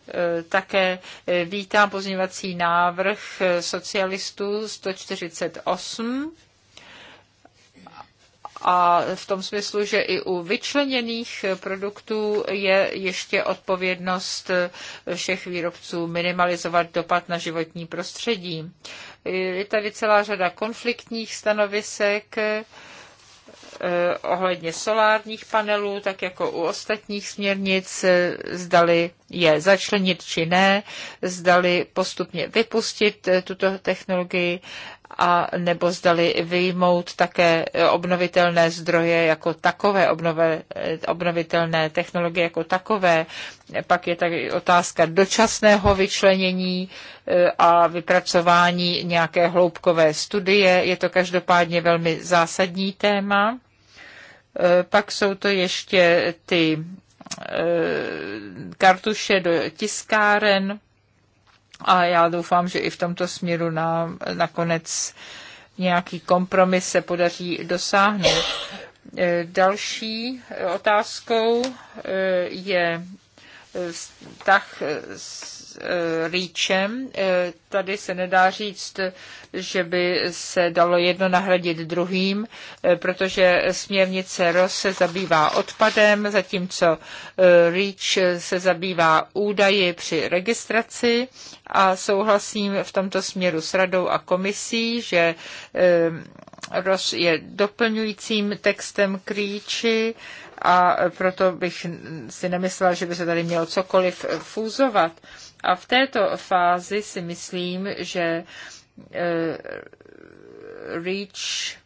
Eh, také eh, vítám pozměňovací návrh socialistů 148 a v tom smyslu, že i u vyčleněných produktů je ještě odpovědnost všech výrobců minimalizovat dopad na životní prostředí. Je tady celá řada konfliktních stanovisek, eh, ohledně solárních panelů, tak jako u ostatních směrnic, eh, zdali je začlenit či ne, zdali postupně vypustit eh, tuto technologii a nebo zdali vyjmout také obnovitelné zdroje jako takové, obnove, obnovitelné technologie jako takové. Pak je tady otázka dočasného vyčlenění e, a vypracování nějaké hloubkové studie. Je to každopádně velmi zásadní téma. E, pak jsou to ještě ty e, kartuše do tiskáren, a já doufám, že i v tomto směru nám nakonec nějaký kompromis se podaří dosáhnout. Eh, další otázkou eh, je eh, vztah s Ríčem. Tady se nedá říct že by se dalo jedno nahradit druhým, eh, protože směrnice ROS se zabývá odpadem, zatímco eh, REACH se zabývá údaji při registraci a souhlasím v tomto směru s radou a komisí, že eh, ROS je doplňujícím textem k REACHi, a proto bych si nemyslela, že by se tady mělo cokoliv fúzovat. A v této fázi si myslím, že Eh, REACH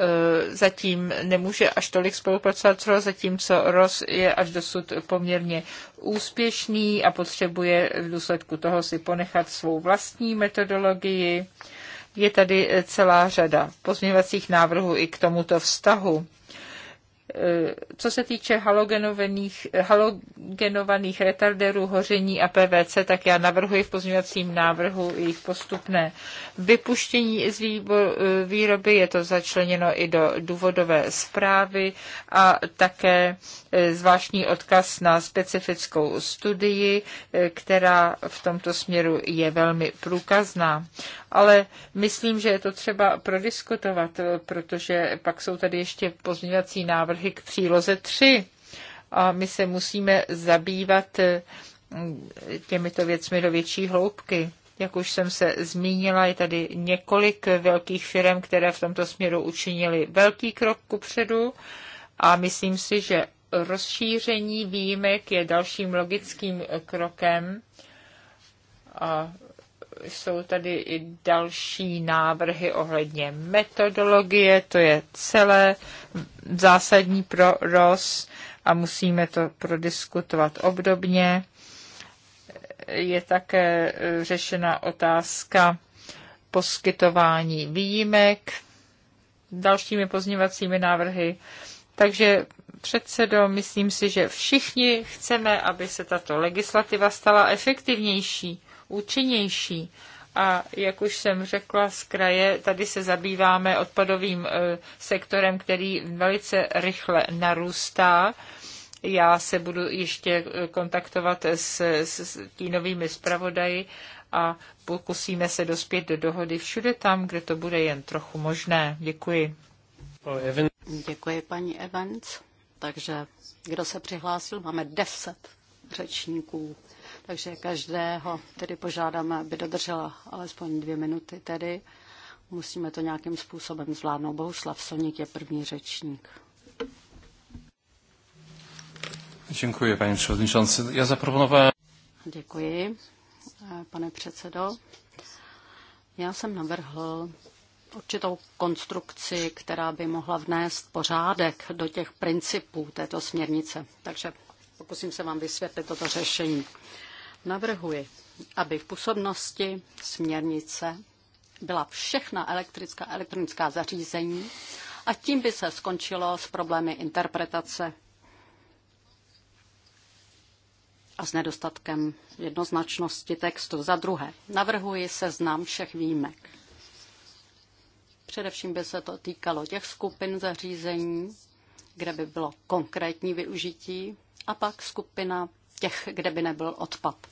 eh, zatím nemůže až tolik spolupracovat s ROS, zatímco ROS je až dosud poměrně úspěšný a potřebuje v důsledku toho si ponechat svou vlastní metodologii. Je tady eh, celá řada pozměňovacích návrhů i k tomuto vztahu. Eh, co se týče halogenovaných, halogenovaných retarderů hoření a PVC, tak já navrhuji v pozměňovacím návrhu jejich postupné vypuštění z eh, výroby. Je to začleněno i do důvodové zprávy a také eh, zvláštní odkaz na specifickou studii, která v tomto směru je velmi průkazná. Ale myslím, že je to třeba prodiskutovat, protože pak jsou tady ještě pozměňovací návrhy, návrhy k příloze 3 a my se musíme zabývat eh, těmito věcmi do větší hloubky. Jak už jsem se zmínila, je tady několik velkých firm, které v tomto směru učinili velký krok kupředu a myslím si, že rozšíření výjimek je dalším logickým krokem a jsou tady i další návrhy ohledně metodologie, to je celé zásadní pro ROS a musíme to prodiskutovat obdobně. Je také e, řešena otázka poskytování výjimek dalšími pozněvacími návrhy. Takže předsedo, myslím si, že všichni chceme, aby se tato legislativa stala efektivnější účinnější. A jak už jsem řekla z kraje, tady se zabýváme odpadovým e, sektorem, který velice rychle narůstá. Já se budu ještě e, kontaktovat s, s, s tínovými zpravodaji a pokusíme se dospět do dohody všude tam, kde to bude jen trochu možné. Děkuji. Děkuji, paní Evans. Takže kdo se přihlásil? Máme deset řečníků takže každého tedy požádáme, aby dodržela alespoň dvě minuty tedy. Musíme to nějakým způsobem zvládnout. Bohuslav Soník je první řečník. Děkuji, paní předsedající. Já zaproponovám... Děkuji, pane předsedo. Já jsem navrhl určitou konstrukci, která by mohla vnést pořádek do těch principů této směrnice. Takže pokusím se vám vysvětlit toto řešení. Navrhuji, aby v působnosti směrnice byla všechna elektrická elektronická zařízení a tím by se skončilo s problémy interpretace a s nedostatkem jednoznačnosti textu. Za druhé, navrhuji seznam všech výjimek. Především by se to týkalo těch skupin zařízení, kde by bylo konkrétní využití, a pak skupina těch, kde by nebyl odpad.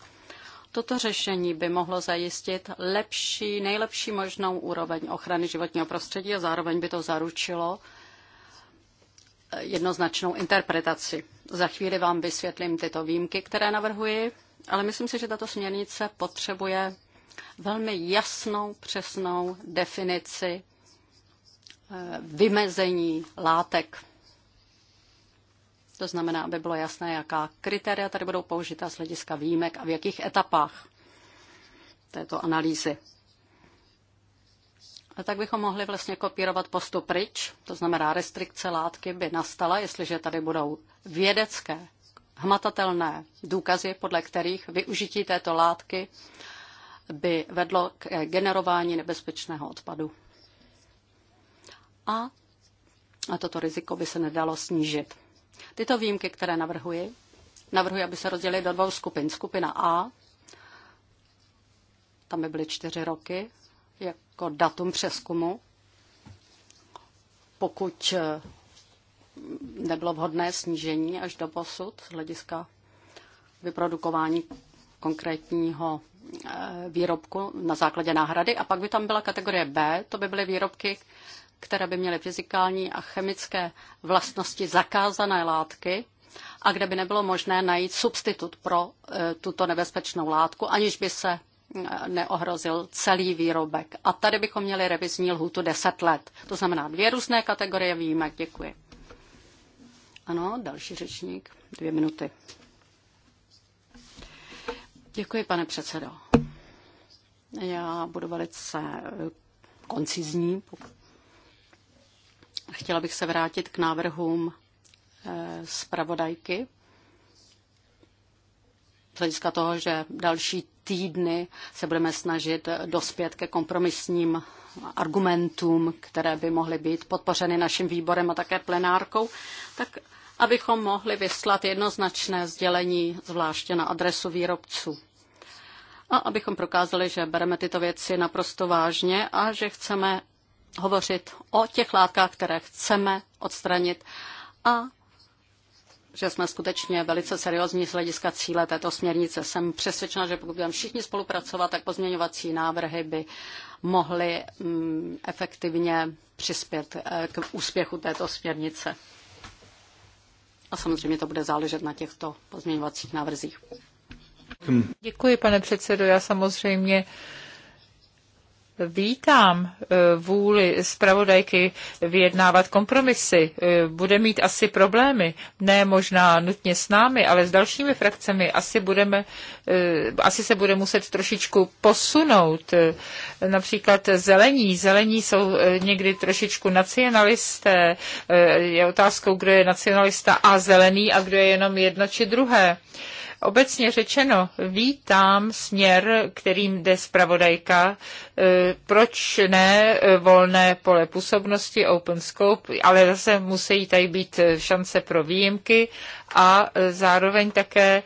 Toto řešení by mohlo zajistit lepší, nejlepší možnou úroveň ochrany životního prostředí a zároveň by to zaručilo eh, jednoznačnou interpretaci. Za chvíli vám vysvětlím tyto výjimky, které navrhuji, ale myslím si, že tato směrnice potřebuje velmi jasnou, přesnou definici eh, vymezení látek. To znamená, aby bylo jasné, jaká kritéria tady budou použita z hlediska výjimek a v jakých etapách této analýzy. A tak bychom mohli vlastně kopírovat postup pryč, to znamená restrikce látky by nastala, jestliže tady budou vědecké, hmatatelné důkazy, podle kterých využití této látky by vedlo k generování nebezpečného odpadu. A, a toto riziko by se nedalo snížit. Tyto výjimky, které navrhuji, navrhuji, aby se rozdělily do dvou skupin. Skupina A, tam by byly čtyři roky, jako datum přeskumu, pokud eh, nebylo vhodné snížení až do posud z hlediska vyprodukování konkrétního eh, výrobku na základě náhrady. A pak by tam byla kategorie B, to by byly výrobky, které by měly fyzikální a chemické vlastnosti zakázané látky a kde by nebylo možné najít substitut pro e, tuto nebezpečnou látku, aniž by se e, neohrozil celý výrobek. A tady bychom měli revizní lhůtu 10 let. To znamená dvě různé kategorie výjimek. Děkuji. Ano, další řečník. Dvě minuty. Děkuji, pane předsedo. Já budu velice e, koncizní, pokud Chtěla bych se vrátit k návrhům eh, zpravodajky. Z hlediska toho, že další týdny se budeme snažit dospět ke kompromisním argumentům, které by mohly být podpořeny naším výborem a také plenárkou, tak abychom mohli vyslat jednoznačné sdělení, zvláště na adresu výrobců. A abychom prokázali, že bereme tyto věci naprosto vážně a že chceme hovořit o těch látkách, které chceme odstranit a že jsme skutečně velice seriózní z hlediska cíle této směrnice. Jsem přesvědčena, že pokud budeme všichni spolupracovat, tak pozměňovací návrhy by mohly mm, efektivně přispět eh, k úspěchu této směrnice. A samozřejmě to bude záležet na těchto pozměňovacích návrzích. Děkuji, pane předsedo. Já samozřejmě vítám eh, vůli zpravodajky vyjednávat kompromisy. Eh, bude mít asi problémy, ne možná nutně s námi, ale s dalšími frakcemi asi, budeme, eh, asi se bude muset trošičku posunout. Například zelení. Zelení jsou někdy trošičku nacionalisté. Je otázkou, kdo je nacionalista a zelený a kdo je jenom jedno či druhé. Obecně řečeno, vítám směr, kterým jde zpravodajka. E, proč ne e, volné pole působnosti, open scope, ale zase musí tady být šance pro výjimky a zároveň také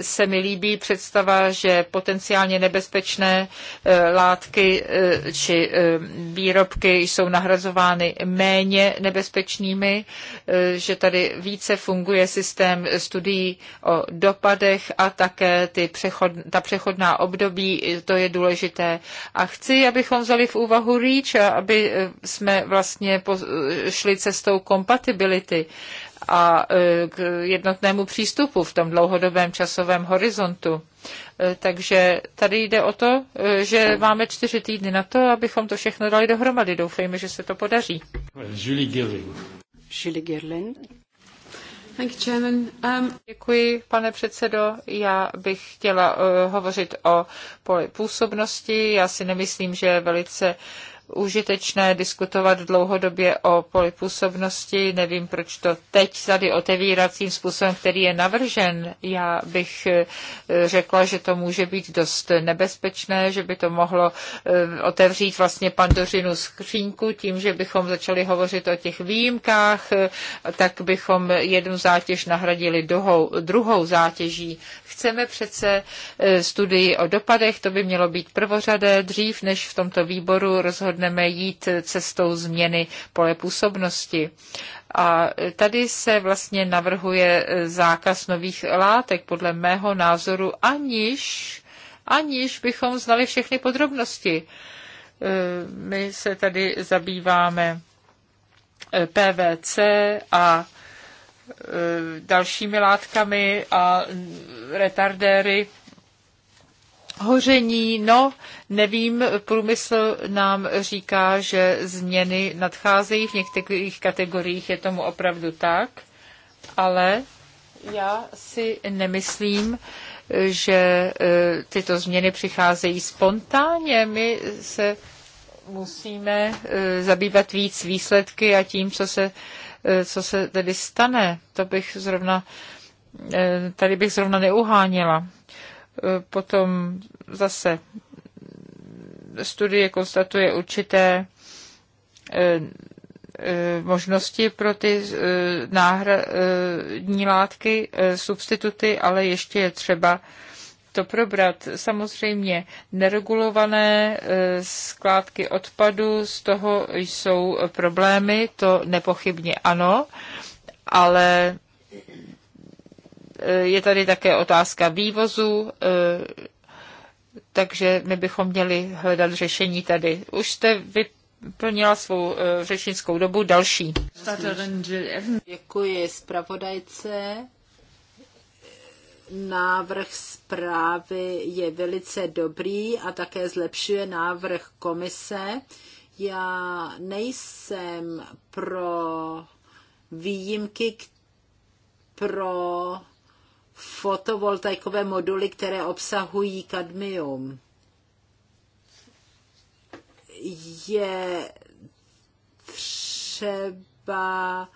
se mi líbí představa, že potenciálně nebezpečné e, látky e, či e, výrobky jsou nahrazovány méně nebezpečnými, že tady více funguje systém studií o dopadech a také ty přechod, ta přechodná období, to je důležité. A chci, abychom vzali v úvahu REACH, aby jsme vlastně šli cestou kompatibility a e, k jednotnému přístupu v tom dlouhodobém časovém horizontu. E, takže tady jde o to, e, že máme čtyři týdny na to, abychom to všechno dali dohromady. Doufejme, že se to podaří. Julie Gerling. Julie Um, Děkuji, pane předsedo. Já bych chtěla hovořit o poli působnosti. Já si nemyslím, že je velice uh, užitečné diskutovat dlouhodobě o polipůsobnosti. Nevím, proč to teď tady otevíracím způsobem, který je navržen. Já bych eh, řekla, že to může být dost nebezpečné, že by to mohlo eh, otevřít vlastně pandořinu skřínku tím, že bychom začali hovořit o těch výjimkách, eh, tak bychom jednu zátěž nahradili druhou, druhou zátěží. Chceme přece studii o dopadech, to by mělo být prvořadé dřív, než v tomto výboru rozhodnutí rozhodneme jít cestou změny pole působnosti. A tady se vlastně navrhuje zákaz nových látek, podle mého názoru, aniž, aniž bychom znali všechny podrobnosti. My se tady zabýváme PVC a e, dalšími látkami a retardéry Hoření, no, nevím, průmysl nám říká, že změny nadcházejí, v některých kategoriích je tomu opravdu tak, ale já si nemyslím, že e, tyto změny přicházejí spontánně. My se musíme e, zabývat víc výsledky a tím, co se, e, co se tedy stane. To bych zrovna, tady bych zrovna neuháněla. Potom zase studie konstatuje určité eh, eh, možnosti pro ty eh, náhradní látky, substituty, ale ještě je třeba to probrat. Samozřejmě neregulované skládky odpadu, z toho jsou problémy, to nepochybně ano, ale je tady také otázka vývozu, e, takže my bychom měli hledat řešení tady. Už jste vyplnila svou e, řečnickou dobu. Další. Děkuji zpravodajce. Návrh zprávy je velice dobrý a také zlepšuje návrh komise. Já nejsem pro výjimky pro fotovoltaikové moduly, které obsahují kadmium. Je třeba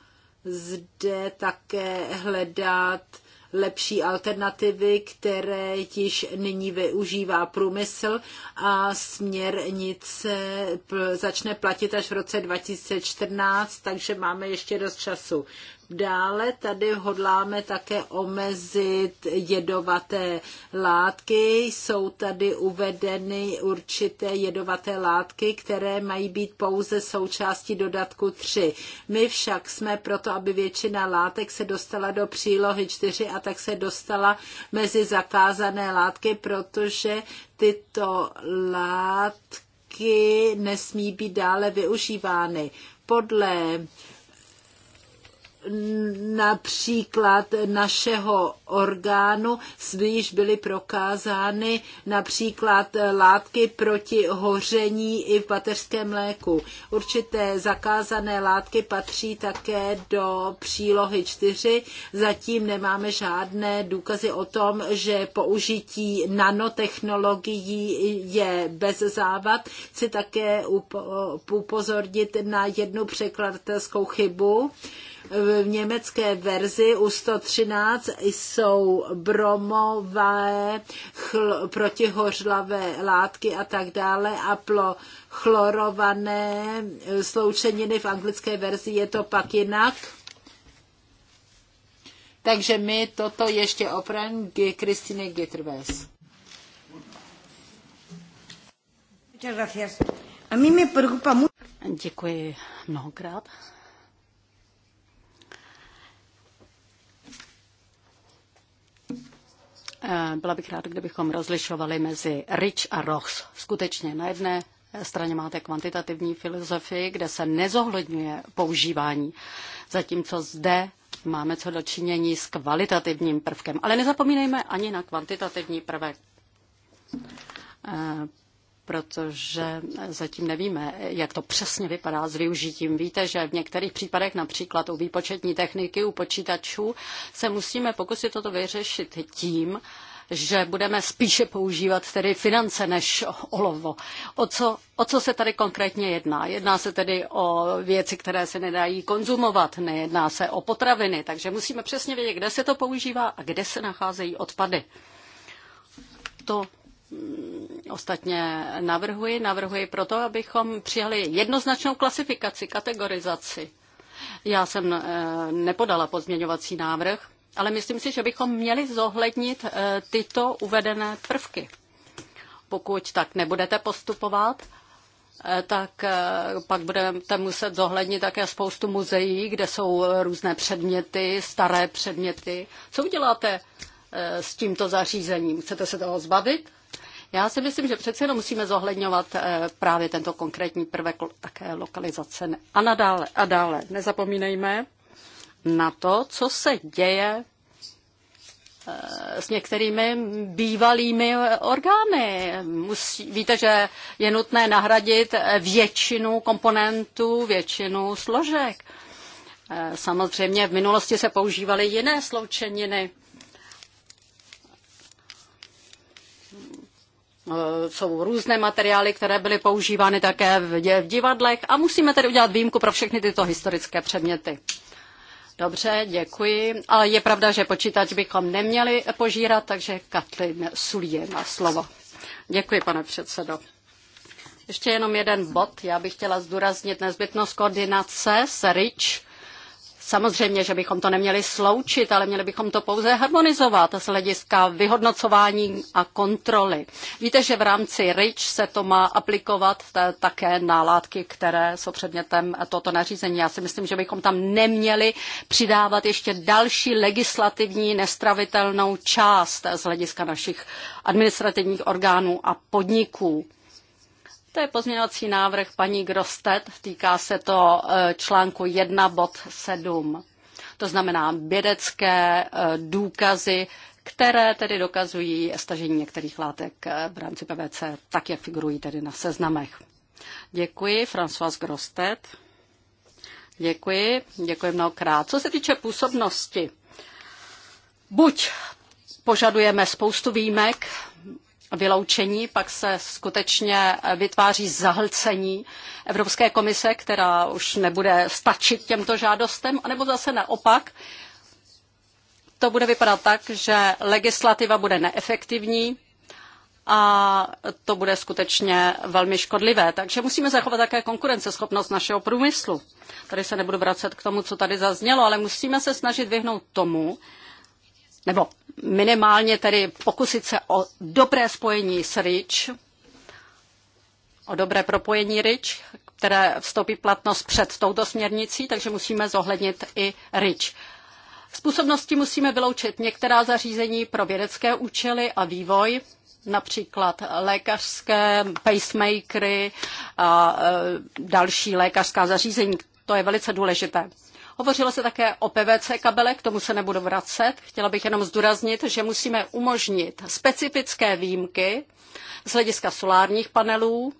zde také hledat lepší alternativy, které již nyní využívá průmysl a směrnice začne platit až v roce 2014, takže máme ještě dost času. Dále tady hodláme také omezit jedovaté látky. Jsou tady uvedeny určité jedovaté látky, které mají být pouze součástí dodatku 3. My však jsme proto, aby většina látek se dostala do přílohy 4 a tak se dostala mezi zakázané látky, protože tyto látky nesmí být dále využívány. Podle například našeho orgánu již byly prokázány například látky proti hoření i v pateřském mléku. Určité zakázané látky patří také do přílohy 4. Zatím nemáme žádné důkazy o tom, že použití nanotechnologií je bez závad. Chci také upozornit na jednu překladatelskou chybu v německé verzi u 113 jsou bromové chl, protihořlavé látky a tak dále a pro chlorované sloučeniny v anglické verzi je to pak jinak. Takže my toto ještě opravíme Kristine Gitterves. Děkuji mnohokrát. Eh, byla bych ráda, kdybychom rozlišovali mezi rich a rochs. Skutečně na jedné straně máte kvantitativní filozofii, kde se nezohledňuje používání, zatímco zde máme co dočinění s kvalitativním prvkem. Ale nezapomínejme ani na kvantitativní prvek. Eh, protože zatím nevíme, jak to přesně vypadá s využitím. Víte, že v některých případech, například u výpočetní techniky, u počítačů, se musíme pokusit toto vyřešit tím, že budeme spíše používat tedy finance než olovo. O co, o co se tady konkrétně jedná? Jedná se tedy o věci, které se nedají konzumovat, nejedná se o potraviny, takže musíme přesně vědět, kde se to používá a kde se nacházejí odpady. To Mm, ostatně navrhuji. Navrhuji proto, abychom přijali jednoznačnou klasifikaci, kategorizaci. Já jsem eh, nepodala pozměňovací návrh, ale myslím si, že bychom měli zohlednit eh, tyto uvedené prvky. Pokud tak nebudete postupovat, eh, tak pak budete muset zohlednit také spoustu muzeí, kde jsou různé předměty, staré předměty. Co uděláte s tímto zařízením? Chcete se toho zbavit? Já si myslím, že přece jenom musíme zohledňovat eh, právě tento konkrétní prvek také lokalizace. A nadále, a dále, nezapomínejme na to, co se děje eh, s některými bývalými eh, orgány. Musí, víte, že je nutné nahradit většinu komponentů, většinu složek. Samozřejmě v minulosti se používaly jiné sloučeniny. Eh, jsou různé materiály, které byly používány také v divadlech a musíme tedy udělat výjimku pro všechny tyto historické předměty. Dobře, děkuji. Ale je pravda, že počítač bychom neměli požírat, takže Katlin Sulie má slovo. Děkuji, pane předsedo. Ještě jenom jeden bod. Já bych chtěla zdůraznit nezbytnost koordinace s RIČ Samozřejmě, že bychom to neměli sloučit, ale měli bychom to pouze harmonizovat z hlediska vyhodnocování a kontroly. Víte, že v rámci REACH se to má aplikovat také na látky, které jsou předmětem tohoto nařízení. Já si myslím, že bychom tam neměli přidávat ještě další legislativní nestravitelnou část z hlediska našich administrativních orgánů a podniků. To je pozměňovací návrh paní Grostet, týká se to e, článku 1 bod 7. To znamená vědecké e, důkazy, které tedy dokazují stažení některých látek e, v rámci PVC, tak jak figurují tedy na seznamech. Děkuji, François Grostet. Děkuji, děkuji mnohokrát. Co se týče působnosti, buď požadujeme spoustu výjimek vyloučení, pak se skutečně vytváří zahlcení Evropské komise, která už nebude stačit těmto žádostem, anebo zase naopak, to bude vypadat tak, že legislativa bude neefektivní a to bude skutečně velmi škodlivé. Takže musíme zachovat také konkurenceschopnost našeho průmyslu. Tady se nebudu vracet k tomu, co tady zaznělo, ale musíme se snažit vyhnout tomu, nebo minimálně tedy pokusit se o dobré spojení s RIČ, o dobré propojení RIČ, které vstoupí platnost před touto směrnicí, takže musíme zohlednit i RIČ. Z působnosti musíme vyloučit některá zařízení pro vědecké účely a vývoj, například lékařské pacemakery a e, další lékařská zařízení. To je velice důležité. Hovořilo se také o PVC kabele, k tomu se nebudu vracet. Chtěla bych jenom zdůraznit, že musíme umožnit specifické výjimky z hlediska solárních panelů.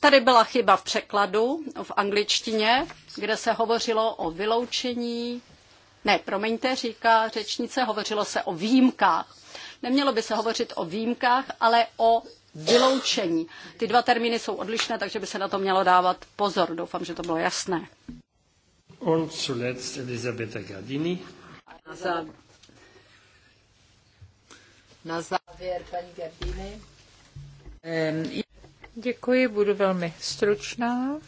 Tady byla chyba v překladu v angličtině, kde se hovořilo o vyloučení. Ne, promiňte, říká řečnice, hovořilo se o výjimkách. Nemělo by se hovořit o výjimkách, ale o vyloučení. Ty dva termíny jsou odlišné, takže by se na to mělo dávat pozor. Doufám, že to bylo jasné. Und zuletzt Elisabetta Gardini. Gardini. Děkuji, budu velmi stručná.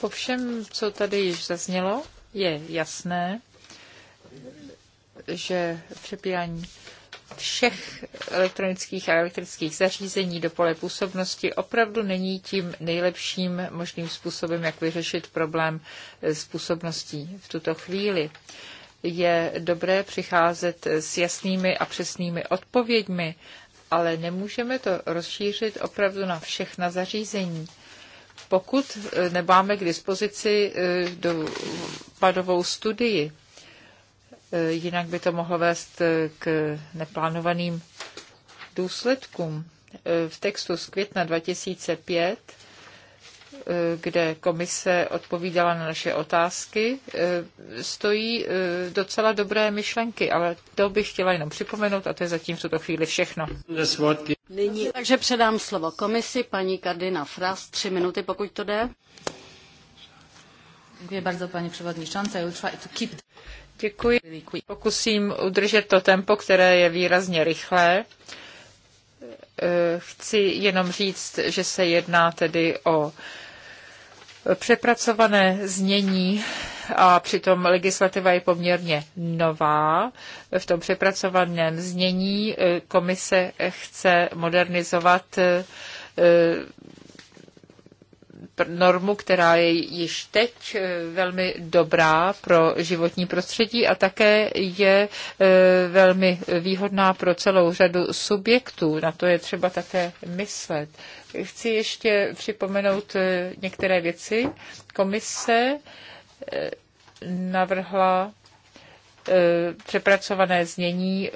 Po všem, co tady již zaznělo, je jasné, že přepírání všech elektronických a elektrických zařízení do pole působnosti opravdu není tím nejlepším možným způsobem, jak vyřešit problém s působností v tuto chvíli. Je dobré přicházet s jasnými a přesnými odpověďmi, ale nemůžeme to rozšířit opravdu na všechna zařízení pokud e, nemáme k dispozici e, dopadovou studii. E, jinak by to mohlo vést e, k neplánovaným důsledkům. E, v textu z května 2005 kde komise odpovídala na naše otázky, stojí docela dobré myšlenky, ale to bych chtěla jenom připomenout a to je zatím v tuto chvíli všechno. Nyní, takže předám slovo komisi, paní Kardina Fras, tři minuty, pokud to jde. Děkuji bardzo, paní předsedající. Děkuji. Pokusím udržet to tempo, které je výrazně rychlé. Eh, chci jenom říct, že se jedná tedy o přepracované znění a přitom legislativa je poměrně nová. V tom přepracovaném znění eh, komise chce modernizovat eh, normu, která je již teď eh, velmi dobrá pro životní prostředí a také je eh, velmi výhodná pro celou řadu subjektů. Na to je třeba také myslet. Chci ještě připomenout eh, některé věci. Komise navrhla přepracované znění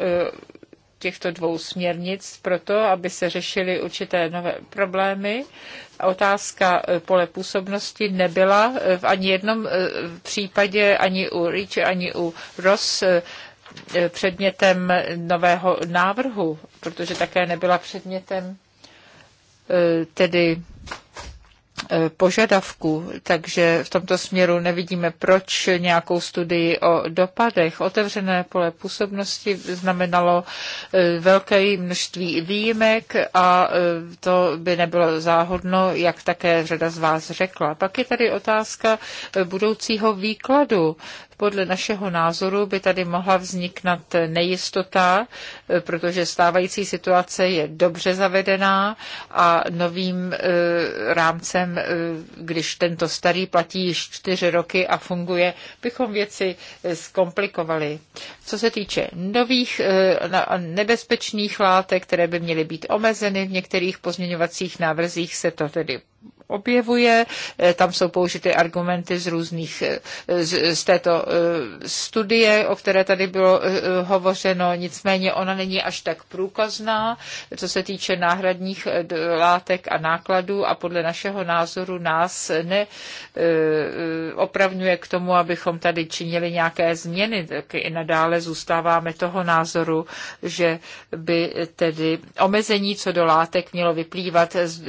těchto dvou směrnic proto, aby se řešily určité nové problémy. Otázka e, pole působnosti nebyla e, v ani jednom e, případě, ani u REACH, ani u ROS předmětem nového návrhu, protože také nebyla předmětem tedy E, požadavků, takže v tomto směru nevidíme, proč nějakou studii o dopadech. Otevřené pole působnosti znamenalo e, velké množství výjimek a e, to by nebylo záhodno, jak také řada z vás řekla. Pak je tady otázka budoucího výkladu podle našeho názoru by tady mohla vzniknout nejistota, eh, protože stávající situace je dobře zavedená a novým eh, rámcem, eh, když tento starý platí již čtyři roky a funguje, bychom věci zkomplikovali. Co se týče nových nebezpečných látek, které by měly být omezeny v některých pozměňovacích návrzích, se to tedy objevuje. Eh, tam jsou použity argumenty z různých, eh, z, z této eh, studie, o které tady bylo hovořeno, nicméně ona není až tak průkazná, co se týče náhradních látek a nákladů a podle našeho názoru nás ne opravňuje k tomu, abychom tady činili nějaké změny, tak i nadále zůstáváme toho názoru, že by tedy omezení co do látek mělo vyplývat z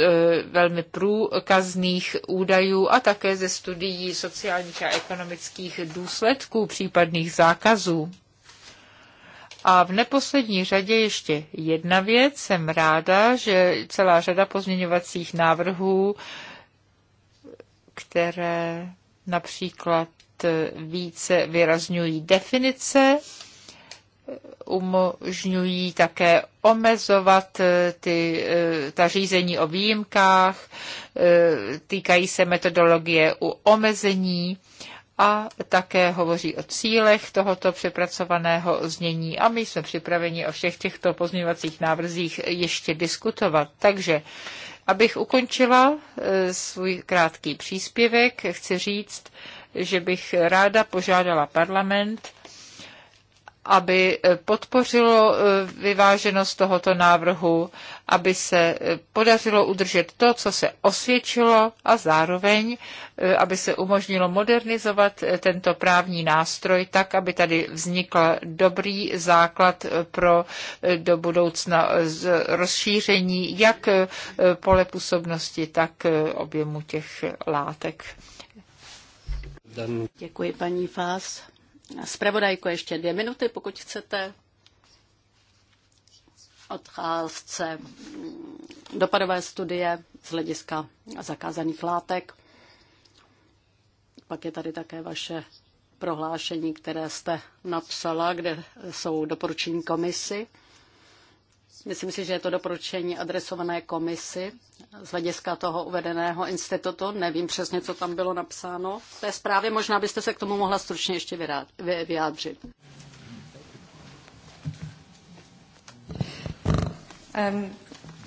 velmi průkazných průkazných údajů a také ze studií sociálních a ekonomických důsledků případných zákazů. A v neposlední řadě ještě jedna věc. Jsem ráda, že celá řada pozměňovacích návrhů, které například více vyrazňují definice, umožňují také omezovat eh, ty, eh, ta řízení o výjimkách, eh, týkají se metodologie u omezení a také hovoří o cílech tohoto přepracovaného znění a my jsme připraveni o všech těchto pozměňovacích návrzích ještě diskutovat. Takže abych ukončila svůj krátký příspěvek, chci říct, že bych ráda požádala parlament, aby eh, podpořilo eh, vyváženost tohoto návrhu, aby se eh, podařilo udržet to, co se osvědčilo a zároveň, aby se umožnilo modernizovat tento právní nástroj tak, aby tady vznikl dobrý základ pro do budoucna rozšíření jak pole působnosti, tak objemu těch látek. Děkuji paní Fás. Spravodajko, ještě dvě minuty, pokud chcete. Odcházce mm, dopadové studie z hlediska zakázaných látek. Pak je tady také vaše prohlášení, které jste napsala, kde jsou doporučení komisi. Myslím si, že je to doporučení adresované komisi z hlediska toho uvedeného institutu. Nevím přesně, co tam bylo napsáno v té zprávě. Možná byste se k tomu mohla stručně ještě vyjádřit. Um,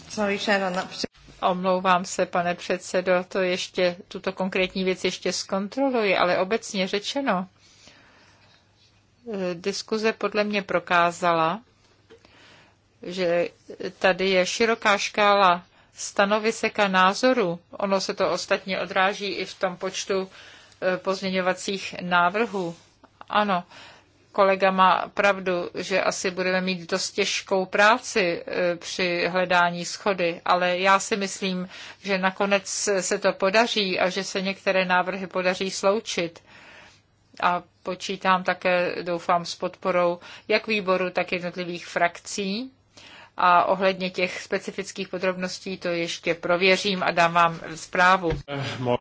sorry, Sharon, Omlouvám se, pane předsedo, to ještě, tuto konkrétní věc ještě zkontroluji, ale obecně řečeno, eh, diskuze podle mě prokázala, že tady je široká škála stanovisek a názorů. Ono se to ostatně odráží i v tom počtu e, pozměňovacích návrhů. Ano, kolega má pravdu, že asi budeme mít dost těžkou práci e, při hledání schody, ale já si myslím, že nakonec se to podaří a že se některé návrhy podaří sloučit. A počítám také, doufám, s podporou jak výboru, tak jednotlivých frakcí a ohledně těch specifických podrobností to ještě prověřím a dám vám zprávu.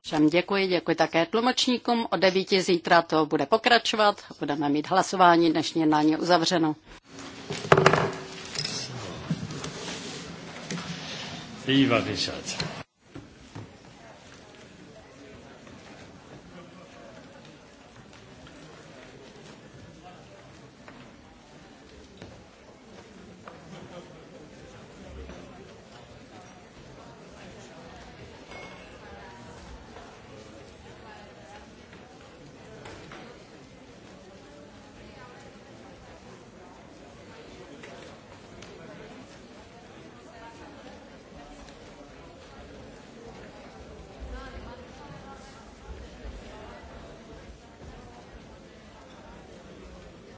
Všem děkuji, děkuji také tlumočníkům. O devíti zítra to bude pokračovat. Budeme mít hlasování, dnešní ně uzavřeno. Iva Vyšat.